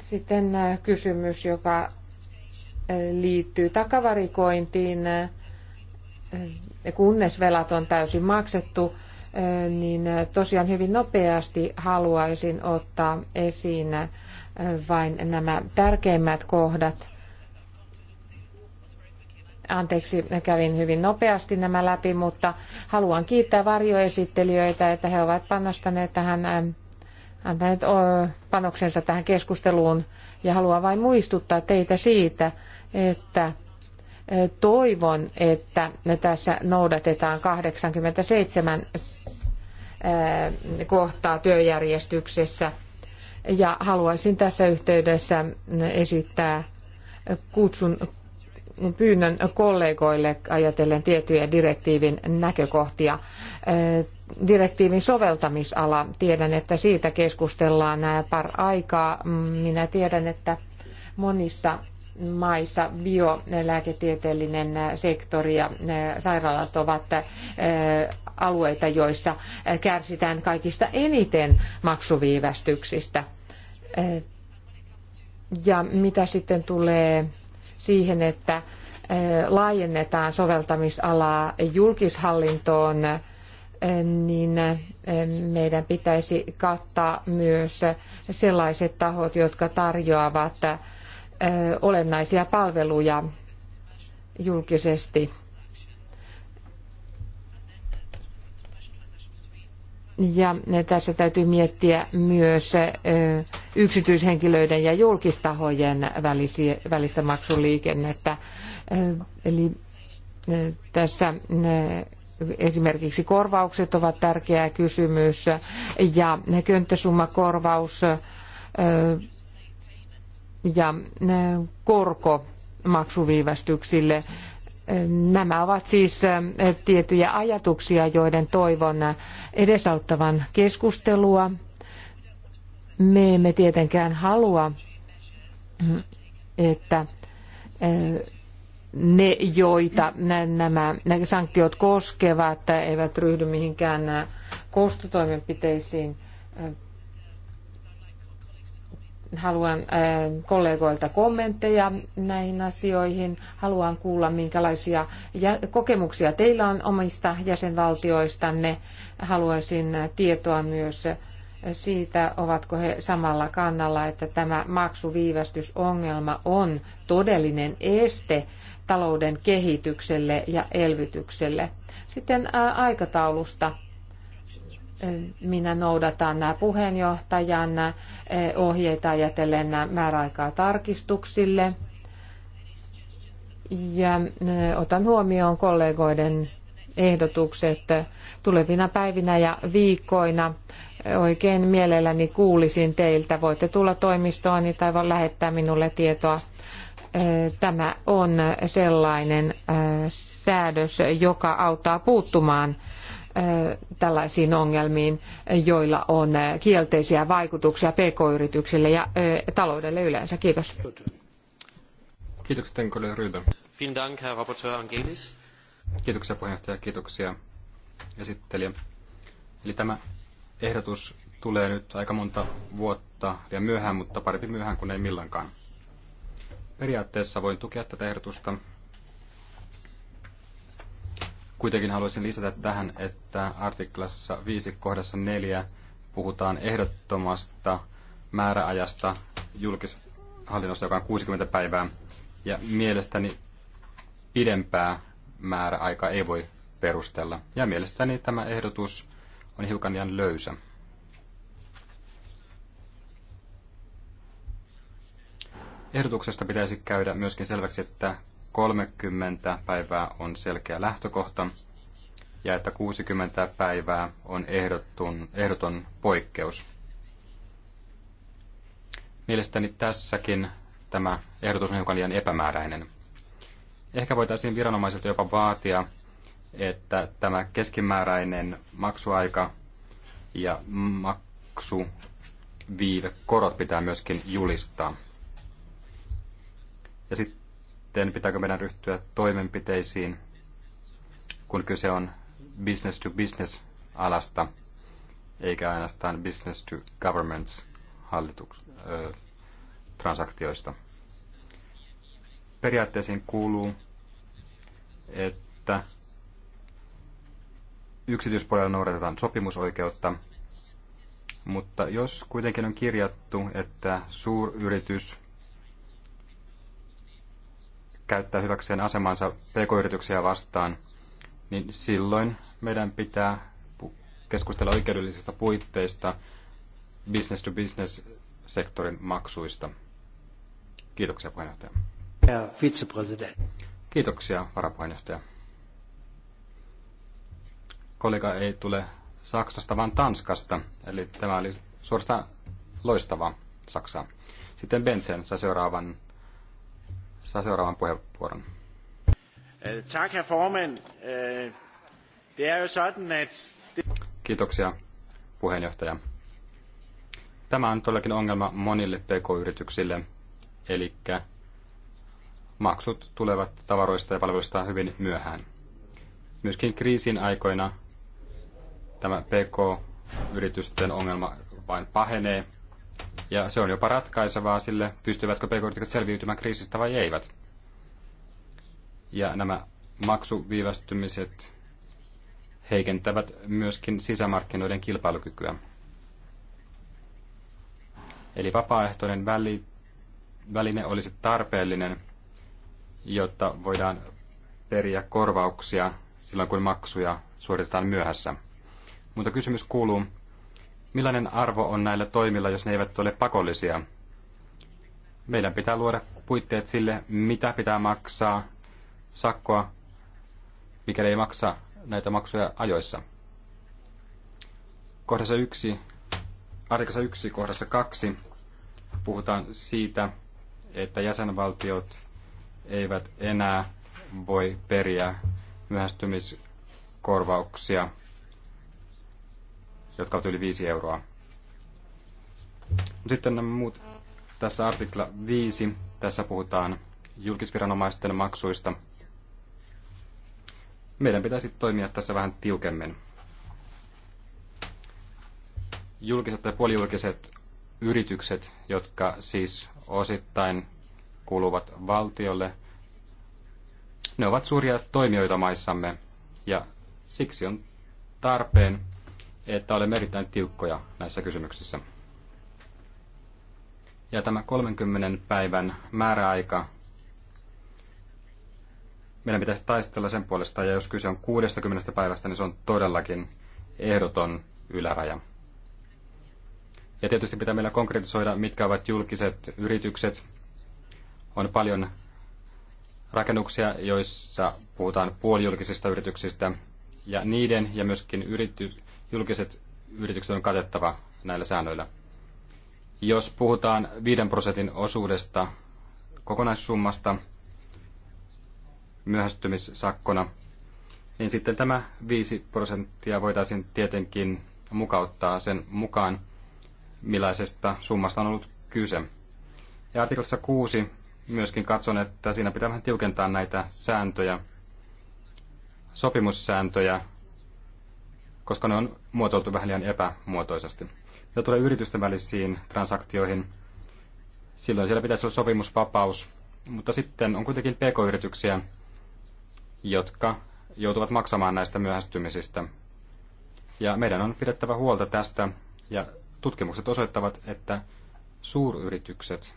sitten kysymys, joka liittyy takavarikointiin, kunnes velat on täysin maksettu niin tosiaan hyvin nopeasti haluaisin ottaa esiin vain nämä tärkeimmät kohdat. Anteeksi, kävin hyvin nopeasti nämä läpi, mutta haluan kiittää varjoesittelijöitä, että he ovat panostaneet tähän, antaneet panoksensa tähän keskusteluun. Ja haluan vain muistuttaa teitä siitä, että Toivon, että tässä noudatetaan 87 kohtaa työjärjestyksessä. Ja haluaisin tässä yhteydessä mm, esittää kutsun mm, pyynnön kollegoille ajatellen tiettyjä direktiivin näkökohtia. Direktiivin soveltamisala, tiedän, että siitä keskustellaan par aikaa. Mm, minä tiedän, että monissa maissa biolääketieteellinen sektori ja sairaalat ovat alueita, joissa kärsitään kaikista eniten maksuviivästyksistä. Ja mitä sitten tulee siihen, että laajennetaan soveltamisalaa julkishallintoon, niin meidän pitäisi kattaa myös sellaiset tahot, jotka tarjoavat olennaisia palveluja julkisesti. Ja tässä täytyy miettiä myös yksityishenkilöiden ja julkistahojen välistä maksuliikennettä. Eli tässä esimerkiksi korvaukset ovat tärkeä kysymys ja könttäsummakorvaus korvaus ja korko maksuviivästyksille. Nämä ovat siis tiettyjä ajatuksia, joiden toivon edesauttavan keskustelua. Me emme tietenkään halua, että ne, joita nämä sanktiot koskevat, eivät ryhdy mihinkään kostotoimenpiteisiin Haluan kollegoilta kommentteja näihin asioihin. Haluan kuulla, minkälaisia kokemuksia teillä on omista jäsenvaltioistanne. Haluaisin tietoa myös siitä, ovatko he samalla kannalla, että tämä maksuviivästysongelma on todellinen este talouden kehitykselle ja elvytykselle. Sitten aikataulusta minä noudatan puheenjohtajan eh, ohjeita ajatellen määräaikaa tarkistuksille. Ja eh, otan huomioon kollegoiden ehdotukset tulevina päivinä ja viikkoina. Eh, oikein mielelläni kuulisin teiltä. Voitte tulla toimistooni niin tai lähettää minulle tietoa. Tämä on sellainen säädös, joka auttaa puuttumaan – tällaisiin ongelmiin, joilla on kielteisiä vaikutuksia pk-yrityksille ja taloudelle yleensä. Kiitos. Kiitoksia, Tenkoli Rydä. Angelis. Kiitoksia puheenjohtaja, kiitoksia esittelijä. Eli tämä ehdotus tulee nyt aika monta vuotta ja myöhään, mutta parempi myöhään kuin ei milloinkaan. Periaatteessa voin tukea tätä ehdotusta, Kuitenkin haluaisin lisätä tähän, että artiklassa 5 kohdassa 4 puhutaan ehdottomasta määräajasta julkishallinnossa, joka on 60 päivää. Ja mielestäni pidempää määräaikaa ei voi perustella. Ja mielestäni tämä ehdotus on hiukan liian löysä. Ehdotuksesta pitäisi käydä myöskin selväksi, että 30 päivää on selkeä lähtökohta ja että 60 päivää on ehdoton, ehdoton poikkeus. Mielestäni tässäkin tämä ehdotus on hiukan liian epämääräinen. Ehkä voitaisiin viranomaisilta jopa vaatia, että tämä keskimääräinen maksuaika ja maksuviivekorot pitää myöskin julistaa. Ja sitten sitten pitääkö meidän ryhtyä toimenpiteisiin, kun kyse on business to business alasta, eikä ainoastaan business to government hallituks, transaktioista. Periaatteisiin kuuluu, että yksityispuolella noudatetaan sopimusoikeutta, mutta jos kuitenkin on kirjattu, että suuryritys käyttää hyväkseen asemansa pk-yrityksiä vastaan, niin silloin meidän pitää keskustella oikeudellisista puitteista business-to-business-sektorin maksuista. Kiitoksia puheenjohtaja. Kiitoksia varapuheenjohtaja. Kollega ei tule Saksasta, vaan Tanskasta. Eli tämä oli suorastaan loistavaa Saksaa. Sitten Bensen saa seuraavan saa seuraavan puheenvuoron. Eh, tak, herr formand. Eh, det er sådan, Kiitoksia, puheenjohtaja. Tämä on todellakin ongelma monille pk-yrityksille, eli maksut tulevat tavaroista ja palveluista hyvin myöhään. Myöskin kriisin aikoina tämä pk-yritysten ongelma vain pahenee – ja se on jopa ratkaisevaa sille, pystyvätkö pk selviytymään kriisistä vai eivät. Ja nämä maksuviivästymiset heikentävät myöskin sisämarkkinoiden kilpailukykyä. Eli vapaaehtoinen väli, väline olisi tarpeellinen, jotta voidaan periä korvauksia silloin, kun maksuja suoritetaan myöhässä. Mutta kysymys kuuluu, millainen arvo on näillä toimilla, jos ne eivät ole pakollisia? Meidän pitää luoda puitteet sille, mitä pitää maksaa sakkoa, mikäli ei maksa näitä maksuja ajoissa. Kohdassa 1, artikassa 1, kohdassa 2 puhutaan siitä, että jäsenvaltiot eivät enää voi periä myöhästymiskorvauksia jotka ovat yli 5 euroa. Sitten nämä muut. Tässä artikla 5, tässä puhutaan julkisviranomaisten maksuista. Meidän pitäisi toimia tässä vähän tiukemmin. Julkiset tai puolijulkiset yritykset, jotka siis osittain kuuluvat valtiolle, ne ovat suuria toimijoita maissamme ja siksi on tarpeen, että olemme erittäin tiukkoja näissä kysymyksissä. Ja tämä 30 päivän määräaika, meidän pitäisi taistella sen puolesta, ja jos kyse on 60 päivästä, niin se on todellakin ehdoton yläraja. Ja tietysti pitää meillä konkretisoida, mitkä ovat julkiset yritykset. On paljon rakennuksia, joissa puhutaan puolijulkisista yrityksistä, ja niiden ja myöskin yrityksistä, julkiset yritykset on katettava näillä säännöillä. Jos puhutaan 5 prosentin osuudesta kokonaissummasta myöhästymissakkona, niin sitten tämä 5 prosenttia voitaisiin tietenkin mukauttaa sen mukaan, millaisesta summasta on ollut kyse. Ja artiklassa 6 myöskin katson, että siinä pitää vähän tiukentaa näitä sääntöjä, sopimussääntöjä koska ne on muotoiltu vähän liian epämuotoisesti. Mitä tulee yritysten välisiin transaktioihin, silloin siellä pitäisi olla sopimusvapaus, mutta sitten on kuitenkin pk-yrityksiä, jotka joutuvat maksamaan näistä myöhästymisistä. Ja meidän on pidettävä huolta tästä, ja tutkimukset osoittavat, että suuryritykset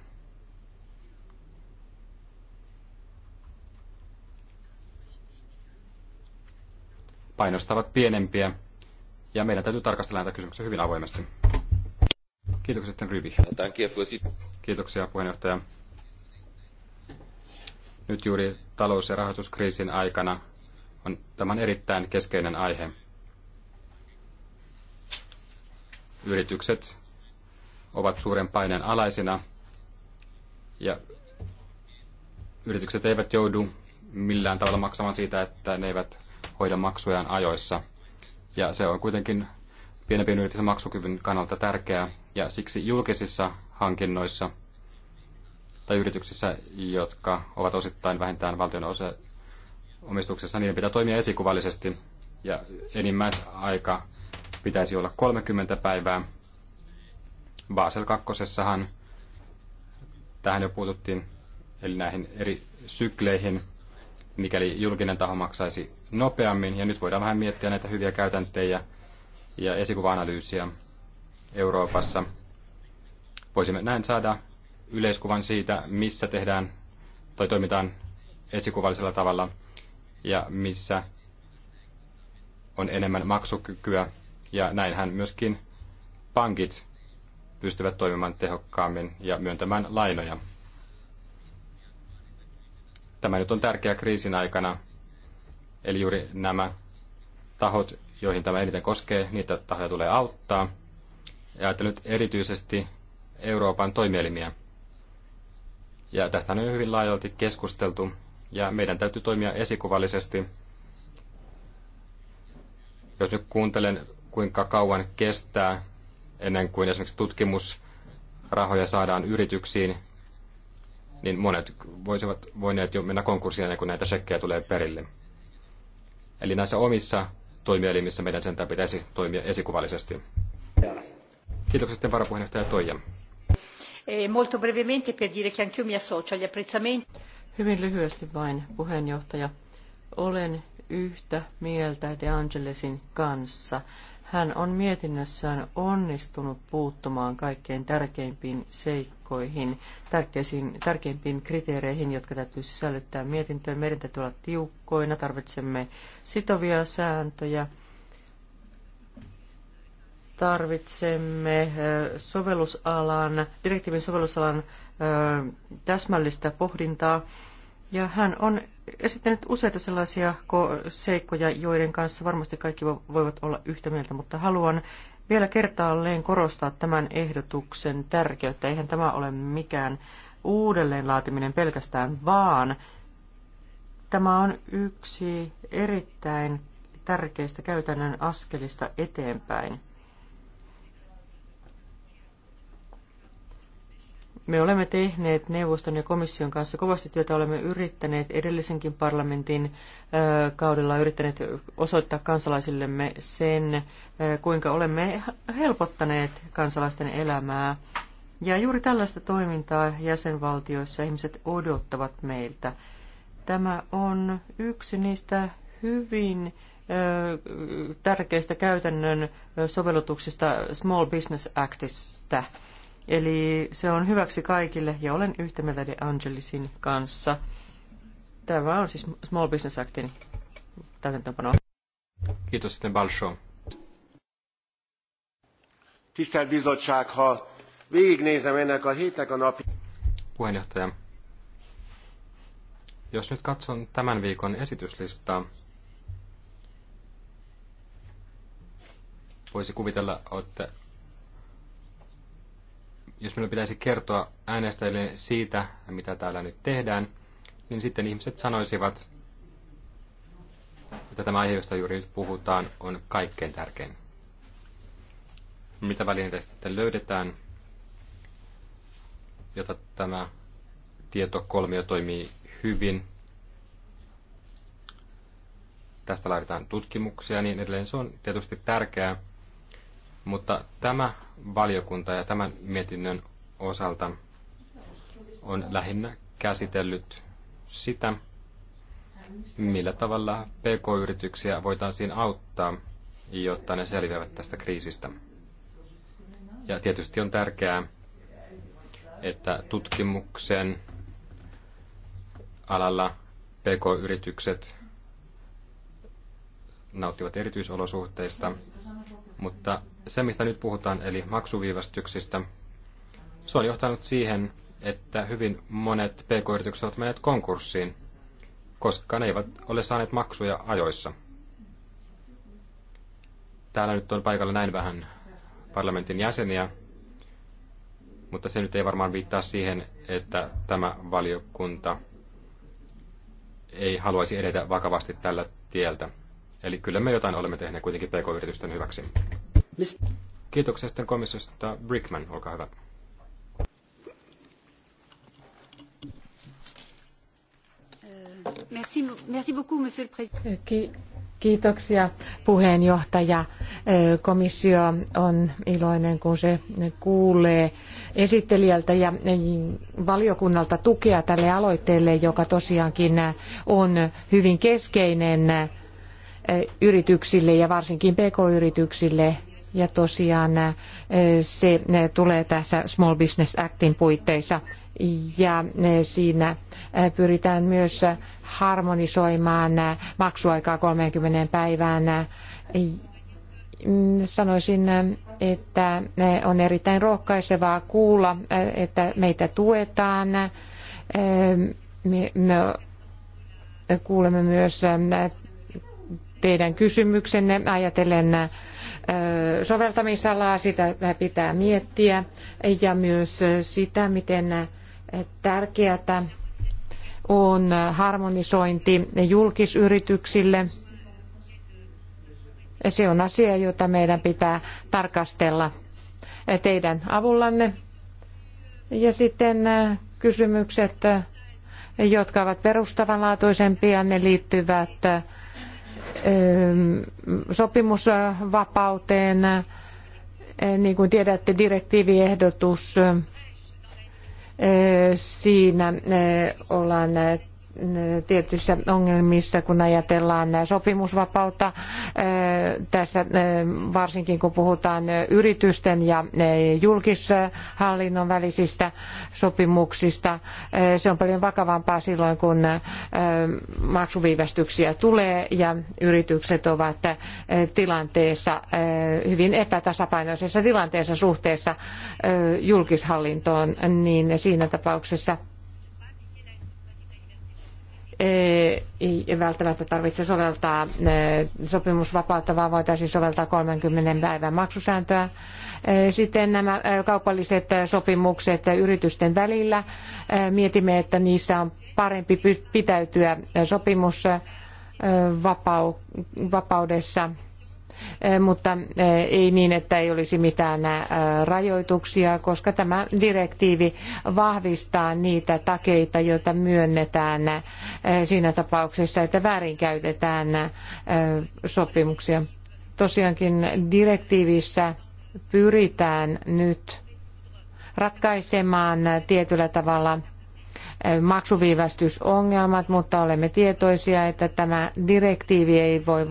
painostavat pienempiä ja meidän täytyy tarkastella näitä kysymyksiä hyvin avoimesti. Kiitoksia sitten Ryvi. Kiitoksia puheenjohtaja. Nyt juuri talous- ja rahoituskriisin aikana on tämän erittäin keskeinen aihe. Yritykset ovat suuren paineen alaisina ja yritykset eivät joudu millään tavalla maksamaan siitä, että ne eivät hoida maksujaan ajoissa – ja se on kuitenkin pienempien yritysten maksukyvyn kannalta tärkeää. Ja siksi julkisissa hankinnoissa tai yrityksissä, jotka ovat osittain vähintään valtion osa omistuksessa, niiden pitää toimia esikuvallisesti. Ja enimmäisaika pitäisi olla 30 päivää. Basel 2. tähän jo puututtiin, eli näihin eri sykleihin, mikäli julkinen taho maksaisi nopeammin, ja nyt voidaan vähän miettiä näitä hyviä käytäntöjä ja esikuva-analyysiä Euroopassa. Voisimme näin saada yleiskuvan siitä, missä tehdään tai toimitaan esikuvallisella tavalla ja missä on enemmän maksukykyä. Ja näinhän myöskin pankit pystyvät toimimaan tehokkaammin ja myöntämään lainoja. Tämä nyt on tärkeä kriisin aikana, Eli juuri nämä tahot, joihin tämä eniten koskee, niitä tahoja tulee auttaa. Ja ajattelut erityisesti Euroopan toimielimiä. Ja tästä on hyvin laajalti keskusteltu, ja meidän täytyy toimia esikuvallisesti. Jos nyt kuuntelen, kuinka kauan kestää ennen kuin esimerkiksi tutkimusrahoja saadaan yrityksiin, niin monet voisivat voineet jo mennä konkurssiin kun näitä sekkejä tulee perille. Eli näissä omissa toimielimissä meidän sentään pitäisi toimia esikuvallisesti. Kiitoksia sitten varapuheenjohtaja Toija. E, molto brevemente per dire che anch'io mi associo agli apprezzamenti. Hyvin lyhyesti vain, puheenjohtaja. Olen yhtä mieltä De Angelesin kanssa. Hän on mietinnössään onnistunut puuttumaan kaikkein tärkeimpiin seikkoihin, tärkeisiin, tärkeimpiin kriteereihin, jotka täytyy sisällyttää mietintöön. Meidän täytyy olla tiukkoina, tarvitsemme sitovia sääntöjä, tarvitsemme sovellusalan, direktiivin sovellusalan täsmällistä pohdintaa. Ja hän on esittänyt useita sellaisia seikkoja, joiden kanssa varmasti kaikki voivat olla yhtä mieltä, mutta haluan vielä kertaalleen korostaa tämän ehdotuksen tärkeyttä. Eihän tämä ole mikään uudelleenlaatiminen pelkästään, vaan tämä on yksi erittäin tärkeistä käytännön askelista eteenpäin. Me olemme tehneet neuvoston ja komission kanssa kovasti työtä, olemme yrittäneet edellisenkin parlamentin kaudella yrittäneet osoittaa kansalaisillemme sen, kuinka olemme helpottaneet kansalaisten elämää. Ja juuri tällaista toimintaa jäsenvaltioissa ihmiset odottavat meiltä. Tämä on yksi niistä hyvin tärkeistä käytännön sovellutuksista Small Business Actista. Eli se on hyväksi kaikille ja olen yhtä mieltä De Angelisin kanssa. Tämä on siis Small Business Actin täytäntöpano. Kiitos sitten Balsho. Tisztelt bizottság, ha végignézem ennek a hétnek a napi... Puheenjohtaja, jos nyt katson tämän viikon esityslistaa, voisi kuvitella, että jos meillä pitäisi kertoa äänestäjille siitä, mitä täällä nyt tehdään, niin sitten ihmiset sanoisivat, että tämä aihe, josta juuri nyt puhutaan, on kaikkein tärkein. Mitä välineitä sitten löydetään, jotta tämä tietokolmio toimii hyvin? Tästä laaditaan tutkimuksia niin edelleen. Se on tietysti tärkeää, mutta tämä valiokunta ja tämän mietinnön osalta on lähinnä käsitellyt sitä, millä tavalla pk-yrityksiä voitaisiin auttaa, jotta ne selviävät tästä kriisistä. Ja tietysti on tärkeää, että tutkimuksen alalla pk-yritykset nauttivat erityisolosuhteista mutta se, mistä nyt puhutaan, eli maksuviivästyksistä, se on johtanut siihen, että hyvin monet pk-yritykset ovat menneet konkurssiin, koska ne eivät ole saaneet maksuja ajoissa. Täällä nyt on paikalla näin vähän parlamentin jäseniä, mutta se nyt ei varmaan viittaa siihen, että tämä valiokunta ei haluaisi edetä vakavasti tällä tieltä. Eli kyllä me jotain olemme tehneet kuitenkin pk-yritysten hyväksi. Kiitoksia sitten komissiosta. Brickman, olkaa hyvä. Merci, merci beaucoup, monsieur le président. Ki- Kiitoksia puheenjohtaja. Komissio on iloinen, kun se kuulee esittelijältä ja valiokunnalta tukea tälle aloitteelle, joka tosiaankin on hyvin keskeinen Eh, yrityksille ja varsinkin pk-yrityksille. Ja tosiaan eh, se eh, tulee tässä Small Business Actin puitteissa ja siinä pyritään myös harmonisoimaan maksuaikaa 30 päivään. Sanoisin, että on erittäin rohkaisevaa kuulla, että meitä tuetaan. Me kuulemme myös teidän kysymyksenne ajatellen soveltamisalaa, sitä pitää miettiä ja myös sitä, miten tärkeätä on harmonisointi julkisyrityksille. Se on asia, jota meidän pitää tarkastella teidän avullanne. Ja sitten kysymykset, jotka ovat perustavanlaatuisempia, ne liittyvät sopimusvapauteen. Niin kuin tiedätte, direktiiviehdotus siinä ollaan tietyissä ongelmissa, kun ajatellaan sopimusvapautta. Tässä varsinkin kun puhutaan yritysten ja julkishallinnon välisistä sopimuksista, se on paljon vakavampaa silloin, kun maksuviivästyksiä tulee ja yritykset ovat tilanteessa, hyvin epätasapainoisessa tilanteessa suhteessa julkishallintoon, niin siinä tapauksessa ei välttämättä tarvitse soveltaa sopimusvapautta, vaan voitaisiin soveltaa 30 päivän maksusääntöä. Sitten nämä kaupalliset sopimukset yritysten välillä. Mietimme, että niissä on parempi pitäytyä sopimusvapaudessa mutta ei niin, että ei olisi mitään rajoituksia, koska tämä direktiivi vahvistaa niitä takeita, joita myönnetään siinä tapauksessa, että väärinkäytetään sopimuksia. Tosiaankin direktiivissä pyritään nyt ratkaisemaan tietyllä tavalla maksuviivästysongelmat, mutta olemme tietoisia, että tämä direktiivi ei voi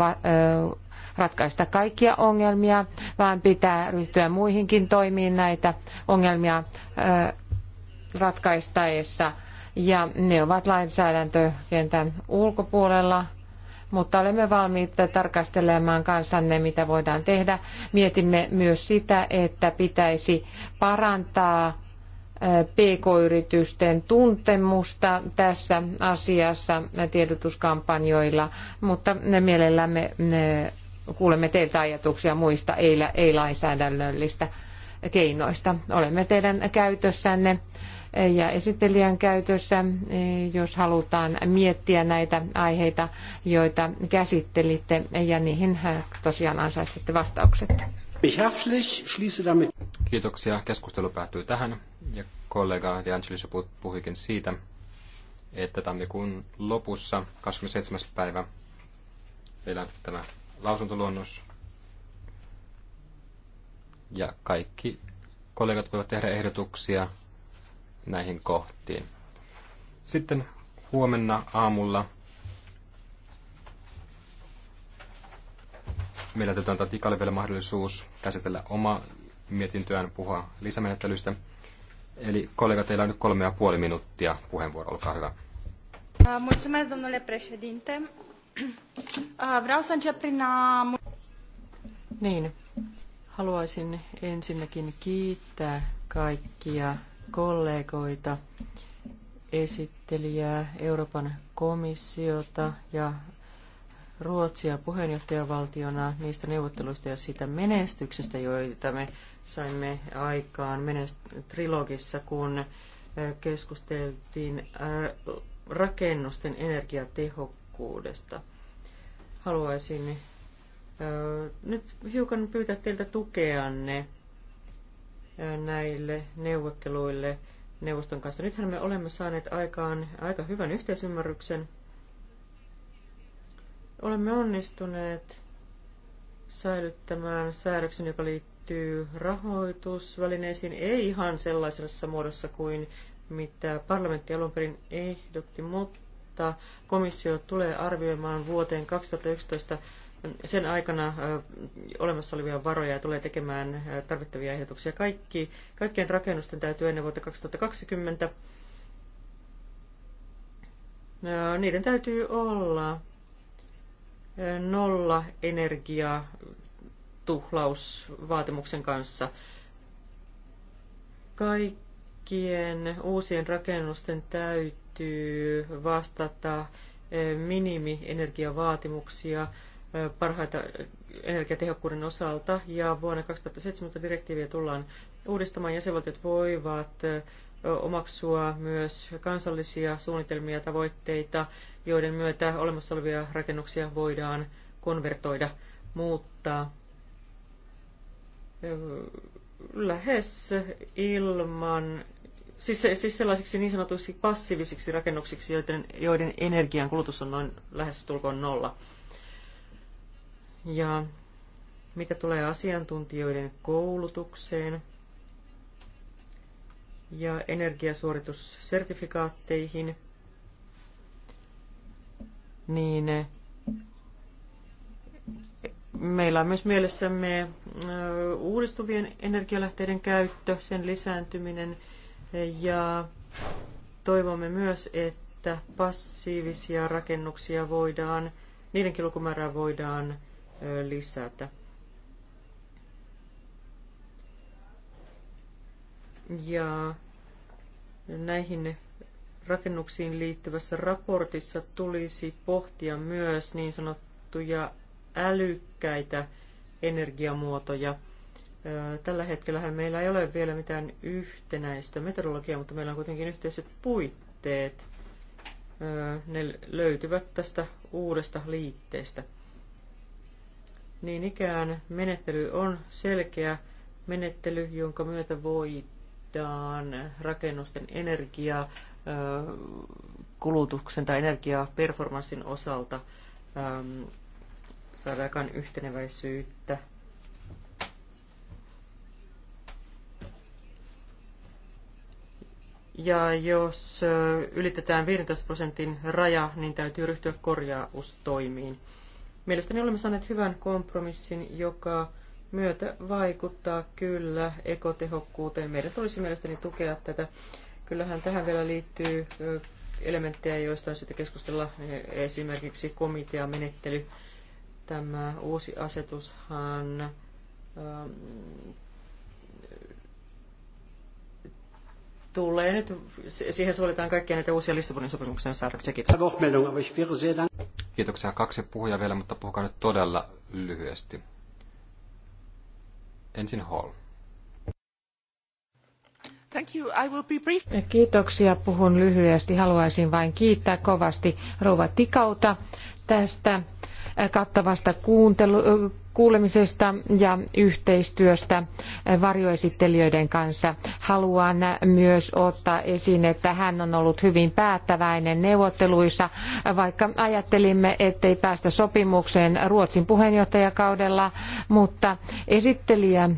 ratkaista kaikkia ongelmia, vaan pitää ryhtyä muihinkin toimiin näitä ongelmia ratkaistaessa. Ja ne ovat lainsäädäntökentän ulkopuolella, mutta olemme valmiit tarkastelemaan kansanne, mitä voidaan tehdä. Mietimme myös sitä, että pitäisi parantaa PK-yritysten tuntemusta tässä asiassa tiedotuskampanjoilla, mutta mielellämme kuulemme teiltä ajatuksia muista ei-lainsäädännöllistä keinoista. Olemme teidän käytössänne ja esittelijän käytössä, jos halutaan miettiä näitä aiheita, joita käsittelitte, ja niihin tosiaan ansaitsette vastaukset. Kiitoksia. Keskustelu päättyy tähän. Ja kollega De Angelis puhuikin siitä, että tammikuun lopussa 27. päivä meillä on tämä lausuntoluonnos. Ja kaikki kollegat voivat tehdä ehdotuksia näihin kohtiin. Sitten huomenna aamulla meillä tätä antaa Tikalle vielä mahdollisuus käsitellä oma mietintöään puhua lisämenettelystä. Eli kollega, teillä on nyt kolme ja puoli minuuttia puheenvuoro, olkaa hyvä. Mulțumesc, domnule președinte. Äh, vreau să încep prin a... Niin, haluaisin ensinnäkin kiittää kaikkia kollegoita, esittelijää, Euroopan komissiota ja Ruotsia puheenjohtajavaltiona niistä neuvotteluista ja siitä menestyksestä, joita me saimme aikaan menest- trilogissa, kun äh, keskusteltiin äh, rakennusten energiatehokkuudesta tehokkuudesta. Haluaisin nyt hiukan pyytää teiltä tukeanne näille neuvotteluille neuvoston kanssa. Nythän me olemme saaneet aikaan aika hyvän yhteisymmärryksen. Olemme onnistuneet säilyttämään säädöksen, joka liittyy rahoitusvälineisiin, ei ihan sellaisessa muodossa kuin mitä parlamentti alun perin ehdotti, mutta kohtaa. Komissio tulee arvioimaan vuoteen 2011 sen aikana olemassa olevia varoja ja tulee tekemään tarvittavia ehdotuksia. Kaikki, kaikkien rakennusten täytyy ennen vuotta 2020 niiden täytyy olla nolla energia kanssa. Kaikkien uusien rakennusten täytyy täytyy vastata eh, minimienergiavaatimuksia eh, parhaita energiatehokkuuden osalta ja vuonna 2017 direktiiviä tullaan uudistamaan. Jäsenvaltiot voivat eh, omaksua myös kansallisia suunnitelmia ja tavoitteita, joiden myötä olemassa olevia rakennuksia voidaan konvertoida, muuttaa lähes ilman siis, siis sellaisiksi niin sanotuiksi passiivisiksi rakennuksiksi, joiden, joiden energian kulutus on noin lähes tulkoon nolla. Ja mitä tulee asiantuntijoiden koulutukseen ja energiasuoritussertifikaatteihin, niin meillä on myös mielessämme uudistuvien energialähteiden käyttö, sen lisääntyminen – ja toivomme myös, että passiivisia rakennuksia voidaan, niidenkin lukumäärää voidaan lisätä. Ja näihin rakennuksiin liittyvässä raportissa tulisi pohtia myös niin sanottuja älykkäitä energiamuotoja – Tällä hetkellä meillä ei ole vielä mitään yhtenäistä metodologiaa, mutta meillä on kuitenkin yhteiset puitteet. Ne löytyvät tästä uudesta liitteestä. Niin ikään menettely on selkeä menettely, jonka myötä voidaan rakennusten energiaa kulutuksen tai energiaperformanssin osalta saada aikaan yhteneväisyyttä Ja jos ylitetään 15 prosentin raja, niin täytyy ryhtyä korjaustoimiin. Mielestäni olemme saaneet hyvän kompromissin, joka myötä vaikuttaa kyllä ekotehokkuuteen. Meidän tulisi mielestäni tukea tätä. Kyllähän tähän vielä liittyy elementtejä, joista on sitten keskustella e, esimerkiksi komiteamenettely. Tämä uusi asetushan tulee nyt, siihen suoritetaan kaikkia näitä uusia Lissabonin sopimuksen säädöksiä. Kiitos. Kiitoksia. Kaksi puhujaa vielä, mutta puhukaa nyt todella lyhyesti. Ensin Hall. Thank you. I will be brief. Kiitoksia. Puhun lyhyesti. Haluaisin vain kiittää kovasti rouva Tikauta tästä kattavasta kuuntelu, kuulemisesta ja yhteistyöstä varjoesittelijöiden kanssa. Haluan myös ottaa esiin, että hän on ollut hyvin päättäväinen neuvotteluissa, vaikka ajattelimme, ettei päästä sopimukseen Ruotsin puheenjohtajakaudella, mutta esittelijä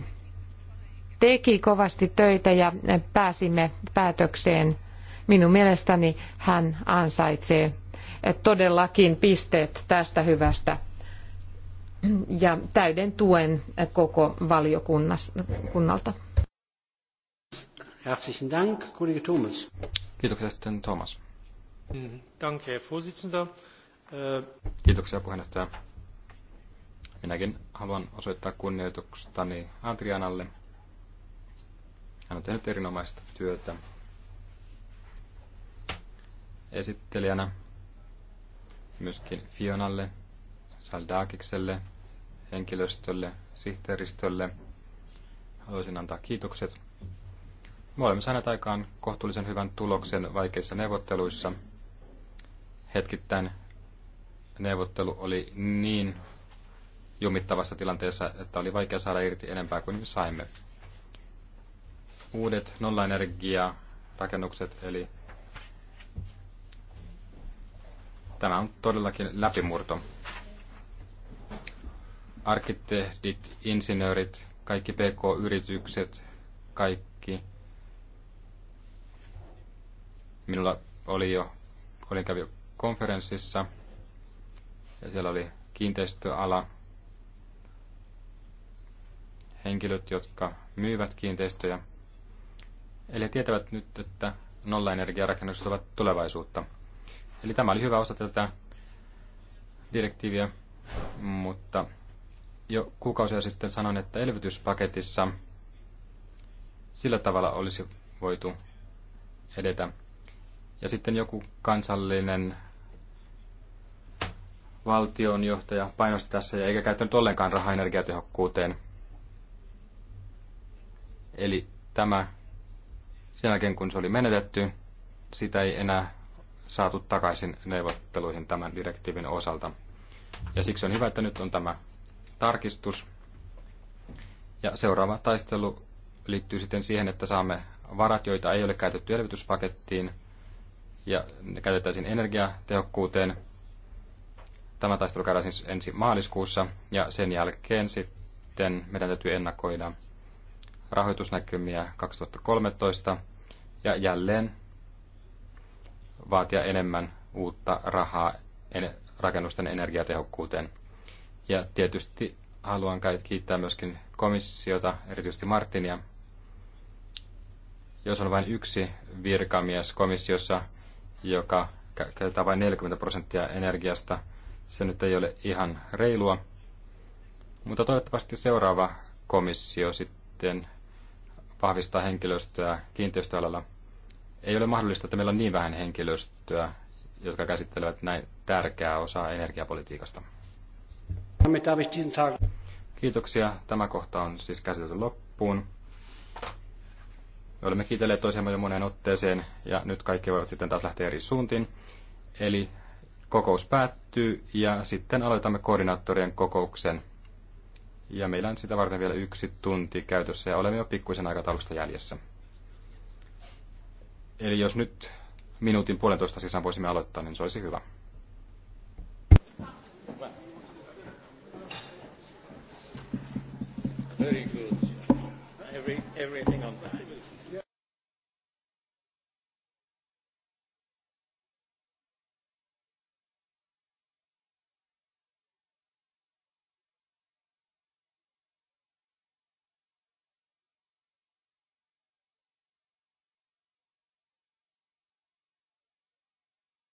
teki kovasti töitä ja pääsimme päätökseen. Minun mielestäni hän ansaitsee todellakin pisteet tästä hyvästä ja täyden tuen koko valiokunnalta. Herzlichen Dank, Kollege Thomas. Kiitoksia sitten Thomas. Mm, Danke, Herr Vorsitzender. Äh, Kiitoksia puheenjohtaja. Minäkin haluan osoittaa kunnioitustani Adrianalle. Hän on tehnyt erinomaista työtä esittelijänä, myöskin Fionalle, Saldakikselle henkilöstölle, sihteeristölle. Haluaisin antaa kiitokset. Me olemme saaneet aikaan kohtuullisen hyvän tuloksen vaikeissa neuvotteluissa. Hetkittäin neuvottelu oli niin jumittavassa tilanteessa, että oli vaikea saada irti enempää kuin saimme. Uudet nollaenergia rakennukset eli tämä on todellakin läpimurto arkkitehdit, insinöörit, kaikki PK-yritykset, kaikki. Minulla oli jo, olin kävi konferenssissa ja siellä oli kiinteistöala, henkilöt, jotka myyvät kiinteistöjä. Eli tietävät nyt, että nollaenergiarakennukset ovat tulevaisuutta. Eli tämä oli hyvä osa tätä direktiiviä, mutta jo kuukausia sitten sanoin, että elvytyspaketissa sillä tavalla olisi voitu edetä. Ja sitten joku kansallinen valtionjohtaja painosti tässä ja eikä käyttänyt ollenkaan rahaa energiatehokkuuteen. Eli tämä sen jälkeen kun se oli menetetty, sitä ei enää saatu takaisin neuvotteluihin tämän direktiivin osalta. Ja siksi on hyvä, että nyt on tämä tarkistus. Ja seuraava taistelu liittyy sitten siihen, että saamme varat, joita ei ole käytetty elvytyspakettiin, ja ne käytetään energiatehokkuuteen. Tämä taistelu käydään siis ensi maaliskuussa, ja sen jälkeen sitten meidän täytyy ennakoida rahoitusnäkymiä 2013, ja jälleen vaatia enemmän uutta rahaa rakennusten energiatehokkuuteen. Ja tietysti haluan kiittää myöskin komissiota, erityisesti Martinia. Jos on vain yksi virkamies komissiossa, joka käyttää vain 40 prosenttia energiasta, se nyt ei ole ihan reilua. Mutta toivottavasti seuraava komissio sitten vahvistaa henkilöstöä kiinteistöalalla. Ei ole mahdollista, että meillä on niin vähän henkilöstöä, jotka käsittelevät näin tärkeää osaa energiapolitiikasta. Kiitoksia. Tämä kohta on siis käsitelty loppuun. Me olemme kiitelleet toisiamme jo moneen otteeseen ja nyt kaikki voivat sitten taas lähteä eri suuntiin. Eli kokous päättyy ja sitten aloitamme koordinaattorien kokouksen. Ja meillä on sitä varten vielä yksi tunti käytössä ja olemme jo pikkuisen aikataulusta jäljessä. Eli jos nyt minuutin puolentoista sisään voisimme aloittaa, niin se olisi hyvä. Very good. Every, everything.